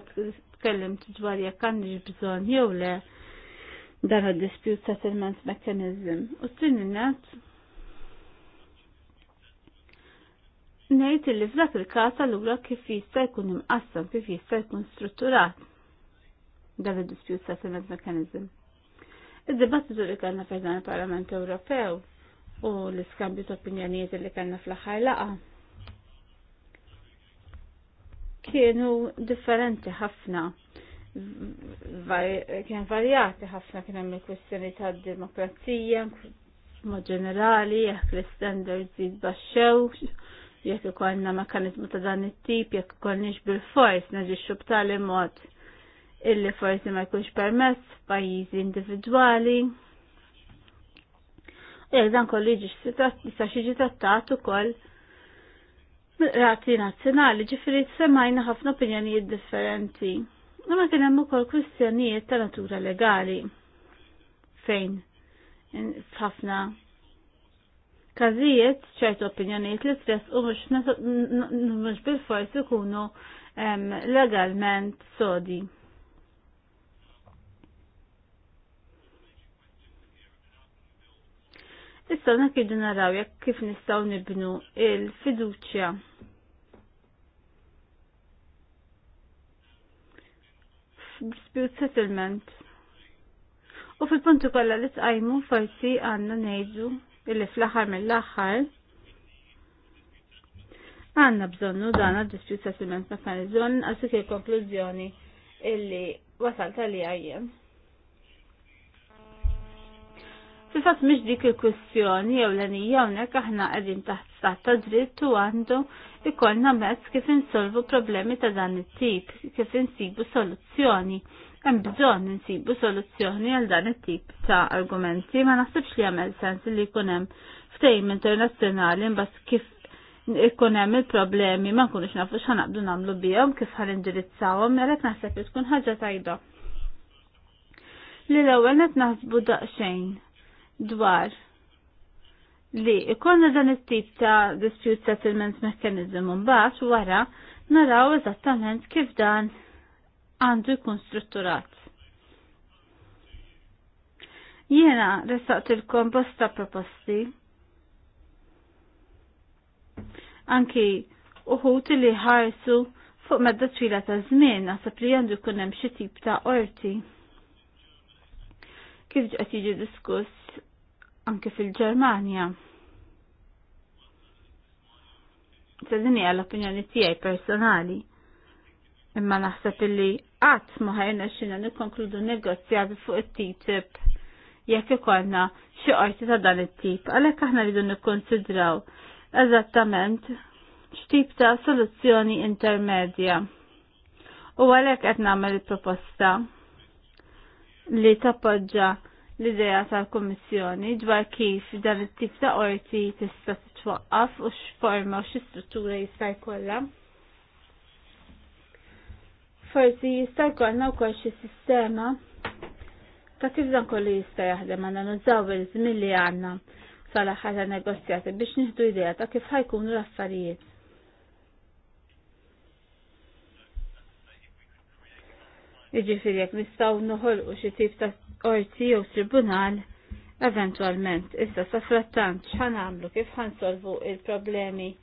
tkellimt dwar jekk għandi bżonn jew le dan id-dispute settlement mechanism. U t-tini ngħid illi f'dak il-każ allura kif jista' jkun imqassam, kif jista' jkun strutturat dan id-dispute settlement mechanism. Id-dibattitu li kellna fejn dan il-Parlament Ewropew u l-iskambju ta' opinjonijiet li kellna fl-aħħar laqa kienu differenti ħafna kien varjati ħafna kien hemm il-kwistjoni tad-demokrazija mod ġenerali jekk l-standards jitbaxxew jekk ikollna mekkaniżmu ta' dan it-tip, jekk ikollniex bil-fors naġixxu b'tali mod illi forsi ma jkunx permess f'pajjiżi individwali. U jekk dan kollu jiġi jista' jiġi trattat ukoll Rati nazzjonali, ġifieri semajna ħafna opinjonijiet differenti. Imma kien hemm ukoll kwistjonijiet ta' natura legali fejn f'ħafna kazijiet ċertu opinjonijiet li stess u mux bil-fors ikunu legalment sodi. Issa nek jidu naraw jekk kif nistgħu nibnu il-fiduċja. Dispute settlement. U fil-punti kollha li tqajmu forsi għandna ngħidu illi fl-aħħar mill-aħħar għanna bżonnu dan għad dispute settlement mechanism għasik il-konklużjoni illi wasal tal-li għajjem. Fil-fat miex dik il kustjoni jew l-għanija unek aħna għedin taħt staħt ta' dritt u għandu ikollna mezz kif insolvu problemi ta' dan it-tip, kif insibu soluzzjoni hemm bżonn insibu soluzzjoni għal dan it-tip ta' argumenti ma naħsibx li jagħmel sens li jkun hemm ftehim internazzjonali mbagħad kif ikun hemm il-problemi ma nkunux nafu x'ħanaqdu nagħmlu bihom kif ħan indirizzawhom għalhekk naħseb li tkun ħaġa tajba. Li l-ewwel qed naħsbu daqsxejn dwar li ikonna dan it-tip ta' dispute settlement mechanism mbagħad wara naraw eżattament kif dan għandu jkun strutturat. Jiena restaqt il-kom bosta proposti. Anki uħut li ħarsu fuq medda twila ta' żmien għasab li għandu jkun hemm xi tip ta' orti. Kif ġqed jiġi diskuss anke fil-Ġermanja. Sa' din hija l-opinjoni tiegħi personali imma naħseb illi qatt ma ħajna xina nikkonkludu negozjati fuq it-TTIP jekk ikollna xi qorti ta' dan it-tip, għalhekk aħna rridu nikkonsidraw eżattament x'tip ta' soluzzjoni intermedja. U għalhekk qed nagħmel proposta li tappoġġa l-idea tal kummissjoni dwar kif dan it-tip ta' qorti tista' titwaqqaf u x'forma u x'istruttura jista' jkollha forsi jista' jkollna wkoll xi sistema ta' kif dan kollu jista' jaħdem għandna nużaw il-żmien li għandna sal-aħħar ta' negozjati biex nieħdu idea ta' kif ħajkunu l-affarijiet. Jiġifieri jekk nistgħu noħolqu xi tip ta' qorti jew tribunal eventwalment issa sa frattant x'ħan għamlu kif ħansolvu il-problemi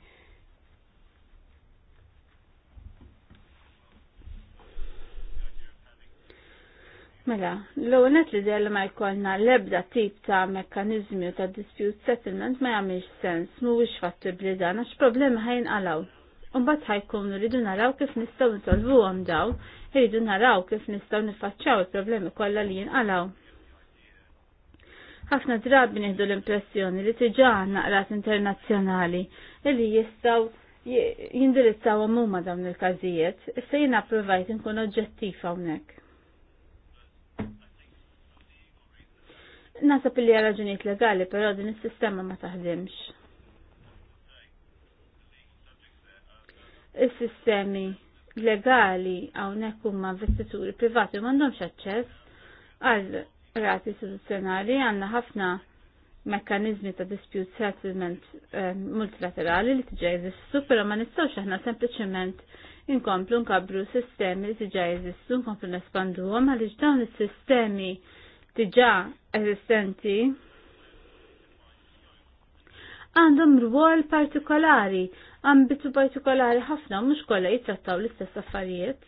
Mela, l għunet li d ma jkollna lebda tip ta' mekanizmi u ta' dispute settlement ma jgħamil sens, mu wix fattibli dan, għax problemi ħajn għalaw. Umbat ħajkun rridu naraw kif nistaw nsolvu għom daw, rridu naraw kif nistaw nifacċaw il-problemi kolla li jinqalaw. ħafna drabi nieħdu l-impressjoni li tiġa naqrat internazzjonali li jistaw jindirizzaw għamuma dawn il-kazijiet, issa jina provajt nkun oġġettiv hawnhekk Nasab li raġunijiet legali, però din is-sistema ma taħdimx. Is-sistemi legali hawnhekk huma investituri privati m'għandhomx aċċess għal rati istituzzjonali għandna ħafna mekkanizmi ta' dispute settlement ehm, multilaterali li tiġa jeżistu, però ma nistgħux aħna sempliċement inkomplu nkabru sistemi li tiġa jeżistu, nkomplu nespanduhom għaliex dawn is-sistemi diġà eżistenti għandhom rwol partikolari, ambitu partikolari ħafna mhux kollha jittrattaw l-istess affarijiet.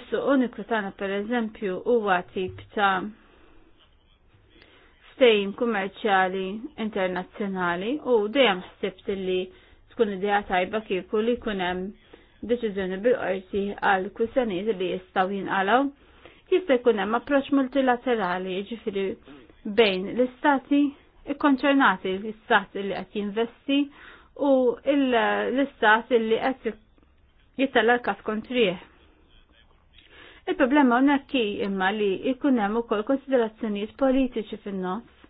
Issu uniku tagħna pereżempju huwa tip ta' ftejn kummerċjali internazzjonali u dejjem ħsibt li tkun idea tajba kieku li jkun hemm deċiżjoni bil-qorti għal kwistjonijiet li jistgħu jinqalgħu jista' jkun hemm approċċ multilaterali jiġifieri bejn l-istati ikkonċernati l-istat li qed jinvesti u l-istat li qed jittella l-kas kontrih. Il-problema ki imma li jkun hemm ukoll konsiderazzjonijiet politiċi fin-nofs.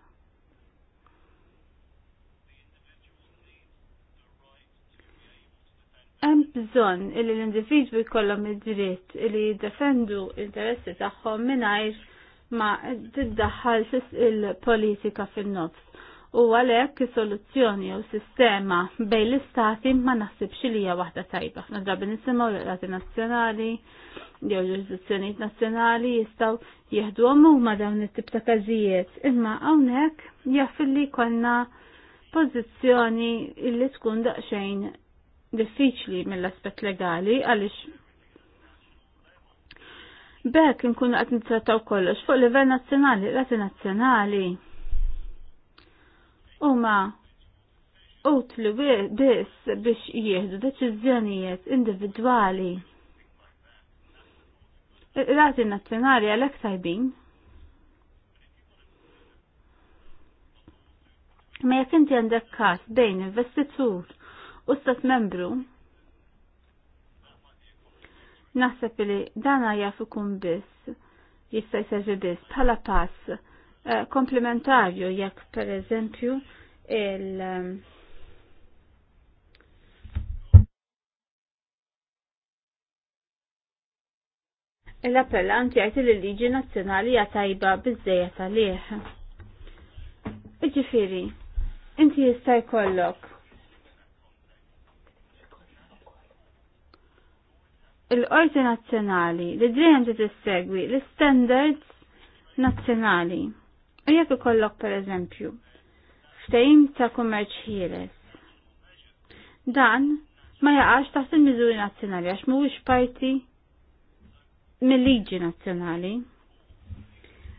Hemm bżonn li l-individwi jkollhom id-dritt li jiddefendu interessi tagħhom mingħajr ma tiddaħħal il-politika fin-nofs u għalek is-soluzzjoni u sistema bej l-istati ma naħsibx li hija waħda tajba. Nadrabi drabi nisimgħu l-Qrati Nazjonali, jew l-Istituzzjonijiet ġurisdizzjonijiet nazzjonali jistgħu jieħduhom huma dawn it-tip ta' kazijiet, imma hawnhekk jaffilli konna pozizjoni illi tkun daqsxejn diffiċli mill aspet legali għalix. Bek, nkunu għat nittrattaw kollox fuq livell nazzjonali, rati nazjonali, huma utli biss biex jieħdu deċiżjonijiet individwali. rati nazzjonali għalhekk tajbin. Ma jekk inti għandek każ bejn investitur u stat membru, naħseb li dana jafu ikun biss jista' jservi biss bħala pass Eh, komplementarju jekk per eżempju il ehm, l-appellant jgħid li l-liġi nazzjonali hija tajba biżejja għalih. Iġifieri, inti jista' jkollok il-qorti nazzjonali li dejjem tissegwi l-standards nazzjonali. Jekk ikollok pereżempju ftehim ta' kummerċ ħieles. Dan ma jaqax taħt il-miżuri nazzjonali għax mhuwiex parti mill-liġi nazzjonali.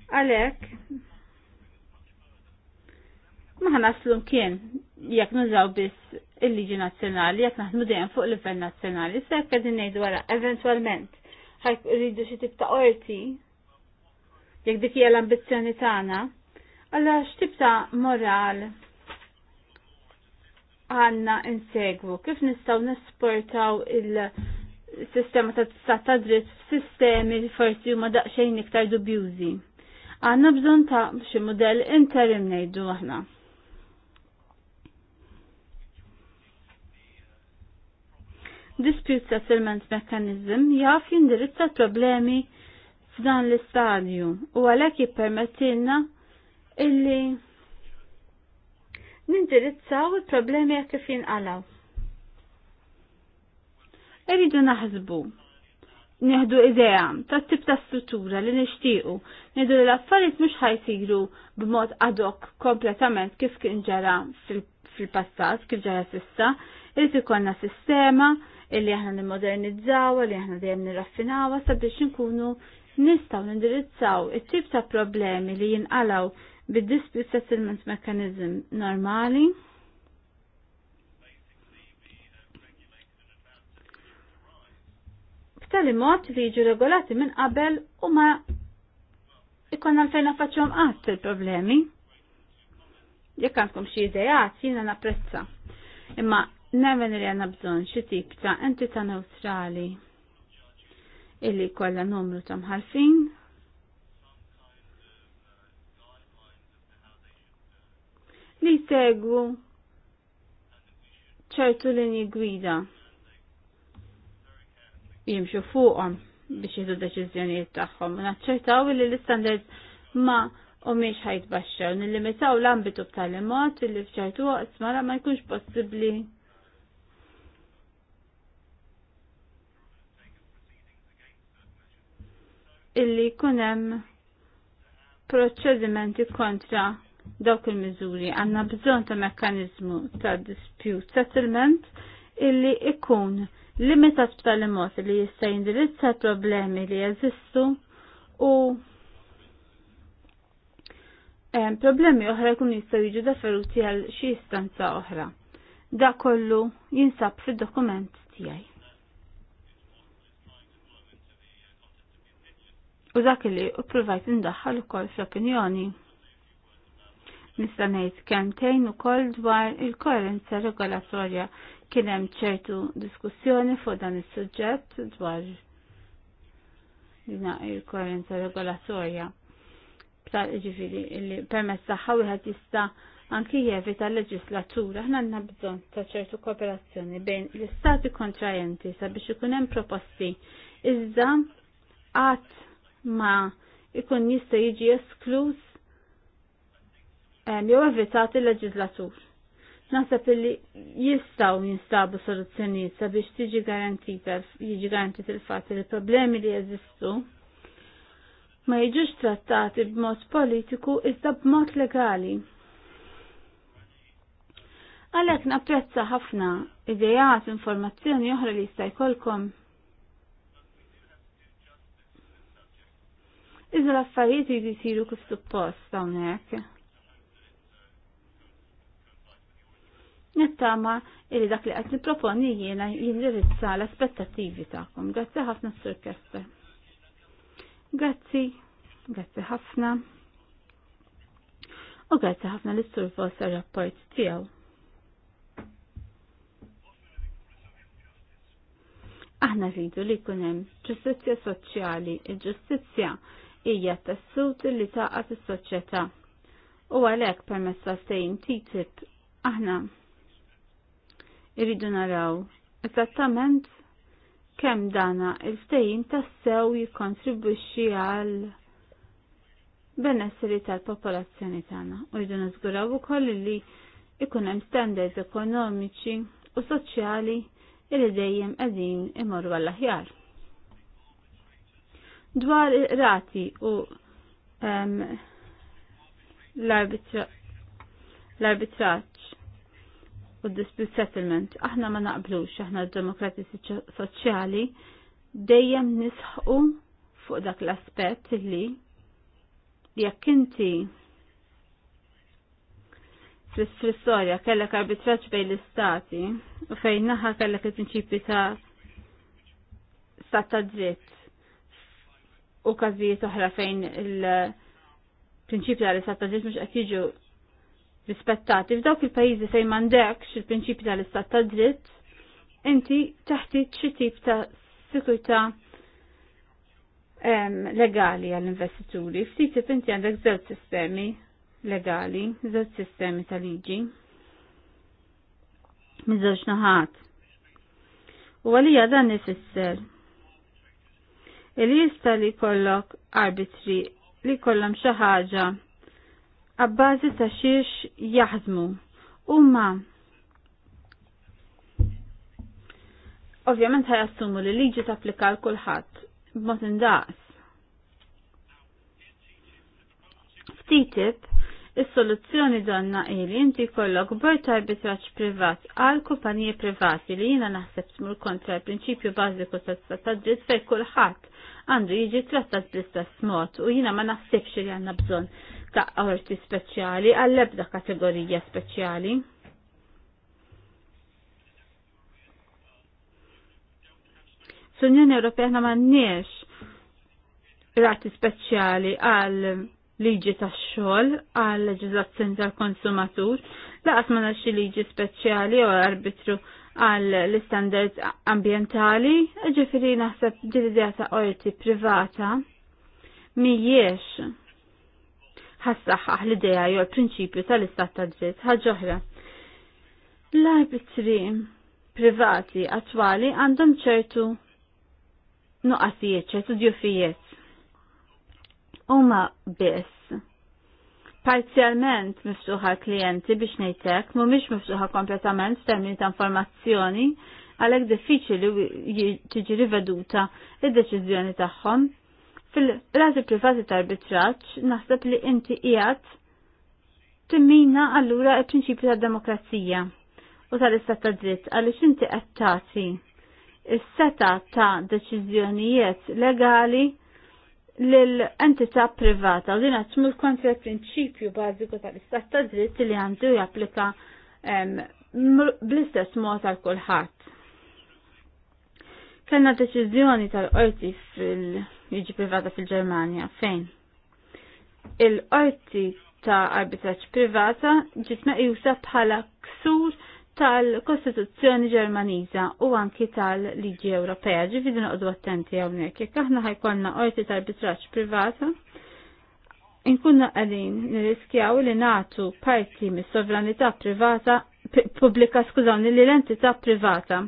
Għalhekk ma ħanaslu kien jekk nużaw biss il-liġi nazzjonali, jekk naħdmu dejjem fuq livell nazzjonali, se jekk qegħdin ngħidu wara eventwalment ħajk rridu xi tip ta' qorti jekk dik hija l-ambizzjoni tagħna Alla x'tibta moral għanna insegwu, kif nistaw nesportaw il-sistema ta' t ta' dritt f'sistemi li forsi huma daqsxejn iktar dubjużi. Għanna bżon ta' xi mudell interim ngħidu għahna. Dispute Settlement Mechanism jaf jindirizza problemi f'dan l-istadju u għalhekk jippermettilna illi nindirizzaw il-problemi għak kif jinqalaw. Eridu naħsbu, nieħdu idea ta' tip ta' struttura li nixtiequ, neħdu li l-affarijiet mhux ħajsiru b'mod ad hoc kompletament kif kien ġara fil-passat, kif ġara s'issa, irid ikollna sistema illi aħna nimmodernizzaw, li aħna dejjem nirraffinawha sabiex inkunu nistgħu nindirizzaw it-tip ta' problemi li jinqalaw bid-dispute settlement mechanism normali. B'tali mod li jiġu regolati minn qabel u ma ikonna fejn affaċċjom qatt il-problemi. Jekk għandkom xi idejat jiena napprezza. Imma nemmen li għandna bżonn xi tip ta' entità neutrali illi kollha numru ta' mħalfin li segwu ċertu linji gwida jimxu fuqhom biex jidu deċiżjonijiet tagħhom u naċċertaw li l-istandards ma ħajt baxxew nillimitaw l-ambitu b'tal-imot li f'ċertu waqt mara ma jkunx possibbli illi kunem proċedimenti kontra dawk il-miżuri għandna bżonn ta' mekkaniżmu ta' dispute settlement illi ikun limitat b'tali mod li jista' jindirizza problemi li jeżistu u problemi oħra jkun jistgħu jiġu deferuti għal xi istanza oħra. Da kollu jinsab fid-dokument tiegħi. U dak li provajt indaħħal ukoll fl-opinjoni. Nista' ngħid kemmtejn ukoll dwar il-koerenza regolatorja kien hemm ċertu diskussjoni fuq dan is-suġġett dwar il-koerenza regolatorja. Btal ġifiri li permezz tagħha wieħed jista' anki jevi ta' leġislatura ħna għanna bżon ta' ċertu kooperazzjoni bejn l-istati kontrajenti sabiex ikun hemm proposti iżda qatt ma ikun jista' jiġi esklus jew evitat il-leġislatur. Naħseb li jistaw jinstabu soluzzjonijiet sabiex tiġi garantita jiġi garantit il fat li problemi li jeżistu ma jiġux trattati b'mod politiku iżda b'mod legali. Għalek napprezza ħafna idejat informazzjoni oħra li jista' jkollkom. Iżda l-affarijiet jridu kif suppost hawnhekk. nittama illi dak li qed nipproponi jiena jindirizza l-aspettattivi tagħkom. Grazzi ħafna Sur Kester. Grazzi, grazzi ħafna. U grazzi ħafna l sur fosa rapport tiegħu. Aħna rridu li jkun hemm ġustizzja soċjali, il-ġustizzja hija tassut li taqat is-soċjetà. U għalhekk permezz tal-stejn TTIP aħna Irridu naraw eżattament kemm dana il-ftejjin tassew jikkontribwixxi għal benesseri tal-popolazzjoni tagħna u rridu niżguraw ukoll li ikun hemm standards ekonomiċi u soċjali li dejjem qegħdin imorru għall aħjar Dwar rati u ehm, l-arbitrat u dispute settlement. Aħna ma naqblux, aħna d-demokrati soċjali dejjem nisħu fuq dak l aspet li jekk inti fl-istorja kellek arbitraġġ bejn l-istati u fejn naħa kellek il-prinċipi ta' stat dritt u każijiet oħra fejn il-prinċipi ta' stat ta' dritt mhux qed jiġu rispettati. F'dawk il-pajjiżi fejn m'għandekx il-prinċipji tal-istat ta' dritt, inti taħtieġ xi tip ta' sikurità legali għall-investituri. Ftit inti għandek żewġ sistemi legali, żewġ sistemi tal-liġi. Miżewġ naħat. U għalija dan ifisser il jista li kollok arbitri li kollam xaħġa għabbażi ta' xiex jaħdmu. Umma, ovvjament ħajassumu li liġi ta' applika kullħat, b'mod indaqs. Ftitib, Is-soluzzjoni donna ili inti kollok bort arbitraċ privat għal kumpanije privati li jina naħseb smur kontra l-prinċipju bażiku ta' dritt fej kulħadd għandu jiġi trattat bl-istess mod u jina ma naħsibx li għandna bżonn ta' orti speċjali għall-ebda kategorija speċjali. Sunjoni unjoni Ewropea ma m'għandniex rati speċjali għal liġi tax-xogħol, għal leġiżlazzjoni tal-konsumatur, laqas ma nafx liġi speċjali u arbitru għal l standard ambientali, ġifiri naħseb dil-idea ta' orti privata, mijiex ħassaħħaħ l-ideja jew l-prinċipju tal-istat ta' dritt ħaġa oħra. L-arbitri privati attwali għandhom ċertu nuqqasijiet, ċertu djufijiet. Huma biss parzjalment miftuħa klijenti biex ngħidlek, mhumiex miftuħa kompletament f'termini ta' informazzjoni għalhekk diffiċli tiġi riveduta id-deċiżjoni tagħhom Fil-rati privati tal arbitraċ naħseb li inti qiegħed timmina allura il-prinċipju ta' demokrazija u tal-istat ta' dritt għaliex inti qed tagħti is-seta ta' deċiżjonijiet legali l-entità privata u dinat tmur kontra l-prinċipju bażiku tal-istat ta' dritt li għandu japplika bl-istess mod għal kulħadd. Kellna deċiżjoni tal-qorti fil- liġi privata fil-Ġermanja. Fejn? Il-qorti ta' arbitraċ privata ġiet jusa bħala ksur tal-Kostituzzjoni Ġermaniża u anki tal-Liġi Ewropea. Ġifieri noqdu attenti hawnhekk. Jekk aħna ħajkonna qorti ta' arbitraċ privata, inkunna qegħdin nirriskjaw li nagħtu parti mis-sovranità privata pubblika skużawni li l-entità privata.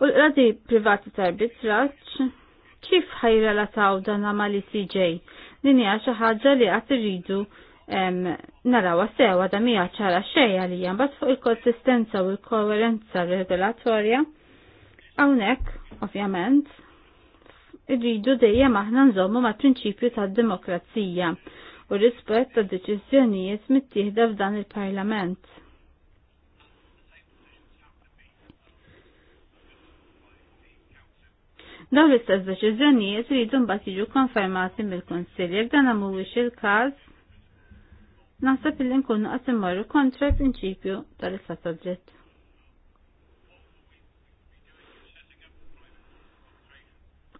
U l-radi privati ta' arbitraċ kif ħajrelataw dan ma' li CJ? Din hija xi ħaġa li qatt irridu narawa sewa da mija ċara xejja li bat fuq il-konsistenza u il-koherenza regolatorja. Hawnhekk, ovvjament, irridu dejjem aħna nżommu ma' prinċipju tad-demokrazija u rispett ta' deċiżjonijiet mittieħda f'dan il-Parlament. Daw l-istess deċiżjonijiet rridu mbagħad jiġu konfermati mill-Kunsill. Jekk dan mhuwiex il-każ, naħseb illi nkunu qed immorru kontra l-prinċipju tal-istat ta'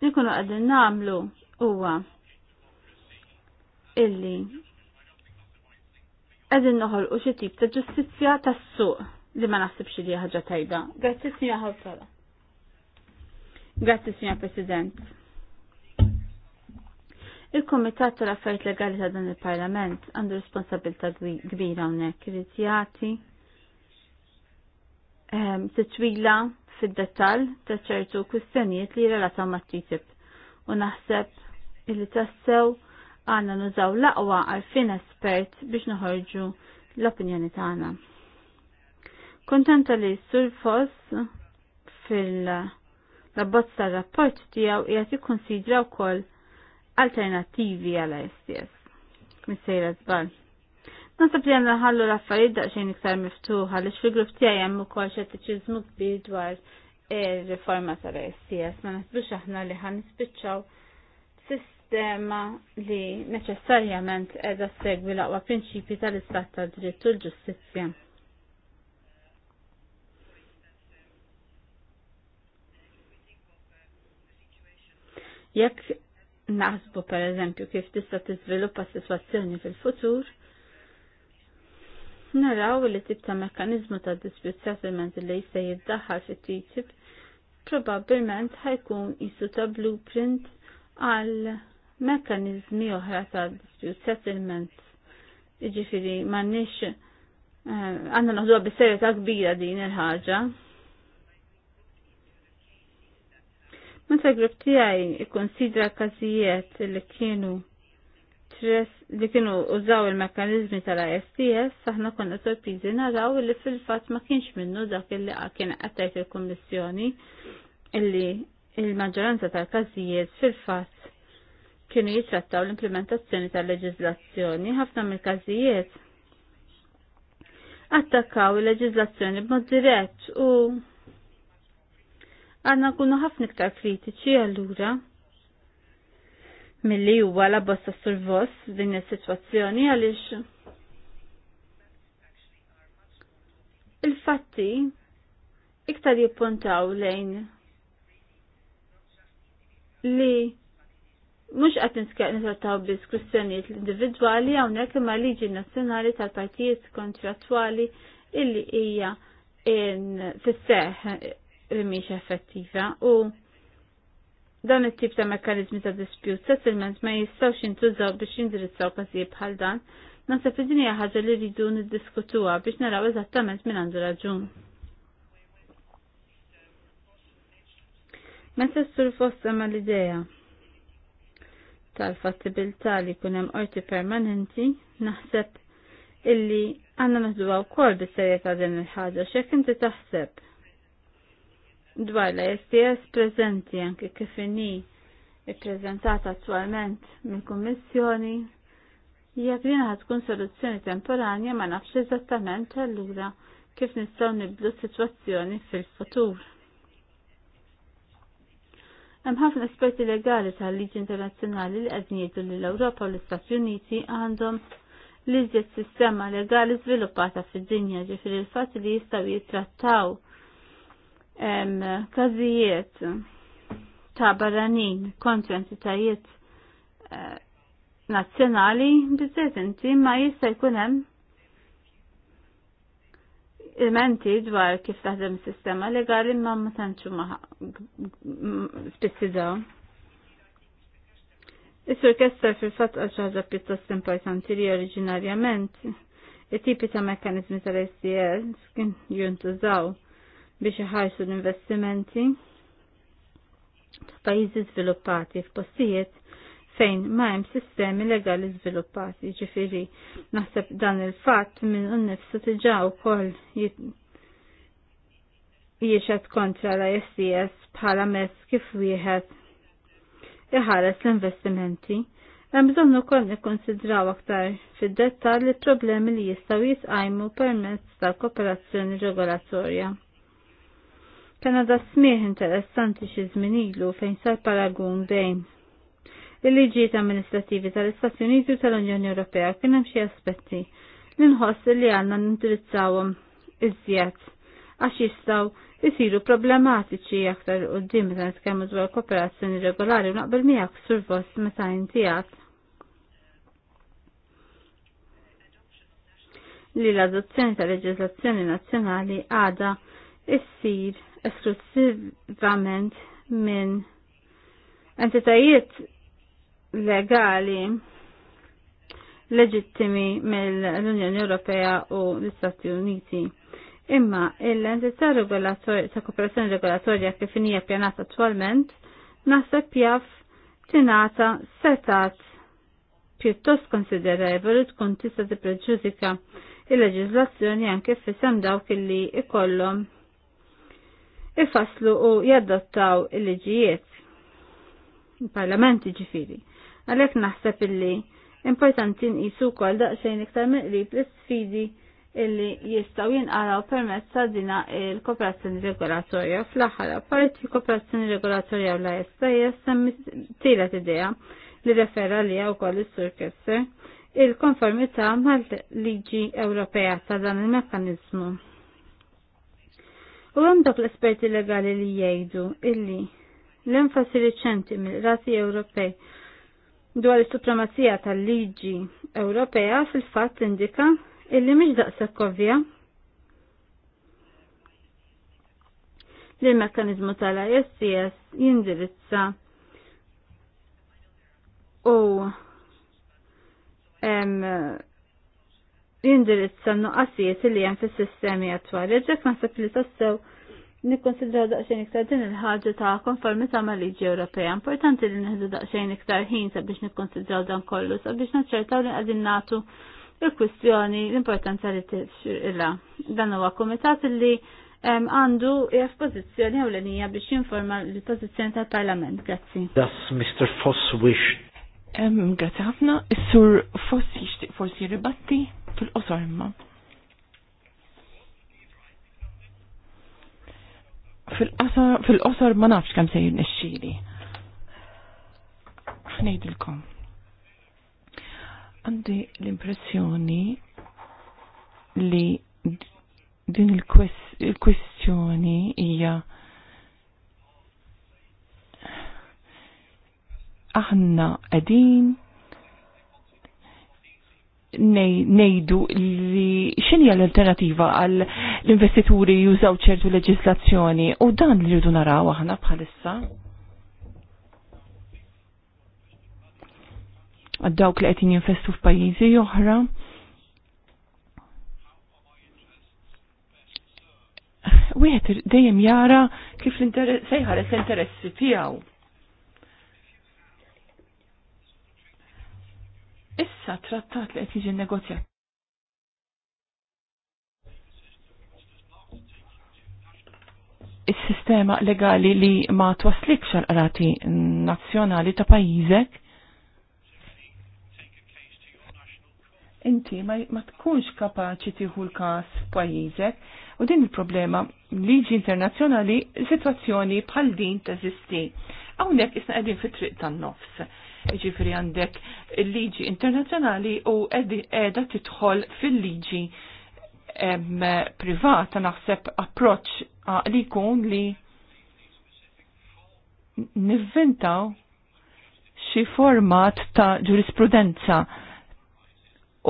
Nikunu qegħdin nagħmlu huwa illi qegħdin noħolqu xi tip ta' ġustizzja tas suq li ma naħsibx li ħaġa tajda. Grazzi, signora ħafna. Grazzi, signor President. Il-Komitat tal-Affarijiet Legali ta' dan il-Parlament għandu responsabilità kbira hawnhekk irid jagħti ehm, titwila fid-dettall ta' ċertu kwistjonijiet li jirrelataw mat-TTIP u naħseb illi tassew għandna nużaw l-aqwa għalfien espert biex noħorġu l-opinjoni tagħna. Kontenta li Sur Foss fil- L-abbozz tar-rapport tiegħu qiegħed jikkonsidra wkoll alternattivi għal ISDS. Missejra zbal. Nasab li għanna ħallu l-affarijiet daqsxejn iktar miftuħa li fil-grupp tiegħi hemm ukoll xettiċiżmu kbir dwar il riforma tal STS. Ma nasbux aħna li ħan nispiċċaw sistema li neċessarjament qiegħda segwi l-aqwa prinċipji tal-istat tad-dritt u l-ġustizzja. Jekk naħsbu per eżempju kif tista' tiżviluppa sitwazzjoni fil-futur, naraw li tip ta' mekkanizmu ta' dispute settlement li jista' jiddaħħal fit-TTIP probabbilment ħajkun jisu ta' blueprint għal mekkanizmi oħra ta' dispute settlement. Iġifiri, ma' nix, eh, għanna uh, naħduwa ta' kbira din il-ħagġa. kontra grupp tiegħi ikkonsidra każijiet li kienu li kienu użaw il mekanizmi tal-ISTS, aħna konna torpizi naraw li fil-fatt ma kienx minnu dak li kien qed il-Kummissjoni illi il-maġġoranza tal-każijiet fil-fatt kienu jitrattaw l-implementazzjoni tal-leġizlazzjoni ħafna mill-każijiet attakkaw il-leġizlazzjoni b'mod dirett u għanna nkunu ħafna iktar kritiċi allura mill-li huwa la bosta survos din is-sitwazzjoni għaliex il-fatti iktar jippuntaw lejn li mux qed nitkellem nitrattaw biss kwistjonijiet individwali hawnhekk imma liġi nazzjonali tal-partijiet kontrattwali illi hija in fisseħ miex effettiva u dan it-tip ta' mekkanizmi ta' dispute settlement ma jistawx jintużaw biex jindirizzaw każijiet bħal dan, naħseb li din hija ħaġa li rridu niddiskutuha biex naraw eżattament minn għandu raġun. Meta s-sur fosta ma l-ideja tal-fattibilità li kun hemm qorti permanenti, naħseb illi għandna naħduha wkoll bis-serjetà din il-ħaġa x'hekk inti taħseb dwar la STS prezenti anke kif inni ippreżentata attwalment mill-Kummissjoni jekk din ħad tkun soluzzjoni temporanja ma nafx eżattament allura kif nistgħu nibdlu s-sitwazzjoni fil-futur. Hemm ħafna esperti legali tal-liġi internazzjonali li qed ngħidu li l-Ewropa u l-Istati Uniti għandhom l sistema legali żviluppata fid-dinja ġifieri l-fatt li jistgħu jittrattaw każijiet ta' barranin kontra entitajiet eh, nazzjonali bizzet inti ma jista' jkun hemm elementi dwar kif taħdem is-sistema legali ma ma tantxu maħ spissi dawn. Is-sur Kester fil-fatt għal xi ħaġa pjuttost importanti li oriġinarjament it-tipi ta' mekkaniżmi tal-SDL kien jintużaw biex iħarsu l-investimenti f'pajjiżi żviluppati f'postijiet fejn ma hemm sistemi legali żviluppati, ġifieri naħseb dan il-fatt minn nnifsu tiġà wkoll jiexed kontra l-ISDS bħala mezz kif wieħed iħares l-investimenti. Hemm bżonn ukoll nikkonsidraw aktar fid-dettall il-problemi li jistgħu jitqajmu permezz tal-kooperazzjoni regolatorja. Kena da smieħ interessanti xi żmien ilu fejn sar paragun bejn il-liġijiet amministrativi tal-Istati Uniti u tal-Unjoni Ewropea kien hemm xi aspetti li nħoss li għandna nindirizzawhom iżjed għax jistgħu jisiru problematiċi aktar qudiem meta nitkellmu dwar kooperazzjoni regolari u naqbel miegħek survost meta intijat. Li l-adozzjoni tal-leġiżlazzjoni nazzjonali għada issir esklusivament minn entitajiet legali leġittimi mill-Unjoni Ewropea u l-Istati Uniti. Imma l-entità ta' kooperazzjoni regolatorja kif hija pjanata attwalment naħseb jaf tingħata setat pjuttost konsiderevoli tkun tista' tippreġudika il-leġiżlazzjoni anke f'isem dawk illi ikollhom ifaslu u jaddottaw il-liġijiet. Il-parlamenti ġifiri. Għalek naħseb illi importanti nqisu kol daqsxejn iktar meqrib l-sfidi illi jistaw jinqaraw permezz ta' dina il-kooperazzjoni regolatorja fl-aħħar parti kooperazzjoni regolatorja u l-ISA jessemmi tielet idea li refera li għaw kol il-sur il-konformità mal-liġi Ewropea ta' dan il-mekkanizmu. U hemm dok l-esperti legali li jgħidu illi l-enfasi riċenti mill-Rati Ewropej dwar is-supremazija tal-liġi Ewropea fil-fatt indika illi mhix daqshekk kovja. li l-mekkanizmu tal-ISCS jindirizza u jindirizza nuqqasijiet li hemm fis-sistemi attwali. Ġek naħseb li tassew nikkonsidraw daqsxejn iktar din il ħagġa ta' konformita ma' liġi Ewropea. Importanti li nħedu daqsxejn iktar ħin sabiex nikkonsidraw dan kollu sabiex naċċertaw li għadin nagħtu il-kwistjoni l-importanza li tifxirilla. Dan huwa kumitat li għandu jgħaf pozizjoni ewlenija biex jinforma l-pozizjoni tal-Parlament. Grazzi. Does Mr. Foss wish Grazie ħafna, is-sur Fossi jixtieq forsi ribatti fil-qosor imma. Fil-qosor ma nafx kemm se jirnexxieli. Fnejdilkom. Għandi l-impressjoni li din il-kwestjoni hija il aħna qegħdin nejdu li xinja l-alternativa għal l-investituri jużaw ċertu leġislazzjoni u dan li rridu naraw aħna bħalissa. Għaddawk li qegħdin jinvestu f'pajjiżi oħra. Wieħed dejjem jara kif l-interess sejħares l-interessi tiegħu sa trattat li qed jiġi negozjat. Is-sistema legali li ma twaslikx għal qrati nazzjonali ta' pajjiżek inti ma, tkunx kapaċi tieħu l-każ f'pajjiżek u din il-problema liġi internazzjonali sitwazzjoni bħal din teżisti. Hawnhekk isna qegħdin fit-triq tan-nofs ġifri għandek il-liġi internazzjonali u edha titħol fil-liġi privata naħseb approċ li kun li nivventaw xi format ta' ġurisprudenza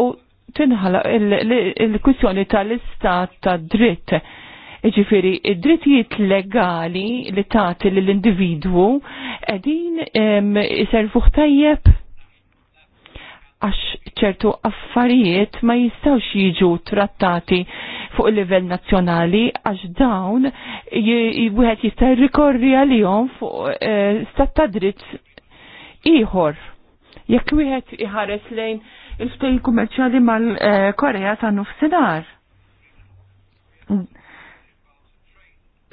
u tinħala il-kwistjoni tal-istat ta' dritt Ġifiri, id-drittijiet legali li tagħti lill individwu qegħdin iservu ħtajjeb għax ċertu affarijiet ma jistawx jiġu trattati fuq il-livell nazzjonali għax dawn wieħed jista' jirrikorri għalihom fuq eh, stat ta' dritt ieħor. Jekk wieħed iħares lejn il-ftejn kummerċjali mal-Korea eh, ta' nofsinhar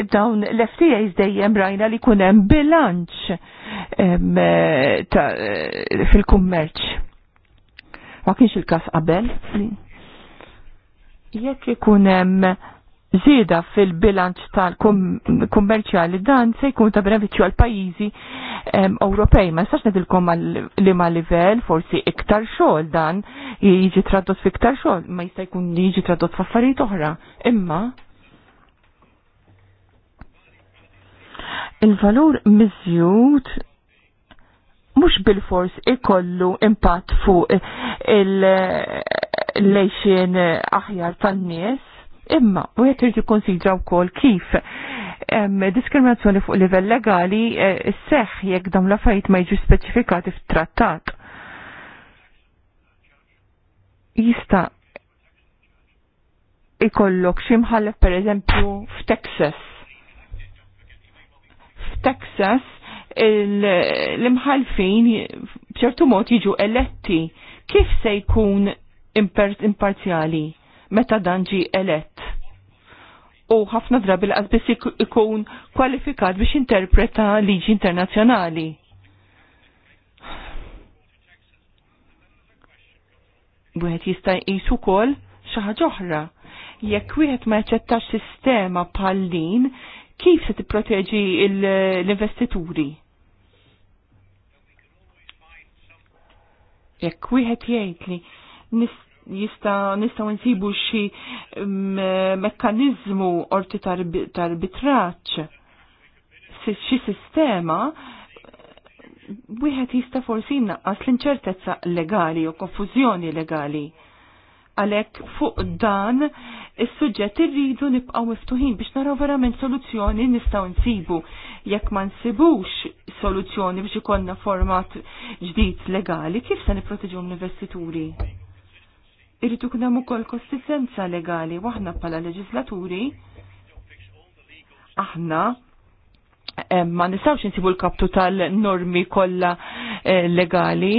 dawn l-FTAs dejjem rajna li kunem bilanċ fil-kummerċ. Ma kienx il-kas qabel. Jekk ikun hemm żieda fil-bilanċ tal-kummerċjali dan se jkun ta' benefiċċju għal pajjiżi Ewropej. Ma nistax nedilkom li ma' livell forsi iktar xogħol dan jiġi tradott fi iktar xogħol, ma jista' jkun jiġi tradott f'affarijiet oħra. Imma il-valur miżjud mhux bil-fors ikollu impatt fuq il-lejxin aħjar tan-nies, imma u jekk irid jikkonsidra wkoll kif diskriminazzjoni fuq livell legali eh, seħ jekk dawn l fajt ma jiġu speċifikati fit-trattat. Jista' ikollok xi eżempju pereżempju f'Texas Texas l-imħalfin bċertu mod jiġu eletti. Kif se jkun imparzjali meta dan ġi elett? U ħafna drabi l-qasbis ikun kwalifikat biex interpreta liġi internazzjonali. Wieħed jista' jisu kol xi ħaġa oħra. Jekk wieħed ma jaċċettax sistema bħal din, kif se tipproteġi l-investituri? Jekk wieħed jgħid li jista nistgħu nsibu xi mm, mekkaniżmu orti tal-arbitraġġ xi sistema wieħed jista' forsi naqqas l-inċertezza legali u konfużjoni legali. Għalek fuq dan, il-sujġet irridu nibqaw miftuħin biex naraw verament soluzzjoni nistaw nsibu. Jekk ma nsibux soluzzjoni biex ikonna format ġdid legali, kif se niprotiġu l-investituri? Irridu kuna ukoll konsistenza legali waħna bħala leġislaturi aħna eh, ma nistawx nsibu l-kaptu tal-normi kollha eh, legali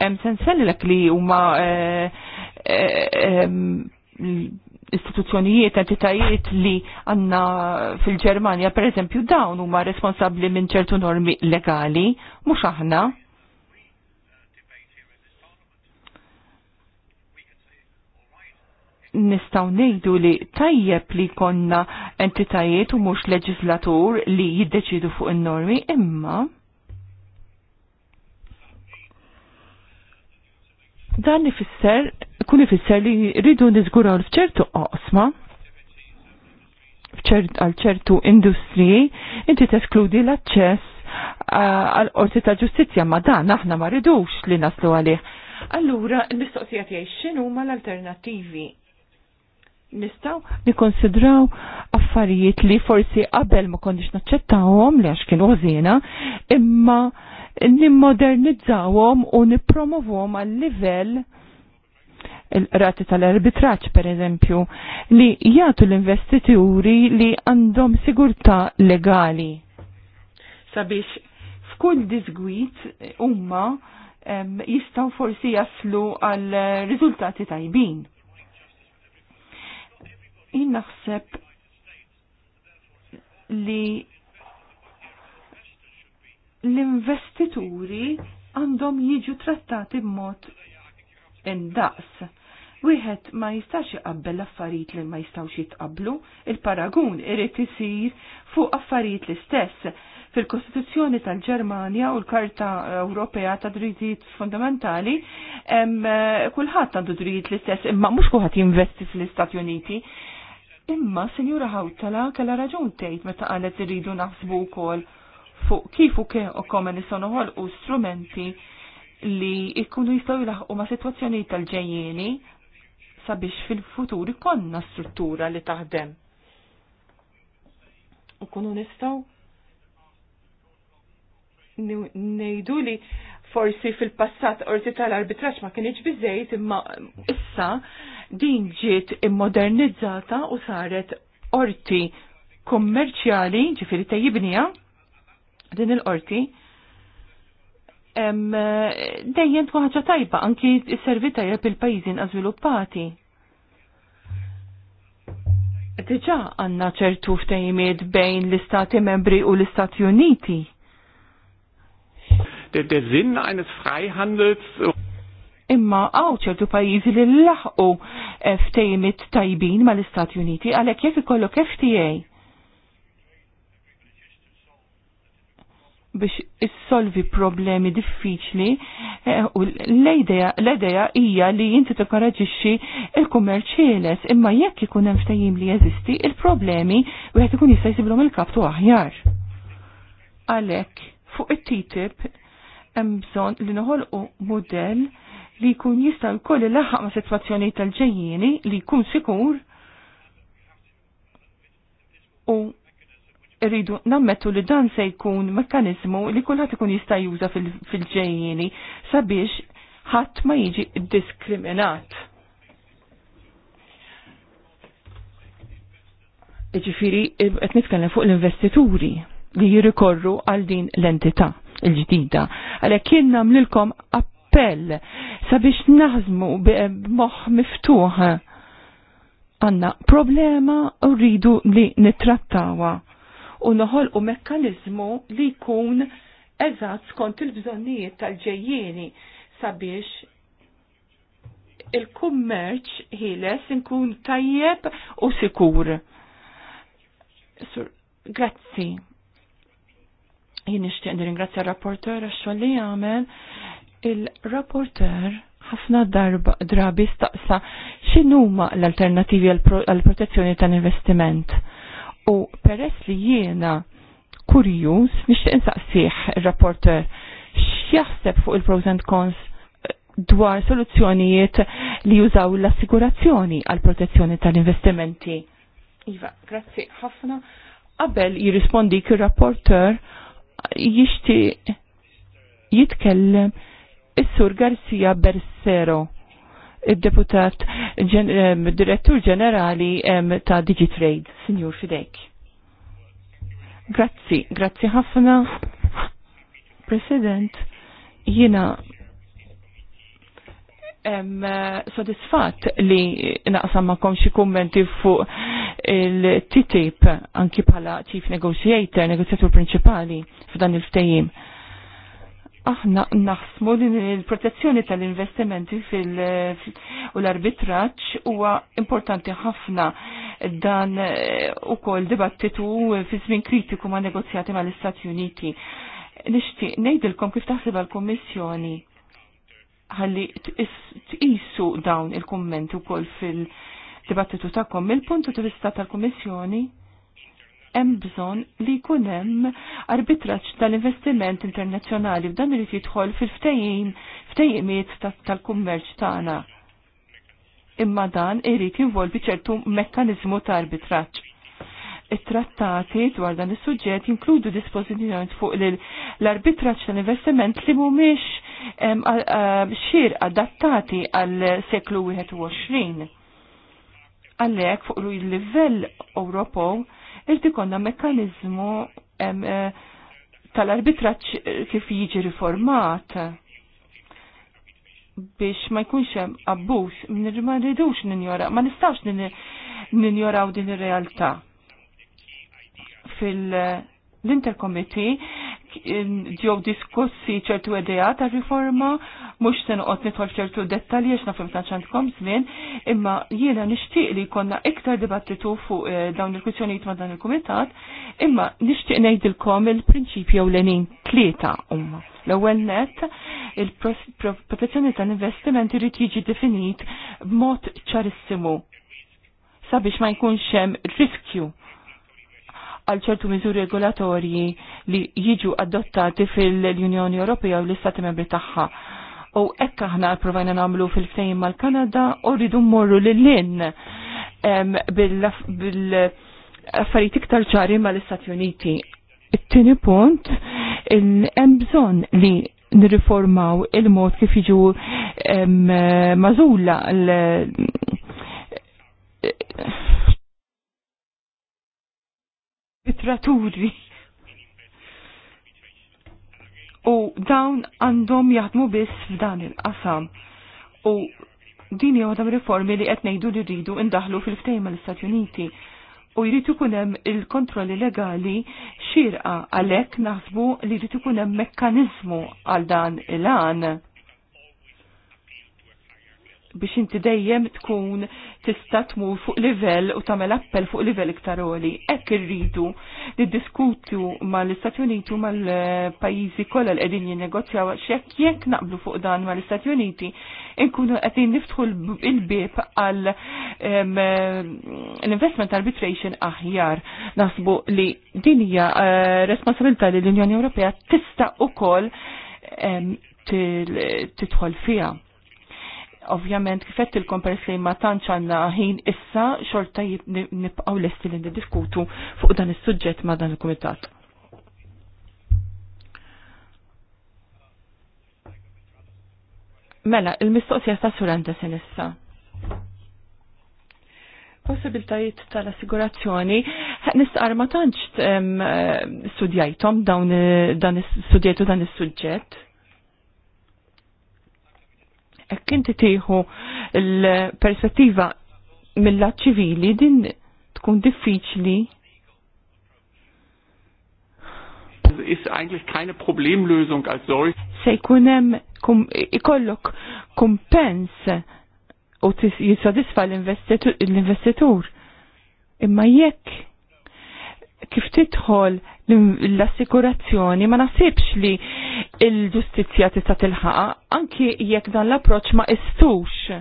hemm sensen l li huma eh, eh, istituzzjonijiet, entitajiet li għanna fil-Ġermanja, per eżempju, dawn huma responsabli minn ċertu normi legali, mhux aħna. nistaw nejdu li tajjeb li konna entitajiet u mux leġislatur li jiddeċidu fuq il-normi, imma Dan ifisser, kun ifisser li rridu nizguraw fċertu qosma, għal ċertu industriji, inti teskludi l-aċċess għal qorti ta' ġustizja ma dan aħna ma ridux li naslu għalih. Allura, l-mistoqsija tiegħi xinu ma l-alternattivi? Nistaw nikkonsidraw affarijiet li forsi qabel ma konniex naċċettawhom li għax kienu għazina, imma nimmodernizzawhom u nippromovhom għal livell il-rati tal-arbitraċ per eżempju li jgħatu l-investituri li għandhom sigurta legali. Sabiex f'kull disgwit umma jistaw forsi jaslu għal riżultati tajbin. Jien naħseb li l-investituri għandhom jiġu trattati b'mod indaqs. Wieħed ma jistax iqabbel affarijiet li ma jistgħux jitqablu, il-paragun irid isir fuq affarijiet l-istess fil-Kostituzzjoni tal-Ġermanja u l-Karta Ewropea ta' Drittijiet Fundamentali, kulħadd għandu drittijiet l-istess, imma mhux kulħadd jinvesti fl-Istati Uniti. Imma, Sinjura Hawtala, kella raġun tgħid meta qalet irridu naħsbu wkoll fuq kif u ke li komen għal noħolqu strumenti li ikkunu jistaw jilaħqu ma' situazzjoni tal-ġejjeni sabiex fil-futur ikonna struttura li taħdem. U kunu nistaw nejdu li forsi fil-passat orti tal-arbitraċ ma kienieċ bizzejt imma issa din ġiet immodernizzata u saret orti kommerċjali ġifiri tajibnija din il-qorti dejjem tkun ħaġa tajba anki s-servi tajjeb il-pajjiżi żviluppati. Diġà għandna ċertu ftejmiet bejn l-Istati Membri u l-Istati Uniti. Der, Sinn eines Freihandels imma għaw ċertu pajizi li l laħu eh, ftejmiet tajbin ma l-Istati Uniti għalek jek ikollok FTA biex issolvi problemi diffiċli eh, u l-ideja hija li jinti tikkoraġixxi il-kummerċ ħieles imma jekk ikun hemm ftajim li jeżisti il-problemi wieħed ikun jista' jsibhom il-kaptu aħjar. Għalhekk fuq it-TTIP hemm bżonn li noħolqu mudell li jkun jista' jkolli laħaq ma' sitwazzjoni tal-ġejjieni li jkun sikur u rridu nammettu li dan se jkun mekkanizmu li kulħadd ikun jista' juża fil-ġejjieni sabiex ħadd ma jiġi diskriminat. Ġifiri, qed nitkellem fuq l-investituri li jirikorru għal din l-entità il-ġdida. Għalhekk kien nagħmlilkom appell sabiex naħżmu b'moħħ miftuħ għanna problema u rridu li nittrattawa u noħolqu mekkaniżmu li jkun eżatt skont il-bżonnijiet tal-ġejjieni sabiex il-kummerċ ħiles nkun tajjeb u sikur. grazzi. Jien nixtieq nirringrazzja r-rapporter għax-xogħol li jagħmel. Il-rapporter ħafna darba drabi staqsa x'inhuma l-alternativi għall protezzjoni tal-investiment U peress li jiena kurjuż, nixtieq insaqsih il rapporter x'jaħseb fuq il-pros and cons eh, dwar soluzzjonijiet li jużaw l-assigurazzjoni għal protezzjoni tal-investimenti. Iva, grazzi ħafna. Qabel jirrispondi ir-rapporter jixti jitkellem is-sur Garcia Bersero il-deputat direttur ġenerali ta' Digitrade, Signor Fidek. Grazzi, grazzi ħafna. President, jina sodisfat li naqsam ma komxie kommenti fuq il-TTIP anki bħala Chief Negotiator, negozjatur principali f'dan il-ftejim aħna naħsmu li l-protezzjoni tal-investimenti fil- u l-arbitraċ huwa importanti ħafna dan eh, u kol dibattitu fi żmien kritiku ma' negozjati ma' l-Istati Uniti. Nishti, nejdilkom kif taħseb għal-Kommissjoni ħalli tqisu dawn il-kommenti u kol fil-dibattitu ta'kom. Il-puntu t vista tal-Kommissjoni? hemm bżonn li jkun hemm arbitraġġ tal-investiment internazzjonali f'dan irid jidħol fil-ftehim ftehimiet tal-kummerċ tagħna. Imma dan irid jinvolvi ċertu mekkaniżmu ta' arbitraġġ. It-trattati dwar dan is-suġġett jinkludu dispożizzjoni fuq l-arbitraġġ tal-investiment li mhumiex xir adattati għal seklu 21 għallek fuq il-livell Ewropew irti konna mekkanizmu eh, tal-arbitraċ eh, kif jiġi riformat biex ma jkunx hemm abbuż ma rridux ninjora, ma nistax ninjoraw din ir-realtà. Fil l-interkomiti ġew diskussi ċertu idea ta' riforma, mhux se noqgħod nidħol ċertu dettalji għax nafhem tantxandkom żmien, imma jiena nixtieq li jkollna iktar dibattitu fuq eh, dawn il-kwistjonijiet ma' dan il-kumitat, imma nixtieq ngħidilkom il-prinċipji ewlenin tlieta huma. L-ewwel net il-protezzjoni tal-investiment irid jiġi definit b'mod ċarissimu sabiex ma jkunx hemm riskju għal ċertu miżuri regolatorji li jiġu adottati fil-Unjoni Ewropea u l-Istati Membri tagħha. U hekk aħna provajna nagħmlu fil-ftehim mal-Kanada u rridu mmorru lil-lin bil-affarijiet iktar ċari mal-Istati Uniti. It-tieni punt hemm bżonn li nirriformaw il-mod kif jiġu mażula l arbitraturi. U dawn għandhom jaħdmu biss f'dan il-qasam. U din hija riformi li qed ngħidu li rridu indaħlu fil-ftehim mal-Istati Uniti u jrid ikun hemm il-kontrolli legali xirqa għalhekk naħsbu li jrid ikun hemm mekkaniżmu għal dan il-għan biex inti dejjem tkun tista' tmur fuq livell u tagħmel appell fuq livell iktar għoli. Hekk irridu niddiskutu mal-Istati Uniti u mal-pajjiżi kollha li qegħdin jinnegozjaw x'hekk jekk naqblu fuq dan mal-Istati Uniti nkunu qegħdin niftħu l-bieb għal l-investment arbitration aħjar. Nasbu li din hija eh, responsabilità li l-Unjoni Ewropea tista' ukoll titħol fija Ovvjament, kifett il kompress li ma tantx għandna ħin issa xorta nibqgħu lesti li niddiskutu fuq dan is-suġġett ma' dan il-kumitat. Mela, il-mistoqsija ta' suranda sen issa. Possibiltajiet tal-assigurazzjoni, nistqar ma tantx studjajtom dawn dan studjajtu dan is-suġġett. Ek inti tieħu l-perspettiva mill-lat ċivili din tkun diffiċli ist eigentlich keine Problemlösung als solch. Se jkunem ikollok kumpens u jisadisfa l-investitur. Imma jekk kif tidħol l-assikurazzjoni ma nasibx li il-ġustizja tista' tilħaqa anki jekk dan l-approċċ ma istux.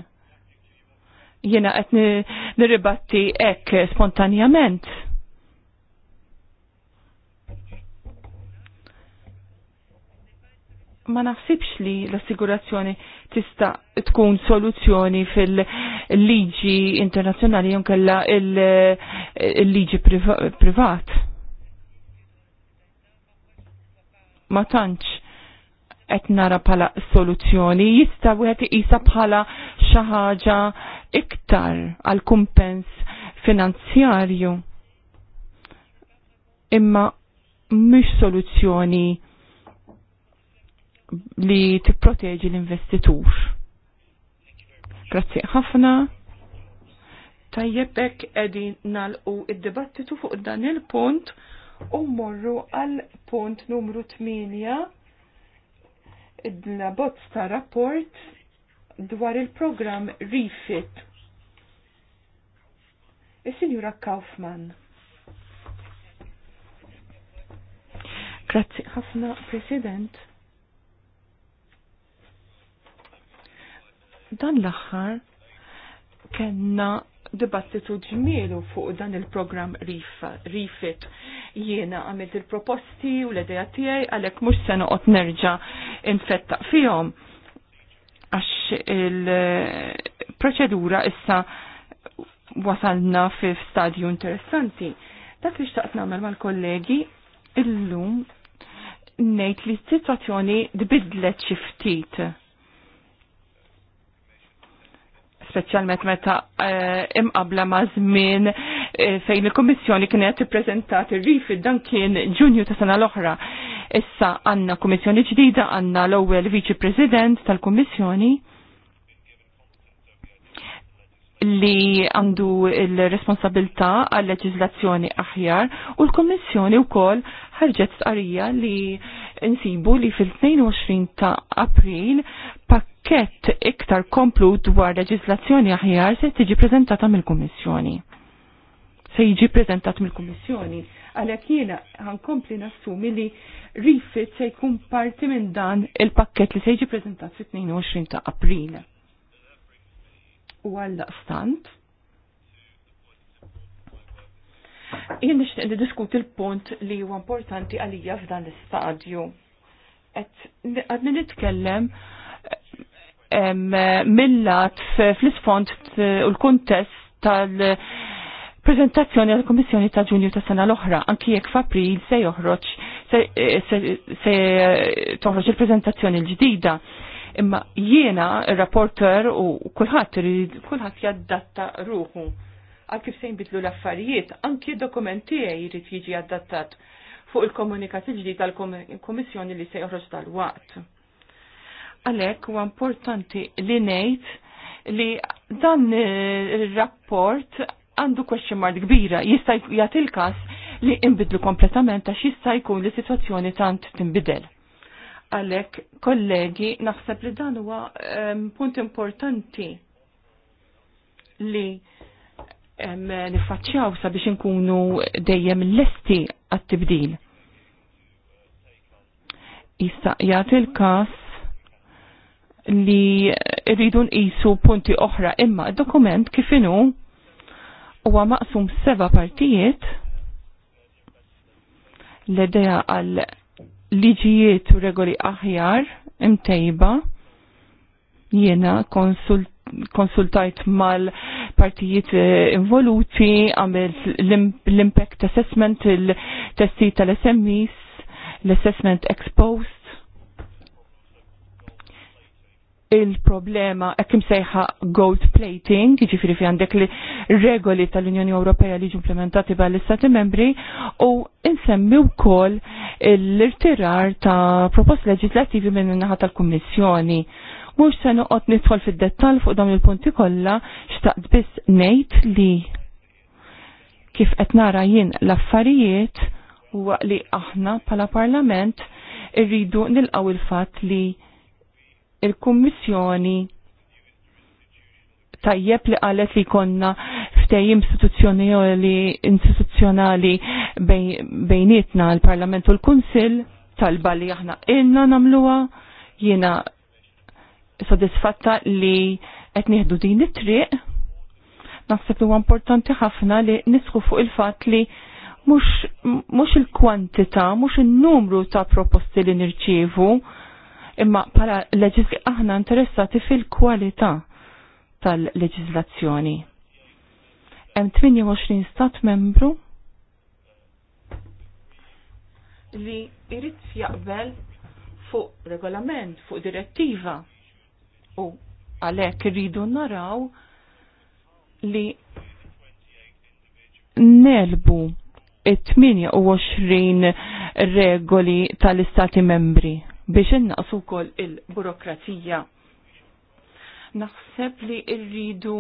Jiena qed nirribatti hekk spontanjament ma naħsibx li l-assigurazzjoni tista' tkun soluzzjoni fil-liġi internazzjonali jew kella il-liġi privat. Ma tantx qed nara bħala soluzzjoni jista' wieħed għet bħala xi ħaġa iktar għal kumpens finanzjarju. Imma mux soluzzjoni li tipproteġi l-investitur. Grazzi ħafna. Tajjeb hekk qegħdin nalqu id-dibattitu fuq dan il-punt u morru għal punt numru 8 id-labozz ta' rapport dwar il-programm Refit. Is-Sinjura Kaufman. Grazzi ħafna, President. Dan l-aħħar kena dibattitu ġmielu fuq dan il-program Rifit. Jiena għamilt il-proposti u l-ideja tiegħi għalhekk mhux se noqgħod nerġa' infettaq fihom għax il-proċedura issa wasalna fi stadju interessanti. Dak li xtaqt nagħmel mal-kollegi illum ngħid li s-sitwazzjoni tbidlet xi ftit speċjalment meta eh, imqabla ma' żmien eh, fejn il-Kummissjoni kienet ippreżentat ir-rifi dan kien Ġunju ta' sena l-oħra. Issa għandna kummissjoni ġdida, għandna l-ewwel viċi president tal-Kummissjoni li għandu il-responsabilta għal leġizlazzjoni aħjar u l-Kommissjoni u kol ħarġet stqarrija li nsibu li fil-22 ta' April pakkett iktar komplu dwar leġislazzjoni aħjar se tiġi prezentata mill-Kummissjoni. Se jiġi prezentat mill-Kummissjoni għalhekk jiena ħankompli nassumi li rifit se jkun parti minn dan il-pakkett li se jiġi prezentat fil 22 ta' April. U għal stant Jien nixtieq li diskuti l-punt li huwa importanti għalija f'dan l-istadju. Għad nitkellem millat fl-isfond u l-kuntest tal- prezentazzjoni għal komissjoni ta' ġunju ta' sena l-oħra, anki jekk f'April se joħroġ se toħroġ il-prezentazzjoni l-ġdida. Imma jiena, il-rapporter u kullħat kulħadd jaddatta ruħu għal kif se jinbidlu l-affarijiet, anki dokumenti jrid jiġi adattat fuq il komunikati ġdid tal-Komissjoni li se joħroġ tal-waqt. Għalhekk huwa importanti li ngħid li dan ir-rapport għandu question mark kbira jistaj jagħti il każ li imbidlu kompletament għax jista' jkun li situazzjoni tant tinbidel. Għalhekk kollegi naħseb li dan huwa ehm, punt importanti li nifaċċjaw sabiex inkunu dejjem lesti għat-tibdil. Issa jagħti l-każ li rridu nqisu punti oħra imma d-dokument kif u huwa maqsum seba' partijiet l-idea għal liġijiet u regoli aħjar imtejba jiena konsult konsultajt mal-partijiet eh, involuti, għamil l-impact assessment, il-testi tal-SMEs, l-assessment exposed, il-problema ekkim sejħa gold plating, ġifiri fi għandek li regoli tal-Unjoni Ewropea li ġimplementati ba l-Istati membri, u insemmi u koll l-irtirar ta' propost leġislativi minn naħat tal-Kommissjoni Mux se nuqot nidħol fid dettal fuq dawn il-punti kollha, xtaqt biss ngħid li kif qed nara jien l-affarijiet huwa li aħna pala parlament irridu nilqaw il-fatt li il-Kummissjoni tajjeb li qalet li konna ftej istituzzjonali istituzzjonali bejnietna l-Parlament u l-Kunsill talba li aħna inna namluwa jiena sodisfatta li qed nieħdu din it-triq. Naħseb huwa importanti ħafna li nisħu fuq il-fatt li mhux il-kwantità, mhux in-numru ta' proposti li nirċievu, imma bħala leġisli aħna interessati fil-kwalità tal-leġiżlazzjoni. Hemm 28 stat membru li jrid jaqbel fuq regolament, fuq direttiva U għalhekk irridu naraw li nelbu it-28 regoli tal-istati membri biex innaqsu wkoll il-burokrazija. Naħseb li rridu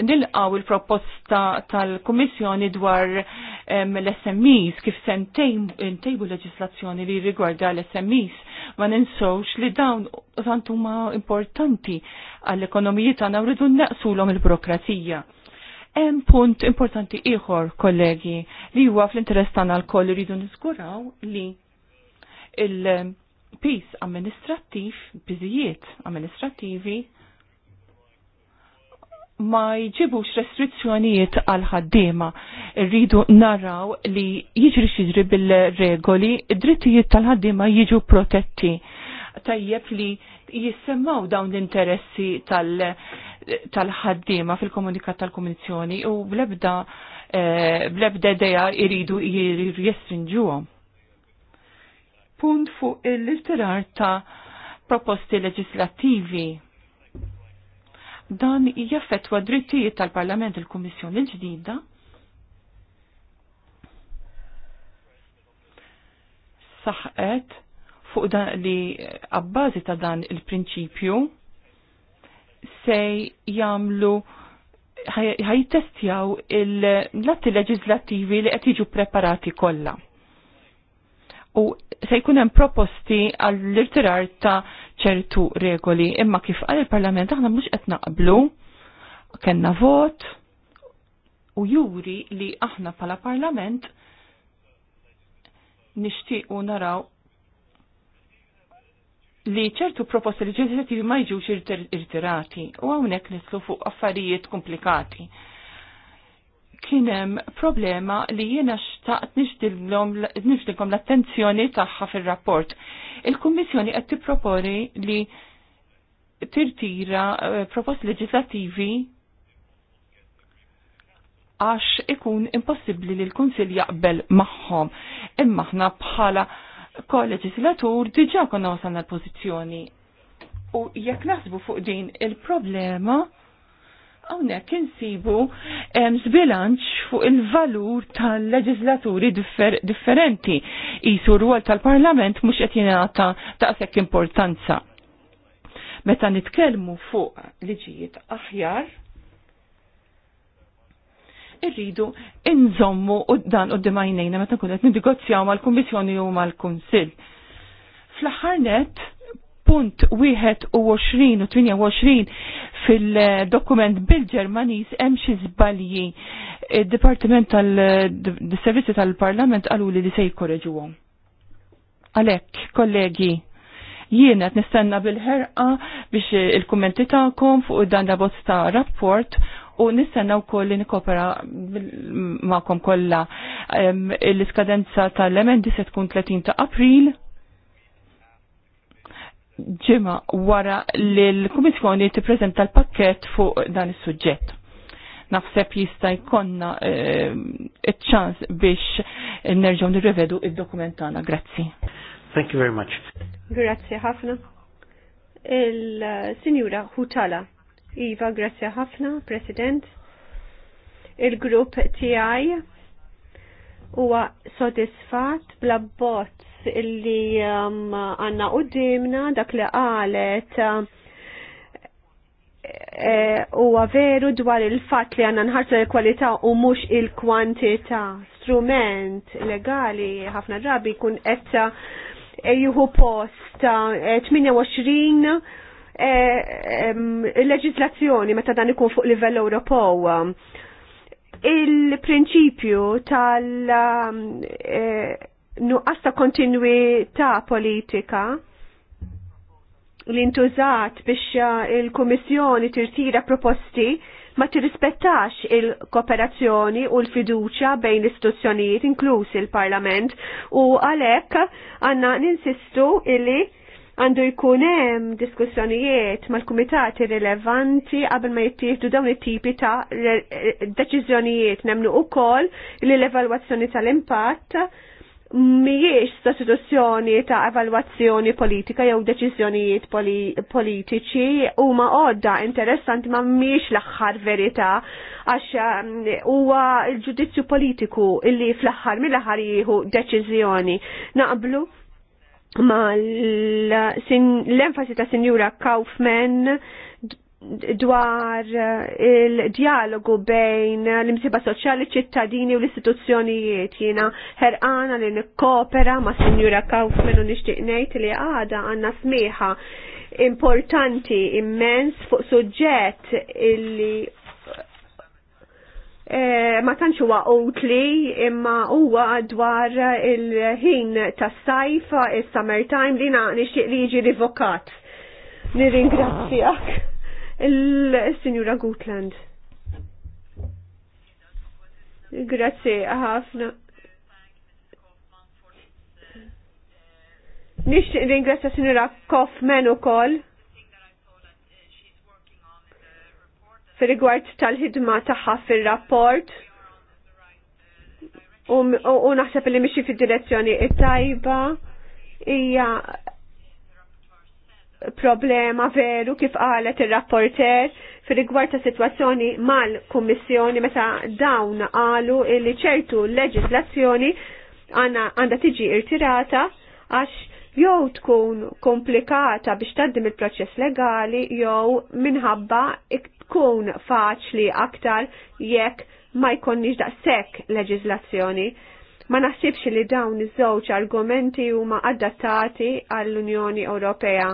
Nilqaw il-proposta tal-Kummissjoni dwar l-SMEs kif se ntejbu leġislazzjoni li rigwarda l-SMEs ma ninsowx li dawn tant importanti għall-ekonomiji tagħna u rridu naqsulhom il-burokrazija. Hemm punt importanti ieħor, kollegi, li huwa fl-interess tagħna lkoll iridu niżguraw li il- pis amministrattiv, biżijiet amministrattivi ma jġibux restrizzjonijiet għal ħaddiema. Rridu naraw li jiġri xidri bil-regoli, drittijiet tal-ħaddiema jiġu protetti. Tajjeb li jissemmaw dawn l-interessi tal-ħaddiema tal fil-komunikat tal-komunizjoni u blebda eh, blebda deja iridu jirrestrinġuhom. Punt fuq il-literar ta' proposti leġislativi dan jaffetwa drittijiet tal-Parlament il-Kummissjoni l-ġdida saħqet fuq dan li għabbażi ta' dan il-prinċipju se jamlu ħajtestjaw il-latti leġizlativi li qed jiġu preparati kollha u se jkun hemm proposti għall-irtirar ta' ċertu regoli. Imma kif għal il-Parlament aħna mhux qed naqblu, kellna vot u juri li aħna pala Parlament nixtiequ naraw li ċertu proposti leġislativi ma jġiwx irtirati u hawnhekk nitlu fuq affarijiet komplikati kienem problema li jiena xtaqt nishtilkom l-attenzjoni tagħha fil-rapport. Il-Kummissjoni qed tipproponi li tirtira eh, propost leġislativi għax ikun impossibli li l-Kunsil jaqbel magħhom. Imma aħna bħala kol-leġislatur diġa konna wasalna l-pożizzjoni. U jekk nasbu fuq din il-problema, Hawnhekk insibu zbilanċ fuq il-valur tal-leġislaturi differ differenti isu rwol tal-Parlament mhux qed jingħata sekk importanza. Meta nitkellmu fuq liġijiet aħjar, irridu inżommu u dan u dimajnejna meta kunet nidgozzjaw mal-Kummissjoni u mal-Kunsill. Fl-aħħar punt 21 u 28 fil-dokument bil-Ġermaniż hemm xi żbalji. Id-Dipartiment tal-Servizzi tal-Parlament qalu li li se jkorreġuhom. Għalhekk, kollegi, jiena qed nistenna bil-ħerqa biex il-kummenti tagħkom fuq dan la ta' rapport u nistenna wkoll li nikopera magħkom kollha. l-iskadenza tal-emendi se tkun 30 ta' april ġimma wara li l-Kummissjoni tippreżenta l-pakket fuq dan is-suġġett. Naħseb jista' jkollna eh, ċans biex nerġgħu nirrevedu id-dokument tagħna. Grazzi. Thank you very much. Grazzi ħafna. Il-Sinjura Hutala. Iva, grazzi ħafna, President. Il-grupp TI huwa sodisfatt bla bots illi um, għanna um, u dak li qalet eh, eh, huwa uh, veru dwar il-fatt li għanna nħarsu l-kwalità u mhux il-kwantità. Strument legali ħafna drabi jkun qed eh, juhu post 28 il-leġislazzjoni meta dan ikun fuq livell Ewropew il-prinċipju tal-nuqqas um, eh, ta' kontinwità politika li ntużat biex eh, il-Kummissjoni tirtira proposti ma tirrispettax il-kooperazzjoni u l-fiduċa bejn l-istituzzjonijiet, inklusi il-Parlament, u għalhekk għandna ninsistu illi għandu jkun hemm diskussjonijiet mal-kumitati rilevanti qabel ma jittieħdu dawn it-tipi ta' deċiżjonijiet nemnu ukoll li l-evalwazzjoni tal-impatt mhijiex sostituzzjoni ta' evalwazzjoni politika jew deċiżjonijiet politiċi huma għodda interessanti ma mhijiex l-aħħar verità għax mm, huwa l-ġudizzju politiku illi fl-aħħar mill-aħħar jieħu deċiżjoni. Naqblu? ma l-enfasi ta' Sinjura Kaufman dwar eh, il-dialogu bejn l-imsiba soċjali ċittadini u l-istituzzjonijiet jiena ħerqana li nikkopera ma' Sinjura Kaufman u nixtieq ngħid li għada għandna smiħa importanti immens fuq suġġett illi Eh, ma tantx huwa outli imma huwa dwar il-ħin tas-sajf is-summertime li na nixtieq li jiġi rivokat. Nirringrazzjak il-Sinjura Gutland. Grazzi ħafna. Nixtieq ringrazzja Sinjura Kaufman ukoll fil-rigward tal-ħidma tagħha fil-rapport u naħseb li mixi fil-direzzjoni it-tajba hija problema veru kif qalet ir-rapporter fil-rigward ta' situazzjoni mal-Kummissjoni meta dawn qalu li ċertu leġislazzjoni għandha tiġi irtirata għax jew tkun komplikata biex taddim il-proċess legali jew minħabba tkun faċli aktar jekk ma jkonniġ daqshekk leġiżlazzjoni. Ma naħsibx li dawn iż-żewġ argumenti huma adattati għall-Unjoni Ewropea.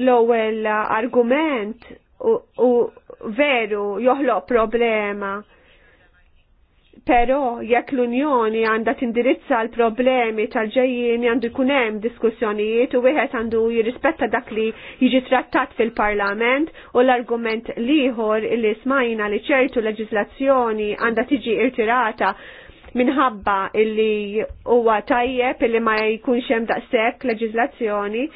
L-ewwel argument u, u veru joħloq problema Pero jekk l-Unjoni għandha tindirizza l-problemi tal-ġejjin għandu jkun hemm diskussjonijiet u wieħed għandu jirrispetta dak li jiġi trattat fil-Parlament u l-argument liħor li smajna li ċertu leġislazzjoni għandha tiġi irtirata minħabba illi huwa tajjeb illi ma jkunx hemm daqshekk leġislazzjoni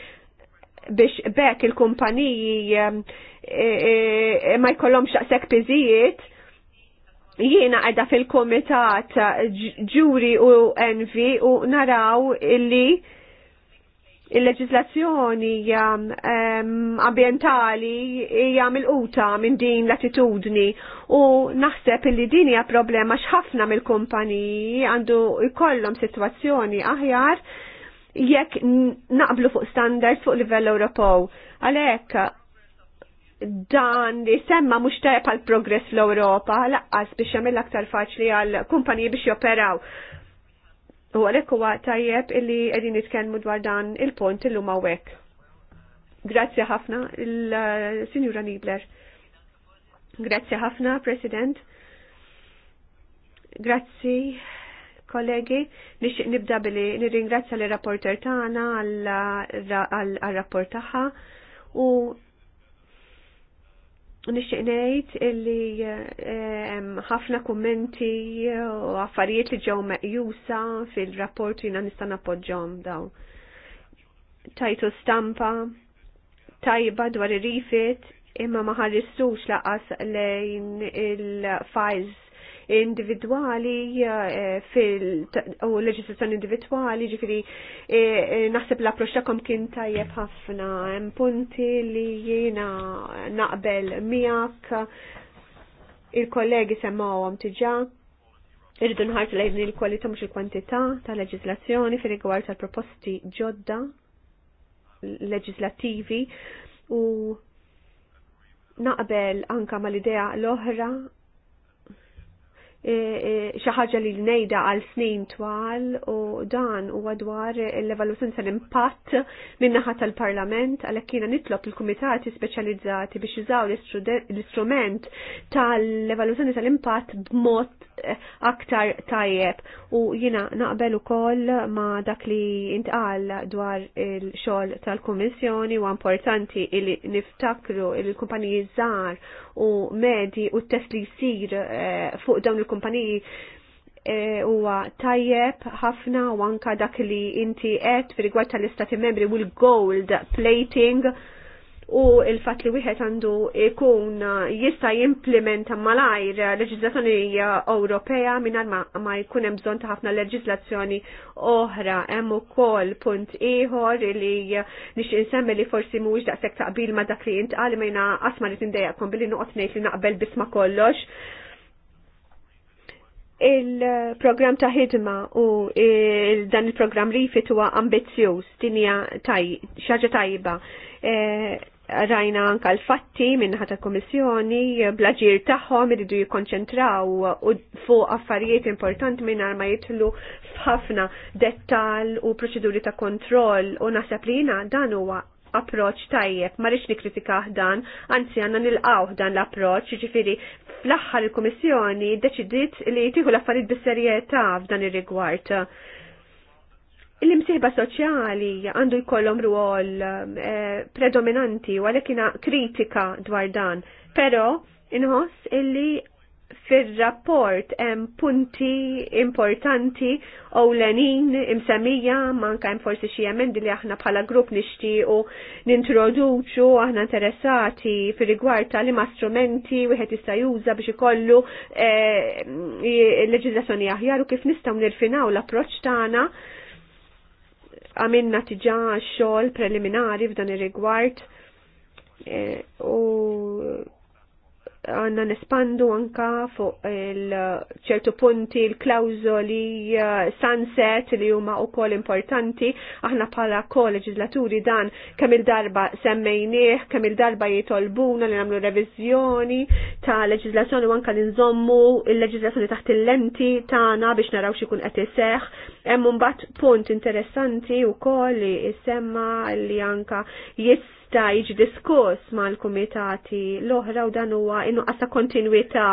biex bekk il-kumpaniji eh, eh, ma jkollhomx daqshekk piżijiet jiena għada fil-komitat ġuri u envi u naraw illi il um, ambientali hija mill-quta minn din l-attitudni u naħseb illi din hija problema x'ħafna mill-kumpaniji għandu jkollhom sitwazzjoni aħjar jekk naqblu fuq standards fuq livell Ewropew. Għalhekk dan li semma mux tajab għal progress l-Europa, laqqas biex jamil aktar faċli għal kumpanji biex joperaw. U għalek huwa tajjeb illi għedin nitkellmu dwar dan il-punt illum għawek. Grazzi ħafna, il-Sinjura Nibler. Grazzi ħafna, President. Grazzi, kollegi. Nixtieq nibda billi nirringrazzja l-rapporter tagħna għal-rapport tagħha u nixtieq ngħid illi eh, ħafna kummenti u affarijiet li ġew meqjusa fil-rapport jina nista' nappoġġjahom dawn. Tajtu stampa tajba dwar ir-rifit imma ma ħarristux laqas lejn il-files individwali eh, fil u leġislazzjoni individwali, ġifiri eh, eh, naħseb l approċċa kom kien tajjeb ħafna hemm punti li jiena naqbel miegħek il-kollegi semmawhom tiġà Irridu nħarsu lejn il-kwalità mhux il-kwantità ta' leġislazzjoni fir rigward tal-proposti ġodda leġislattivi u naqbel anka mal-idea l-oħra E, e, xi ħaġa li ngħidha għal snin twal u dan huwa dwar l-evaluazzjoni tal-impatt min-naħa tal-Parlament għalhekk kiena nitlob il-kumitati speċjalizzati biex jużaw l-istrument tal-evaluazzjoni tal-impatt b'mod eh, aktar tajjeb u jiena naqbel ukoll ma' dak li intqal dwar il-xogħol tal-Kummissjoni u importanti li niftakru il-kumpaniji żgħar u medi u t-test li jsir eh, fuq dawn il kumpaniji e, huwa tajjeb ħafna u anka dak li inti qed fir-rigward tal-istati membri u l-gold plating u il-fat li wieħed għandu ikun e, jista' jimplementa malajr leġiżlazzjoni Ewropea mingħajr ma, ma jkun hemm bżonn ta' ħafna leġiżlazzjoni oħra hemm ukoll punt ieħor li nix insemmi li forsi mhuwiex daqshekk taqbil ma' dak li intqal mejna qasma li tindejjaqkom billi noqgħod ngħid li naqbel biss ma' kollox il-program ta' ħidma u dan il-program li huwa ambizzjuż dinja taj, xaġa tajba. E, rajna anka l-fatti minnaħat ta' komissjoni, blaġir tagħhom iridu jikkonċentraw u fuq affarijiet importanti mingħajr ma jitlu f'ħafna dettal u proċeduri ta' kontroll u naħseb li jina dan huwa approċ tajjeb, ma rix nikritika dan, anzi għanna nil-għaw dan l-approċ, ġifiri fl-axħar il-Komissjoni deċidit li tiħu l-affarijiet bis-serjetà f'dan ir-rigward. Il-imsiħba soċjali għandu jkollhom ruol eh, predominanti u għalhekk kritika dwar dan, però inħoss illi fil-rapport hemm punti importanti ewlenin imsemmija manka hemm forsi xi emendi li aħna bħala grupp nixtiequ nintroduċu aħna interessati fir-rigward tal liema strumenti wieħed jista' juża biex ikollu l eh, leġiżlazzjoni aħjar u kif nistgħu nirfinaw l-approċċ tagħna għamilna tiġa xogħol preliminari f'dan ir-rigward eh, u għanna nespandu anka fuq il-ċertu punti, il-klawzoli, eh, sunset li huma u kol importanti, aħna pala kol-leġizlaturi dan kemm il-darba semmejnieh, kemm il-darba jitolbuna li namlu revizjoni ta' leġislazzjoni u anka li nżommu il leġislazzjoni taħt il-lenti tagħna biex naraw xikun qed iseħħ. Hemm mbagħad punt interessanti wkoll li isemma li anka jiss jista' jiġi diskuss mal-kumitati l-oħra u dan huwa inqas ta' kontinwità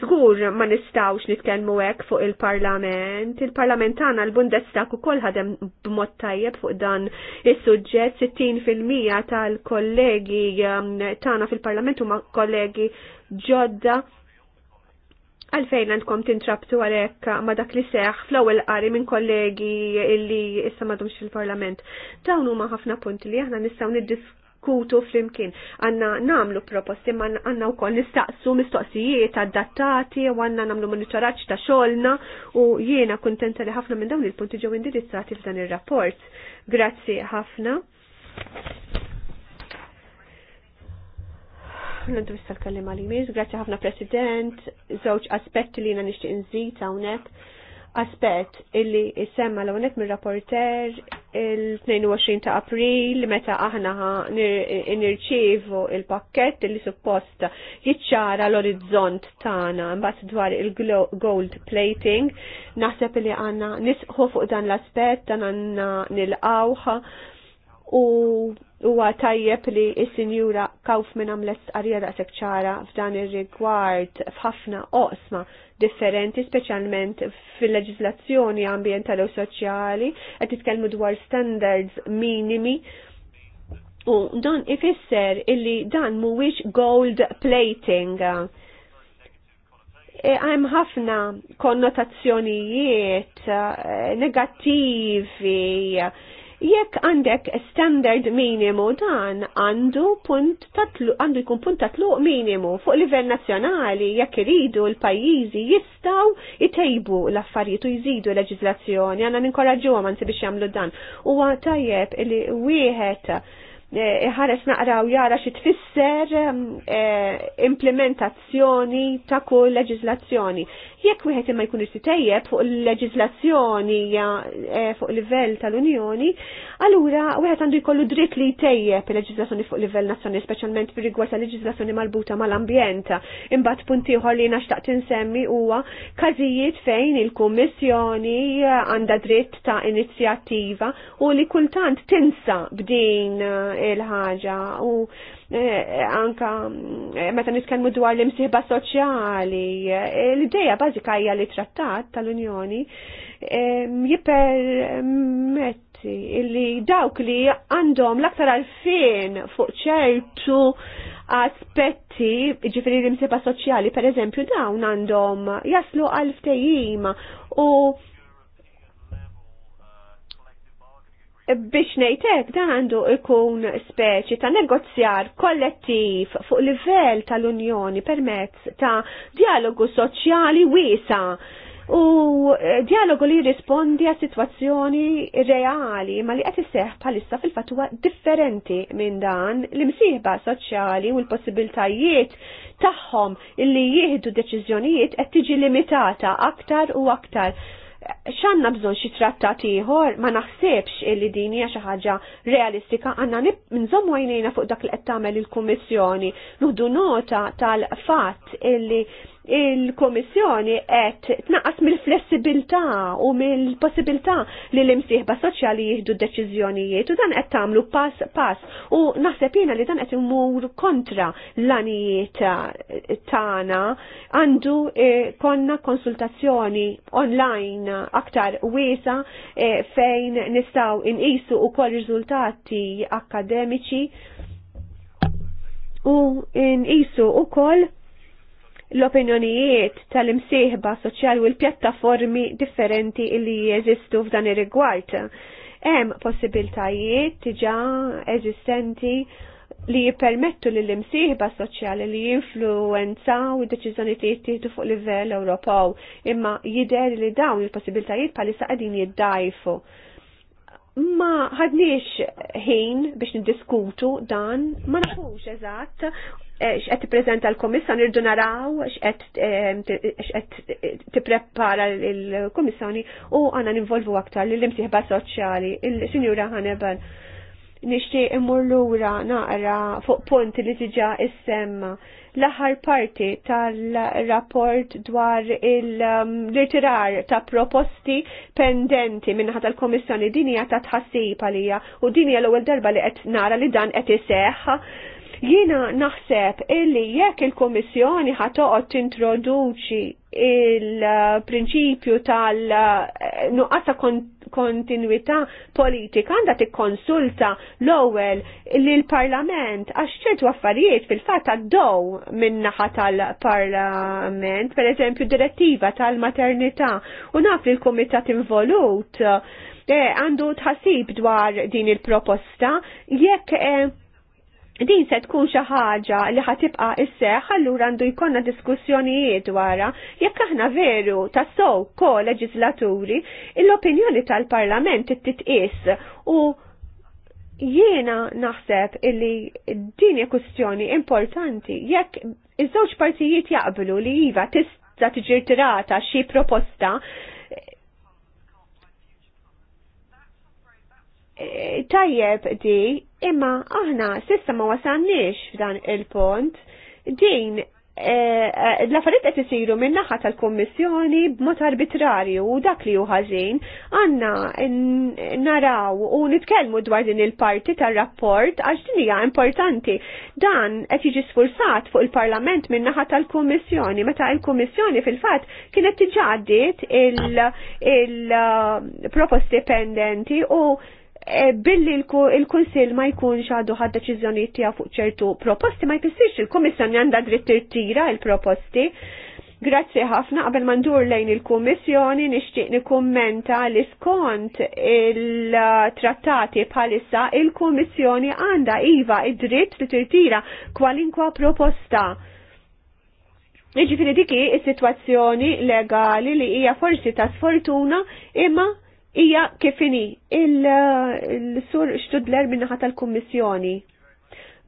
Zgur ma nistawx nitkellmu hekk fuq il-Parlament. Il-Parlament tagħna l-Bundestag ukoll ħadem b'mod tajjeb fuq dan is-suġġett 60% tal-kollegi um, tagħna fil-Parlament huma kollegi ġodda għalfejn għandkom tintrabtu għalek ma dak li seħ fl-ewwel qari minn kollegi illi issa madhomx fil-Parlament. Dawn huma ħafna punti li aħna nistgħu niddiskutu flimkien. Għanna namlu proposti ma għanna wkoll nistaqsu mistoqsijiet adattati u għanna namlu monitoraġġ ta' xogħolna u jiena kuntenta li ħafna minn dawn il-punti ġew indirizzati f'dan ir-rapport. Grazzi ħafna. l-intervista l-kallim għal-imiz, grazie ħafna President, zoċ aspetti li jina nishtiq nżid hawnhekk aspett illi jisemma l għonet mir rapporter il-22 ta' april meta aħna nirċivu il-pakket illi suppost jitċara l-orizzont tana mbagħad dwar il-gold plating naħseb li għanna nisħu fuq dan l-aspett dan għanna nil-għawħa u huwa tajjeb li s-sinjura Kaufman għamlet qarrija daqshekk ċara f'dan ir-rigward f'ħafna oqsma differenti, speċjalment fil-leġislazzjoni ambjentali u soċjali, qed titkellmu dwar standards minimi. U dan ifisser illi dan mhuwiex gold plating. E, hemm ħafna konnotazzjonijiet eh, negattivi Jekk għandek standard minimu dan għandu punt tatlu għandu jkun punt tatlu minimu fuq livell nazzjonali jekk iridu l-pajjiżi jistgħu jtejbu l-affarijiet u jżidu l-leġiżlazzjoni għandna ninkoraġġuhom anzi biex jagħmlu dan. Huwa tajjeb li wieħed Eh, ħares naqraw jara xi tfisser ehm, eh, implementazzjoni ta' kull leġizlazzjoni. Jekk wieħed ma jkun titejjeb fuq il-leġiżlazzjoni eh, fuq livell tal-Unjoni, allura wieħed għandu jkollu dritt li jtejjeb il-leġiżlazzjoni fuq livell nazzjonali, speċjalment fir rigward tal malbuta mal-ambjent. Imbagħad punt ieħor li naxtaq insemmi huwa każijiet fejn il-Kummissjoni għandha dritt ta' inizjattiva u li kultant tinsa b'din il-ħaġa u eh, anka eh, meta nitkellmu dwar l-imsieħba soċjali, eh, l-idea bażika hija li trattat tal-Unjoni jippermetti illi dawk li għandhom l-aktar għalfien fuq ċertu aspetti, ġifiri l-imsiba soċjali, per eżempju, dawn għandhom jaslu għal u biex nejtek dan għandu ikun speċi ta' negozjar kollettiv fuq livell tal-Unjoni permezz ta' dialogu soċjali wiesa u eh, dialogu li rispondi a situazzjoni reali ma li qed isseħħ bħalissa fil-fatwa differenti minn dan l-imsieħba soċjali u l-possibiltajiet tagħhom illi jieħdu deċiżjonijiet qed tiġi limitata aktar u aktar xanna bżon xi trattat ieħor ma naħsebx illi din hija xi ħaġa realistika għandna nżommu għajnejna fuq dak li qed tagħmel il-Kummissjoni nuħdu nota tal-fatt illi il-Komissjoni qed tnaqqas mill-flessibilità u mill-possibilità li l-imsieħba soċjali jieħdu deċiżjonijiet u dan qed tagħmlu pass pass u naħseb jiena li dan qed imur kontra l-anijiet tagħna għandu e, konna konsultazzjoni online aktar wiesa e, fejn nistgħu inqisu ukoll riżultati akademiċi u nqisu ukoll l-opinjonijiet tal-imsieħba soċjali u l-pjattaformi differenti li jeżistu f'dan ir-rigward. Hemm possibiltajiet diġà eżistenti li jippermettu li l-imsieħba soċjali li jinfluenzaw id deċizjonijiet tieħdu fuq livell Ewropew, imma jidher li dawn il-possibiltajiet bħalissa qegħdin jiddajfu ma ħadniex ħin biex nidiskutu dan, ma nafux eżatt eh, x'qed tippreżenta l-Komissa nirdu naraw x'qed eh, tipprepara l-Komissjoni u għandna ninvolvu aktar l imsieħba soċjali, il-Sinjura Hannibal. Nixtieq immur lura naqra fuq punt li diġà issemma l-aħħar parti tal-rapport dwar il-ritirar ta' proposti pendenti minnaħat tal-Komissjoni dinija ta' tħassib għalija u dinija l-ewwel darba li qed nara li dan qed iseħħ Jina naħseb illi jekk il-Komissjoni ħatoqgħod tintroduċi il-prinċipju tal-nuqqas eh, ta' kontinuità politika għandha tikkonsulta l-ewwel l parlament għax ċertu affarijiet fil-fatt għaddew min-naħa tal-Parlament, pereżempju direttiva tal-maternità u naf li l-Kumitat involut eh, għandu tħassib dwar din il-proposta jekk eh, din se tkun xi ħaġa li ħatibqa' isseħ allura għandu jkollna diskussjonijiet wara jekk aħna veru tassew ko leġislaturi l-opinjoni tal-Parlament titqis u jiena naħseb illi din hija kwistjoni importanti jekk iż-żewġ partijiet jaqblu li iva tista' tiġir tirata xi proposta eh, tajjeb di Imma aħna sissa ma wasanniex f'dan il-pont, din eh, eh, l-affarijiet qed isiru minn naħa tal-Kummissjoni b'mod arbitrarju u dak li hu ħażin għandna naraw u nitkellmu dwar din il-parti tar-rapport għax din hija importanti. Dan qed jiġi sfursat fuq il-Parlament minn naħa tal-Kummissjoni meta l-Kummissjoni fil-fatt kienet tiġġaddit il-proposti eh, pendenti u Eh, billi il-Kunsil ma jkunx għadu ħad deċizjoni tiegħu fuq ċertu proposti ma jkissirx il komissjoni għandha dritt tirtira il-proposti. Grazzi ħafna qabel mandur lejn il-Kummissjoni nixtieq nikkummenta li skont il-trattati bħalissa il-Kummissjoni għandha iva id-dritt li tirtira kwalinkwa proposta. Iġifieri diki is-sitwazzjoni legali li hija forsi ta' sfortuna imma Ija kifini, il-sur Studler minnaħa tal-Kummissjoni.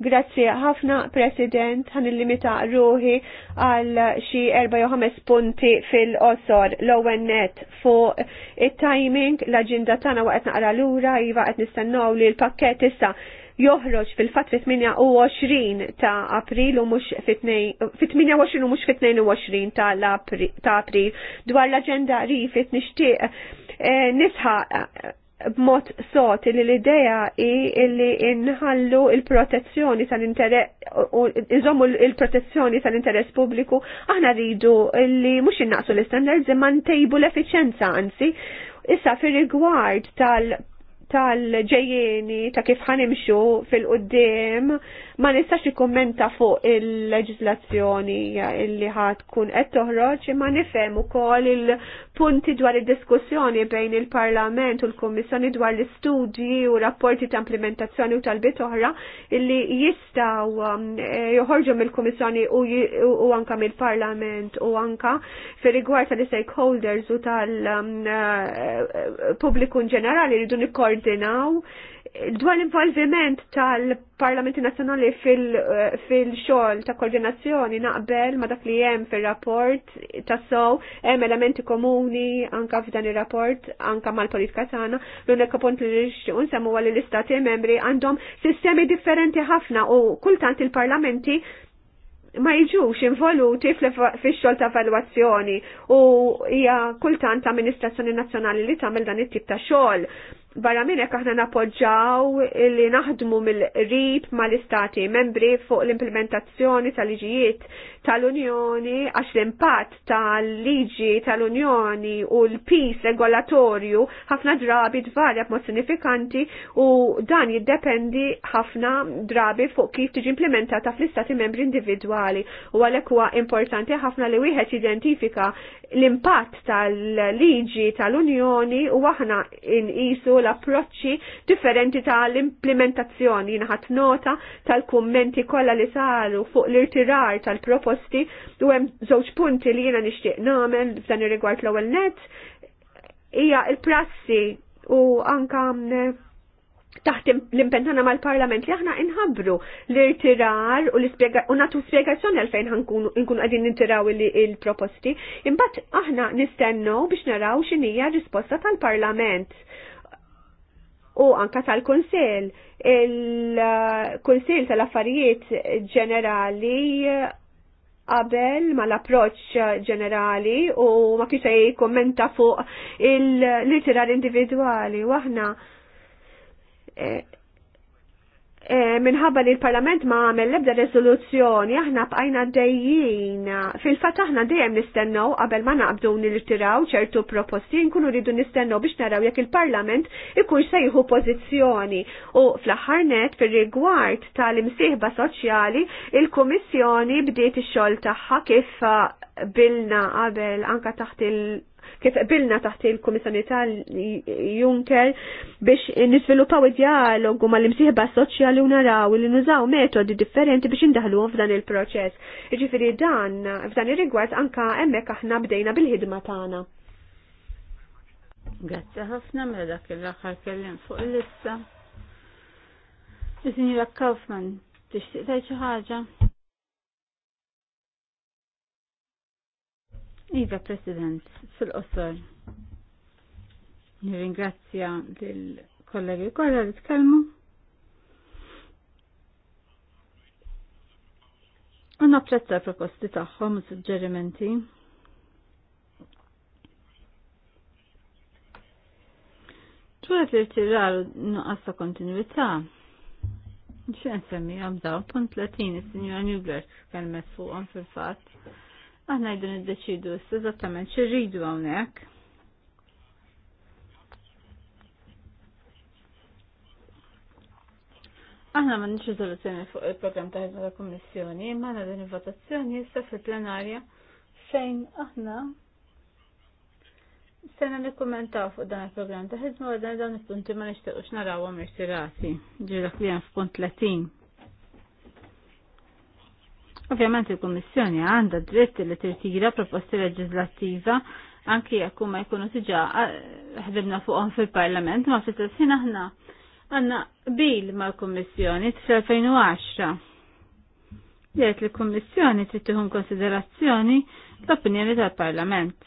Grazzi ħafna, President, għan il-limita ruħi għal xi 4-5 punti fil-qosor l-owen net fuq il-timing, l-agenda tana waqt naqra l-ura, jiva għet nistennaw li l-pakket issa joħroġ fil-fat fit-28 ta' april u mux fit-28 u mux fit-22 ta' april. Dwar l-agenda rifit nishtiq Eh, nisħa eh, b'mod sot li l-ideja i li inħallu il-protezzjoni tal-interess u nżommu il-protezzjoni tal-interess pubbliku aħna rridu li mhux innaqsu l-istandards imma ntejbu l efficienza anzi issa fir-rigward tal tal-ġejjeni ta' kif ħanimxu fil-qoddim ma nistax ikkummenta fuq il-leġislazzjoni illi ħad kun qed toħroġ imma nifhem ukoll il-punti dwar id-diskussjoni bejn il-Parlament u l-Kummissjoni dwar l-istudji u rapporti ta' implementazzjoni u talbiet oħra illi jistgħu um, eh, joħorġu mill-Kummissjoni u anka mill-Parlament u anka fir-rigward tal-stakeholders u tal-pubbliku um, eh, eh, ġenerali rridu nikkoordinaw dwar l-involviment tal-Parlamenti Nazzjonali fil-xogħol ta' koordinazzjoni naqbel ma dak li hemm fir-rapport ta' sow hemm elementi komuni anka f'dan ir-rapport anka mal-politika tagħna l-unika punt li nixtieq nsemmu li l-istati membri għandhom sistemi differenti ħafna u kultant il-parlamenti ma jiġux involuti fix-xogħol ta' evalwazzjoni u hija kultant amministrazzjoni nazzjonali li tagħmel dan it-tip ta' xogħol barra minn hekk aħna napoġġaw li naħdmu mill-qrib mal-istati membri fuq l-implementazzjoni tal-liġijiet tal-Unjoni għax l-impatt tal-liġi tal-Unjoni u l-pis regolatorju ħafna drabi tvarja b'mod sinifikanti u dan jiddependi ħafna drabi fuq kif tiġi implementata fl-istati membri individwali u għalhekk huwa importanti ħafna li wieħed jidentifika l-impatt tal-liġi tal-Unjoni u aħna inqisu l-approċċi differenti tal-implementazzjoni. Jina nota tal-kummenti kollha li saru fuq l-irtirar tal propo posti, u hemm żewġ punti li jiena nixtieq nagħmel f'dan ir-rigward l-ewwel net hija l-prassi u anka mm, taħt l-impentana mal-parlament li aħna inħabru l-irtirar u u natu spiegazzjoni għalfejn nkun għadin nintiraw il-proposti. Imbat aħna nistennu biex naraw xinija risposta tal-parlament u anka tal-Kunsil. Il-Kunsil tal-Affarijiet Ġenerali qabel mal-approċ ġenerali u ma kienx se jikkommenta fuq il-literar individwali. Waħna eh, Eh, minħabba li l-Parlament ma għamel lebda rezoluzzjoni, aħna bqajna dejjien. Fil-fat aħna dejjem nistennew qabel ma naqbdu nirtiraw ċertu proposti, nkunu rridu nistennew biex naraw jekk il-Parlament ikun sejħu pożizzjoni. U fl-aħħar net fir-rigward tal-imsieħba soċjali, il-Kummissjoni bdiet ix-xogħol tagħha kif eh, bilna qabel anka taħt il- kif qbilna taħt il-Kummissjoni tal-Juncker biex nisvilupaw id-dialogu mal-imsieħba soċjali u naraw li nużaw metodi differenti biex indaħlu f'dan il-proċess. Jiġifieri dan f'dan ir-rigward anka hemmhekk aħna bdejna bil-ħidma tagħna. Grazzi ħafna mela dak l-aħħar kellim fuq il-lista. is Kaufman, tixtieq tgħid xi ħaġa? Iva, President, fil-qosor. Nirringrazzja lill-kollegi kollha li tkellmu. U napprezza proposti tagħhom u suġġerimenti. Turet li rtirar nuqqas ta' kontinuità. X'en semmi għam daw, punt latin, is-Sinjora Newbler kelmet fuqhom fil-fatt Aħna jdu niddeċidu eżattament xirridu hawnhekk. Aħna ma nix riżoluzzjoni fuq il-programm ta' ħidma ta' kummissjoni, imma għandna din il-votazzjoni issa fil-plenarja fejn aħna Sena nikkommentaw fuq dan il-programm ta' ħidma u dan il-punti ma nixtiequx narawhom irtirati. Ġilak li hemm f'punt 30. Ovvjament il-Kummissjoni għandha dritt li tirtira proposti leġislattiva anki jekk huma jkunu diġà ħdimna fuqhom fil-Parlament ma fl ħin aħna għandna bil mal-Kummissjoni fl-2010 jgħid li l-Kummissjoni trid tieħu konsiderazzjoni l-opinjoni tal-Parlament.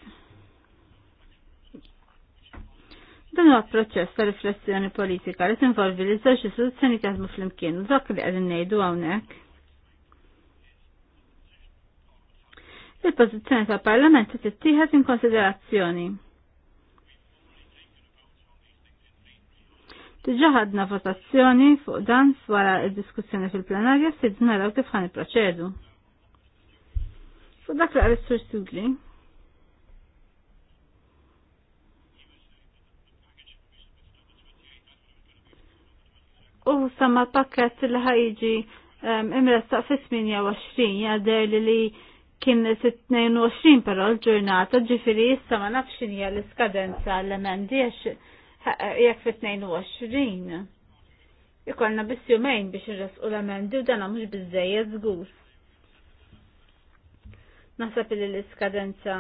Dan huwa proċess ta' riflessjoni politika li tinvolvi l żewġ istituzzjoni jaħdmu flimkien u dak li qegħdin ngħidu hawnhekk. il-pożizzjoni tal-Parlament tittieħed in konsiderazzjoni. Diġa ħadna votazzjoni fuq dan wara id-diskussjoni fil-plenarja sid naraw kif ħan proċedu. Fuq dak li sur Sugli. U samma pakket li ħajġi imrestaq fi 28 jader li li kien 22 però l-ġurnata ġifiri issa ma nafx hija l-iskadenza l-emendi eh, jekk fit-22. Ikolna biss jumejn biex irresqu l-emendi u dana mux biżejjed żgur. Naħseb li l-iskadenza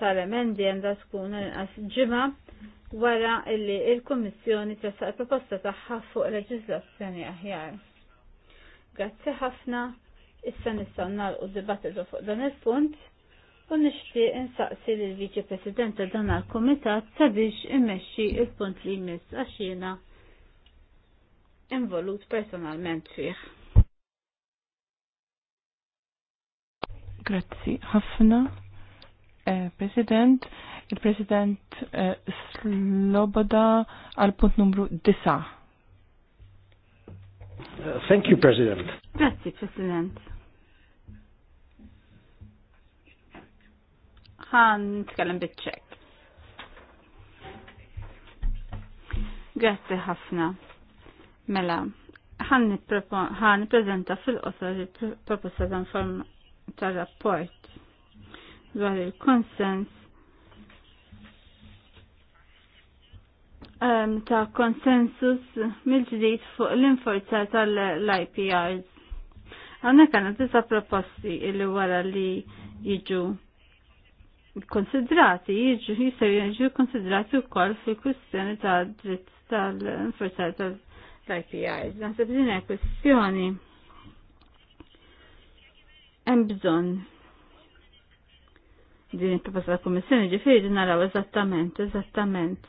tal-emendi għanda tkun inqas ġimgħa wara illi il-Kummissjoni tressaq proposta tagħha fuq leġiżlazzjoni aħjar. Grazzi ħafna. Issa nistgħu u dibattitu fuq dan il-punt u nixtieq insaqsi l viċi President ta' dan il kumitat sabiex immexxi il-punt li jmiss għax jiena involut personalment fih. Grazzi ħafna. Eh, President, il-President eh, Sloboda għal punt numru 9 Thank you, President. Grazie, President. Għan nitkellem bitċek. Grazie ħafna. Mela, ħan prezenta fil-qosor il-proposta ta' rapport dwar il-konsens Um, ta' konsensus mill-ġdid fuq l-inforza tal-IPRs. Għanna kanna tisa proposti illi wara li jiġu konsidrati, jiġu jisaw jiġu konsidrati u kol fil-kustjoni ta' dritt tal-inforza tal-IPRs. Għan din hija kwestjoni hemm bżonn din il-proposta tal-Kummissjoni ġifieri naraw eżattament, eżattament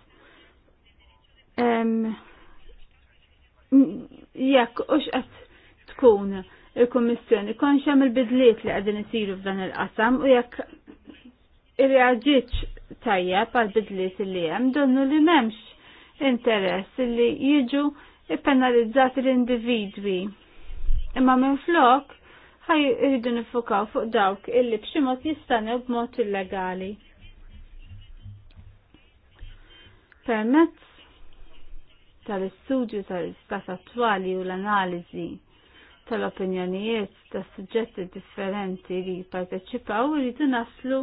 jekk u x'qed tkun il-Kummissjoni kon xem il-bidliet li qegħdin isiru f'dan il-qasam u jekk irreaġitx tajjeb għal bidliet li hemm donnu li m'hemmx interess li jiġu ippenalizzati l-individwi. Imma minn flok ħaj irridu nifukaw fuq dawk illi b'xi mod jistanew b'mod illegali. Permezz tal-istudju tal-istat attwali u l-analiżi tal-opinjonijiet ta' suġġetti differenti li jipparteċipaw rridu naslu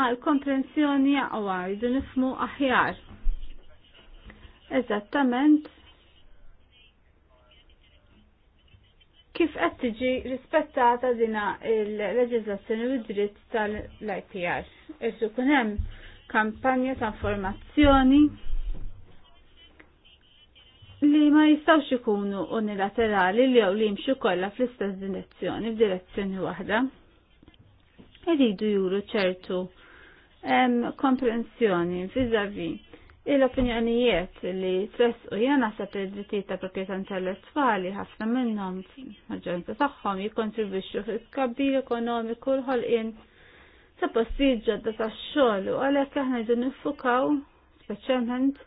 għal komprensjoni aqwa rridu nifmu aħjar. Eżattament kif qed tiġi rispettata dina il-leġiżlazzjoni u dritt tal-IPR. Irsu kun hemm kampanja ta' informazzjoni li ma jistawx ikunu unilaterali li jew li jimxu kollha fl-istess direzzjoni f'direzzjoni waħda. Iridu juru ċertu komprensjoni vizavi il-opinjonijiet li tress u jena sepp id-drittijiet ta' proprjetà intellettwali ħafna minnhom maġġoranza tagħhom jikkontribwixxu fil-kabbir ekonomiku l-ħolqien Sa' postijiet ġodda tax-xogħol u għalhekk aħna jdu niffukaw speċjalment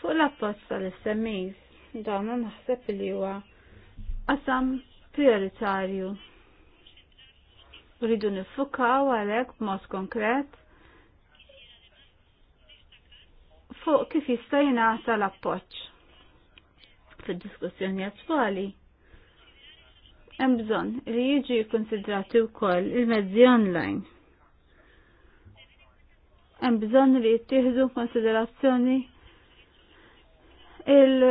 fuq l-appoġġ tal-SMEs dawna naħseb li huwa qasam prioritarju. Rridu nifukaw għalhekk b'mod konkret fuq kif jista' jingħata l-appoġġ fid-diskussjoni attwali. Hemm bżonn li jiġi konsidrati wkoll il-mezzi online hemm bżonn li jittieħdu konsiderazzjoni il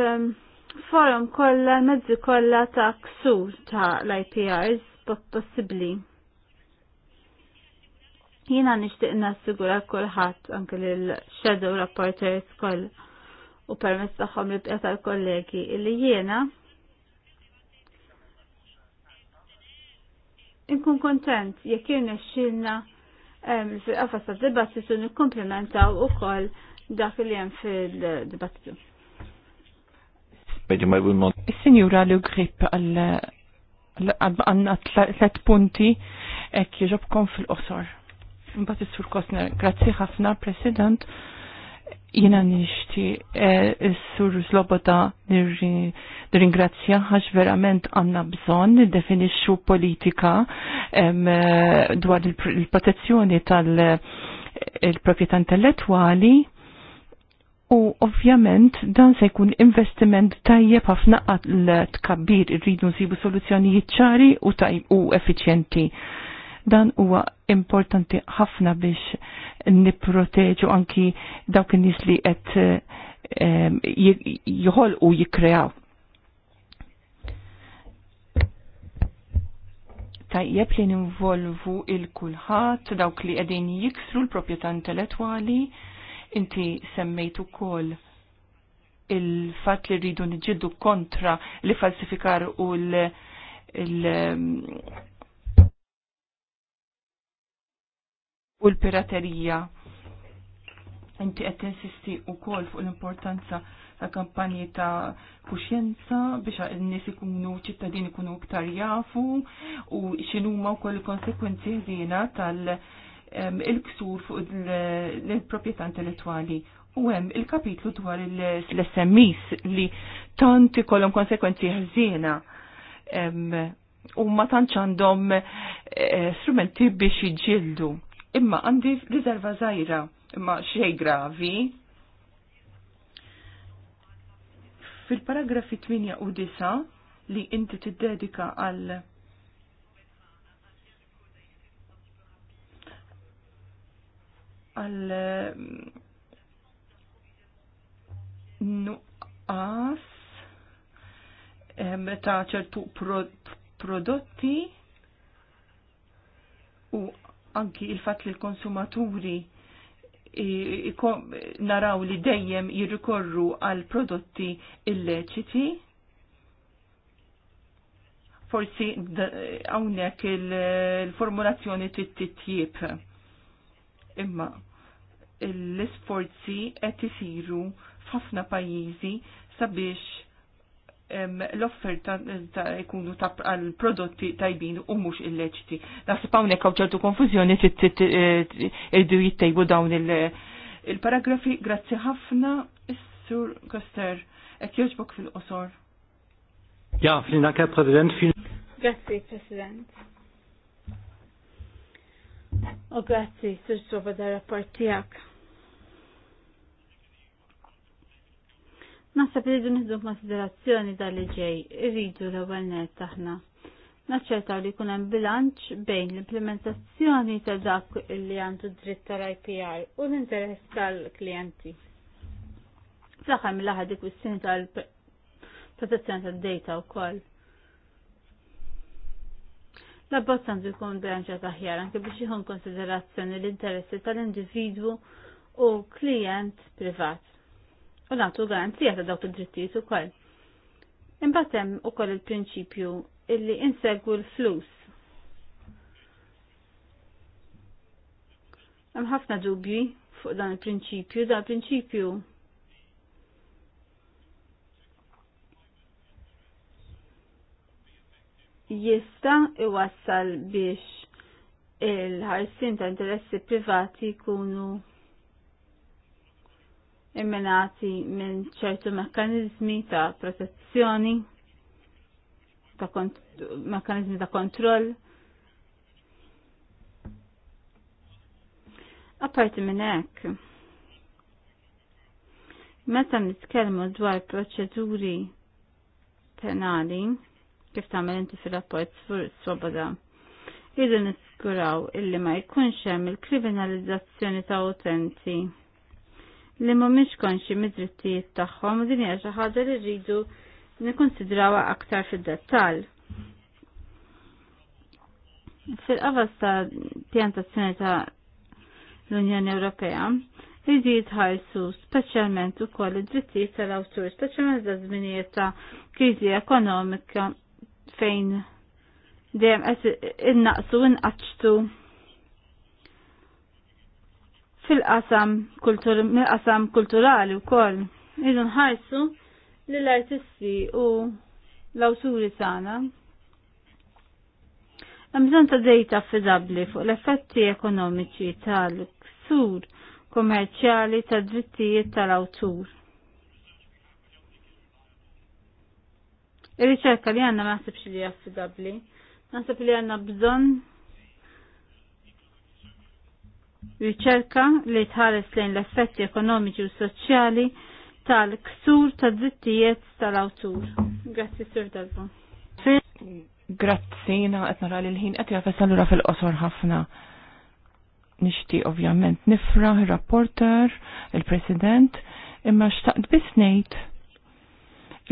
forum kolla, mezzi kolla ta' ksur ta' l-IPRs possibli. Jina nishtiq nassigura kolħat anke l-shadow rapporters koll u permessa tagħhom li bqeta tal-kollegi illi jiena inkun kontent jekk irnexxilna fil-qafas tad-dibattitu u ukoll dak li hemm fil-dibattitu. Is-Sinjura li grip għanna tlet punti ek jġobkom fil-qosor. Mbagħad is-Sur Kostner, grazzi ħafna President, Jina nixti eh, s sur Sloboda nirringrazzja ħax verament għandna bżonn definixxu politika eh, dwar il-protezzjoni tal- il-proprjetà intellettwali U ovvjament dan se jkun investiment tajjeb ħafna għal tkabbir irridu nsibu soluzzjonijiet ċari u tajb u effiċjenti. Dan huwa importanti ħafna biex nipproteġu anki dawk in-nies li qed ehm, joħolqu jikkreaw. tajjeb li ninvolvu il kulħadd dawk li qegħdin jiksru l-proprjetà intellettwali Inti semmejt ukoll il-fat li rridu nġiddu kontra li falsifikar u l- u l-piraterija. Inti qed insisti wkoll fuq l-importanza ta' kampanji ta' kuxjenza biex n-nies ikunu ċittadini ikunu iktar jafu u x'inhuma wkoll il konsekwenzi ħdina tal- il-ksur fuq il-propieta intellettuali u hemm il-kapitlu dwar l-SMIs li tant ikollhom konsekwenzi ħżiena u ma tantx għandhom eh, strumenti biex jiġġieldu. Imma għandi riserva żgħira imma xej gravi. Fil-paragrafi 8 u 9 li inti tiddedika għal għal mm, nuqqas ta' ċertu prodotti u anki il-fat li l-konsumaturi naraw li dejjem jirrikorru għal prodotti illeċiti. Forsi għawnek il-formulazzjoni titjib. Imma l-isforzi qed isiru f'ħafna pajjiżi sabiex l-offerta jkunu għal prodotti tajbin u mhux illeċiti. Naħseb hawnhekk hawn ċertu konfużjoni irdu jittejbu dawn il-paragrafi. Grazzi ħafna, Sur Koster, qed jogħġbok fil-qosor. Ja, fil Herr Präsident. Grazie, President. U grazzi, sir soba da rapport Nasa Nasab li dun konsiderazzjoni dal-ġej, irridu l għalnet taħna. aħna naċċertaw li kunem bilanċ bejn l-implementazzjoni ta' dak li għandu dritt tal-IPR u l-interess tal klienti Fl-aħħar mill-aħħar dik tal-protezzjoni tad-data wkoll l-abbozz għandu jkun branċa taħjar anke biex jħun konsiderazzjoni l-interessi tal-individwu u klient privat. U nagħtu garanzija ta' dawk id-drittijiet ukoll. Imbagħad hemm ukoll il-prinċipju illi insegwu l-flus. Hemm ħafna dubji fuq dan il-prinċipju, dan il-prinċipju jista iwassal biex il-ħarsin ta' interessi privati jkunu immenati minn ċertu mekkanizmi ta' protezzjoni, ta' mekkanizmi ta' kontroll. Apparti minn hekk, meta nitkellmu dwar proċeduri penali, kif tagħmel inti fir-rapport swoboda. idu niskuraw illi ma jkunx hemm il-kriminalizzazzjoni ta' utenti li mhumiex konxi mid-drittijiet tagħhom din hija xi ħaġa li rridu nikkonsidrawha aktar fid-dettall. fil qavas ta' pjantazzjoni ta' l-Unjoni Ewropea, Iġi jitħarsu specialment u id-drittijiet tal-awtur, specialment da' zminijiet ta' krizi ekonomika fejn dejjem qed innaqsu inqaċtu fil-qasam kultur mill-qasam kulturali wkoll. Idu nħarsu li l-artisti u l-awturi tagħna. Hemm bżonn ta' dejta affidabbli fuq l-effetti ekonomiċi tal-ksur kommerċjali tad drittijiet tal-awtur. Ir-riċerka li għanna maħsibx li affidabli. Naħseb li għanna bżon riċerka li tħares lejn l-effetti ekonomiċi u soċjali tal-ksur ta' drittijiet tal-awtur. Grazzi, Sur Dalbo. Grazzi, na qed nara li l-ħin għetja fessalura fil-qosor ħafna. Nishti ovvjament nifra il rapporter il-President, imma xtaqt biss ngħid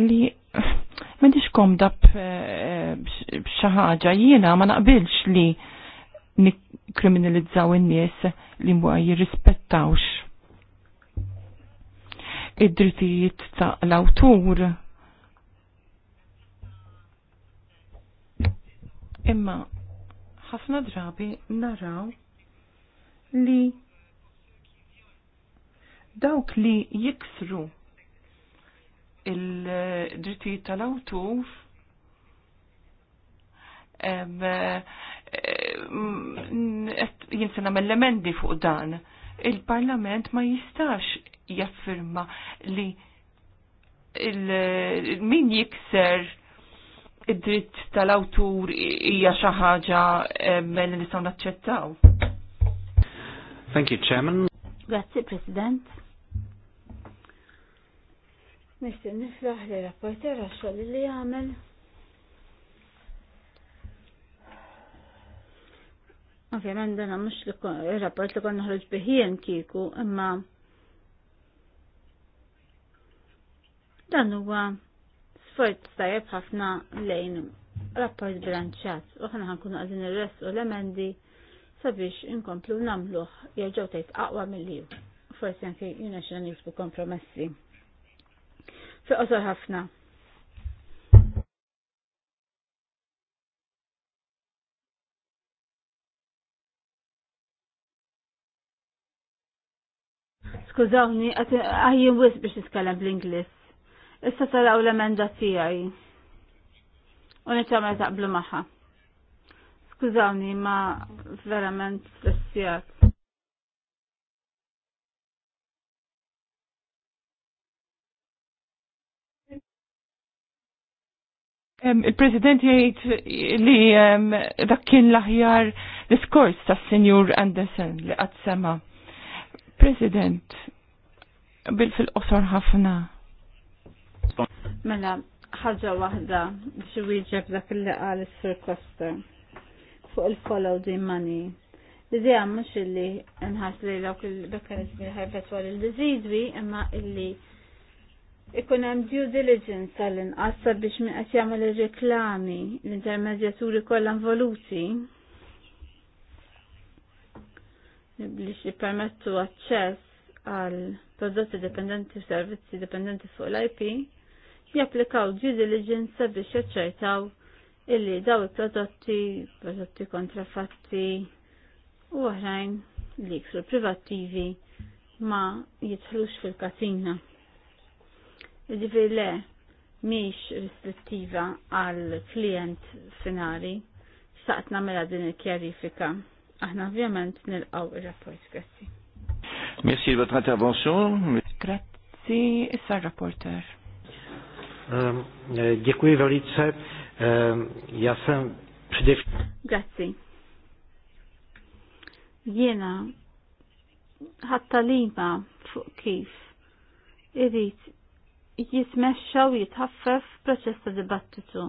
li m'għandix komda eh, eh, b'xi ħaġa jiena ma naqbilx li nikkriminalizzaw in-nies li ma jirrispettawx id-drittijiet ta' l-awtur. Imma ħafna drabi naraw li dawk li jiksru il-drittijiet tal-awtur eh, mm, jinsena mell emendi fuq dan. Il-parlament ma jistax jaffirma li min jikser id-dritt tal-awtur hija xi ħaġa li nistgħu naċċettaw. Thank you, Chairman. Grazzi, President. Nishti nifraħ li rapporter għaxol li għamel. Ovvijament dan mux il-rapport li konna ħroġ biħien kiku, imma dan huwa sforz tajjeb ħafna lejn rapport bilanċat u ħana ħankunu għadin il-rest u l-emendi sabiex inkomplu namluħ jirġaw tajt aqwa mill-liju. Forse anke jina xan jisbu kompromessi fil ħafna. Skużawni, għajjim wis biex nitkellem bl-Inglis. Issa taraw l-emenda tiegħi. U ma taqblu magħha. Skużawni, ma verament stressjat. Il-President jgħid li dak kien l-aħjar diskors tas Senjur Anderson li qatt sema. President, bil fil-qosor ħafna. Mela, ħaġa waħda biex wieġeb dak li qal is-Sur Costa fuq il-follow the money. l mux mhux illi nħas li dawk il-mekkanizmi ħarfetwa il diżidwi imma illi ikun hemm due diligence għall inqas sabiex min qed jagħmel ir-riklami l-intermedjaturi kollha involuti biex jippermettu aċċess għal prodotti dipendenti u servizzi dipendenti fuq l-IP japplikaw due diligence biex jaċċertaw illi daw il-prodotti, prodotti kontrafatti u oħrajn li jiksu privattivi ma jitħlux fil-katina. Ġifir le, miex restrittiva għal klient finali. Saqt nagħmilha din il-kjarifika. Aħna ovvjament nilqgħu il-rapport, grazzi. Merci votre intervention. Grazzi, issa rapporter. Ehm, eh, dziękuję welice. Ehm, ja sam przede Grazzi. Jena ħatta lima fuq kif irrit jitmexxa u jitħaffef proċess ta' dibattitu.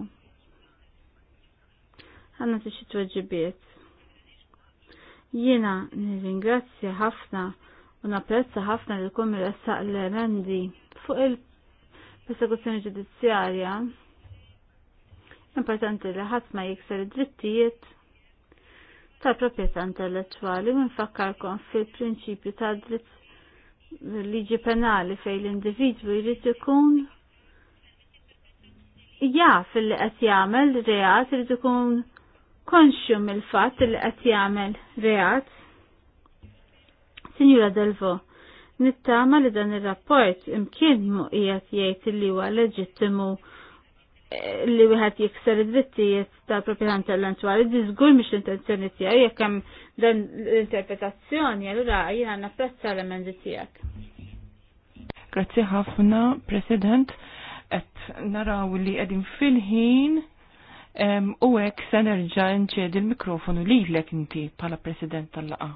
Għanna xi Jina Jiena nirringrazzja ħafna u napprezza ħafna li kum ressaq l-emendi fuq il-persekuzzjoni ġudizzjarja. Importanti li ħadd ma jikser id-drittijiet tal-proprjetà intellettwali minn fakkarkom fil-prinċipju tad dritt liġi penali fej l-individwu jrid ikun ja fil-li qed jagħmel reat irid ikun konxju mill-fatt li qed jagħmel reat. Sinjura Delvo, nittama li dan ir-rapport imkien mu qiegħed jgħid li huwa leġittimu li wieħed jikser id-drittijiet tal-proprjetà intellettwali żgur mhix l-intenzjoni tiegħu jekk hemm dan l-interpretazzjoni allura jiena napprezza l-emendi tiegħek. Grazzi ħafna, President, qed naraw li qegħdin fil-ħin u hekk se nerġa' nċedi l-mikrofonu lilek inti bħala President tal-laqa.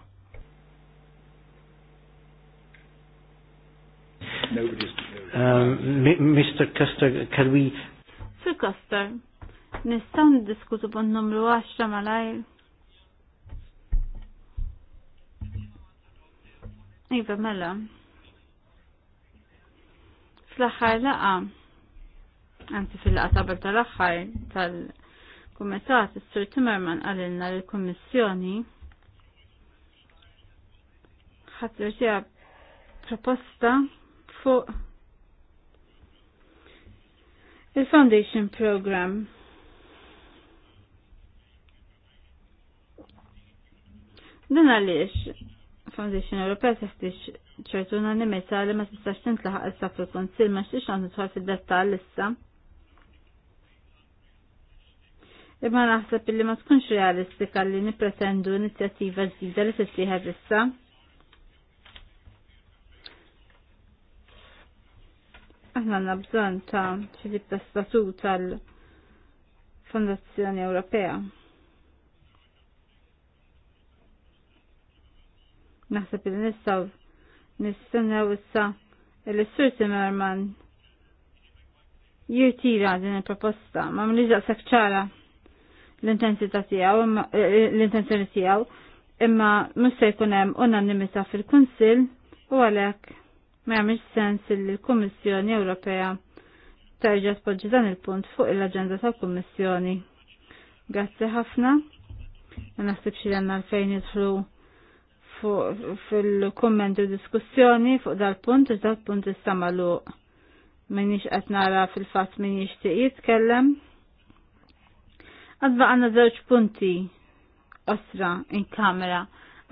Um, Mr. Custer, can we fil Kostar, nistaw diskutu punt numru 10 malajr. Iva mela. Fl-axar laqa, għanti fil-laqa tabel tal-axar tal-Kumitat, s sur Timmerman għalilna l-Kommissjoni ħat proposta fuq Il-Foundation Program. Dan għaliex Foundation Ewropea teħtiex ċertu unanimità li ma tistax tintlaħaq issa fil-Kunsill ma xtiex għandu tħol fid-dettall issa. Imma naħseb li ma tkunx realistika li nippretendu inizjattiva ġdida li tittieħed issa. aħna għandna bżonn ta' xi ta' statut tal-Fondazzjoni Ewropea. Naħseb li nistgħu nistennew issa il-Sur Timmerman jirtira din il-proposta, ma mniġa sekċara l-intensità tiegħu, eh, eh, l-intenzjoni tijaw, imma musa jkunem unanimita fil kunsill u għalek ma jagħmilx sens li l-Kummissjoni Ewropea terġa' tpoġġi dan il-punt fuq l-aġenda tal-Kummissjoni. Grazzi ħafna. Ma naħsibx li għandna fejn jidħlu fil-komment u diskussjoni fuq dal-punt, u dal-punt issa magħluq. Minix qed nara fil-fatt min jixtieq jitkellem. Għadba għanna żewġ punti osra in kamera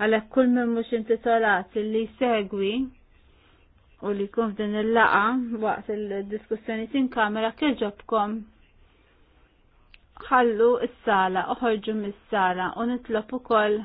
għalhekk kull minn mhux intitolat li segwi u li kun f'din il-laqa waqt il-diskussjoni tin kamera kieġobkom ħallu s-sala uħorġu mis-sala u nitlob ukoll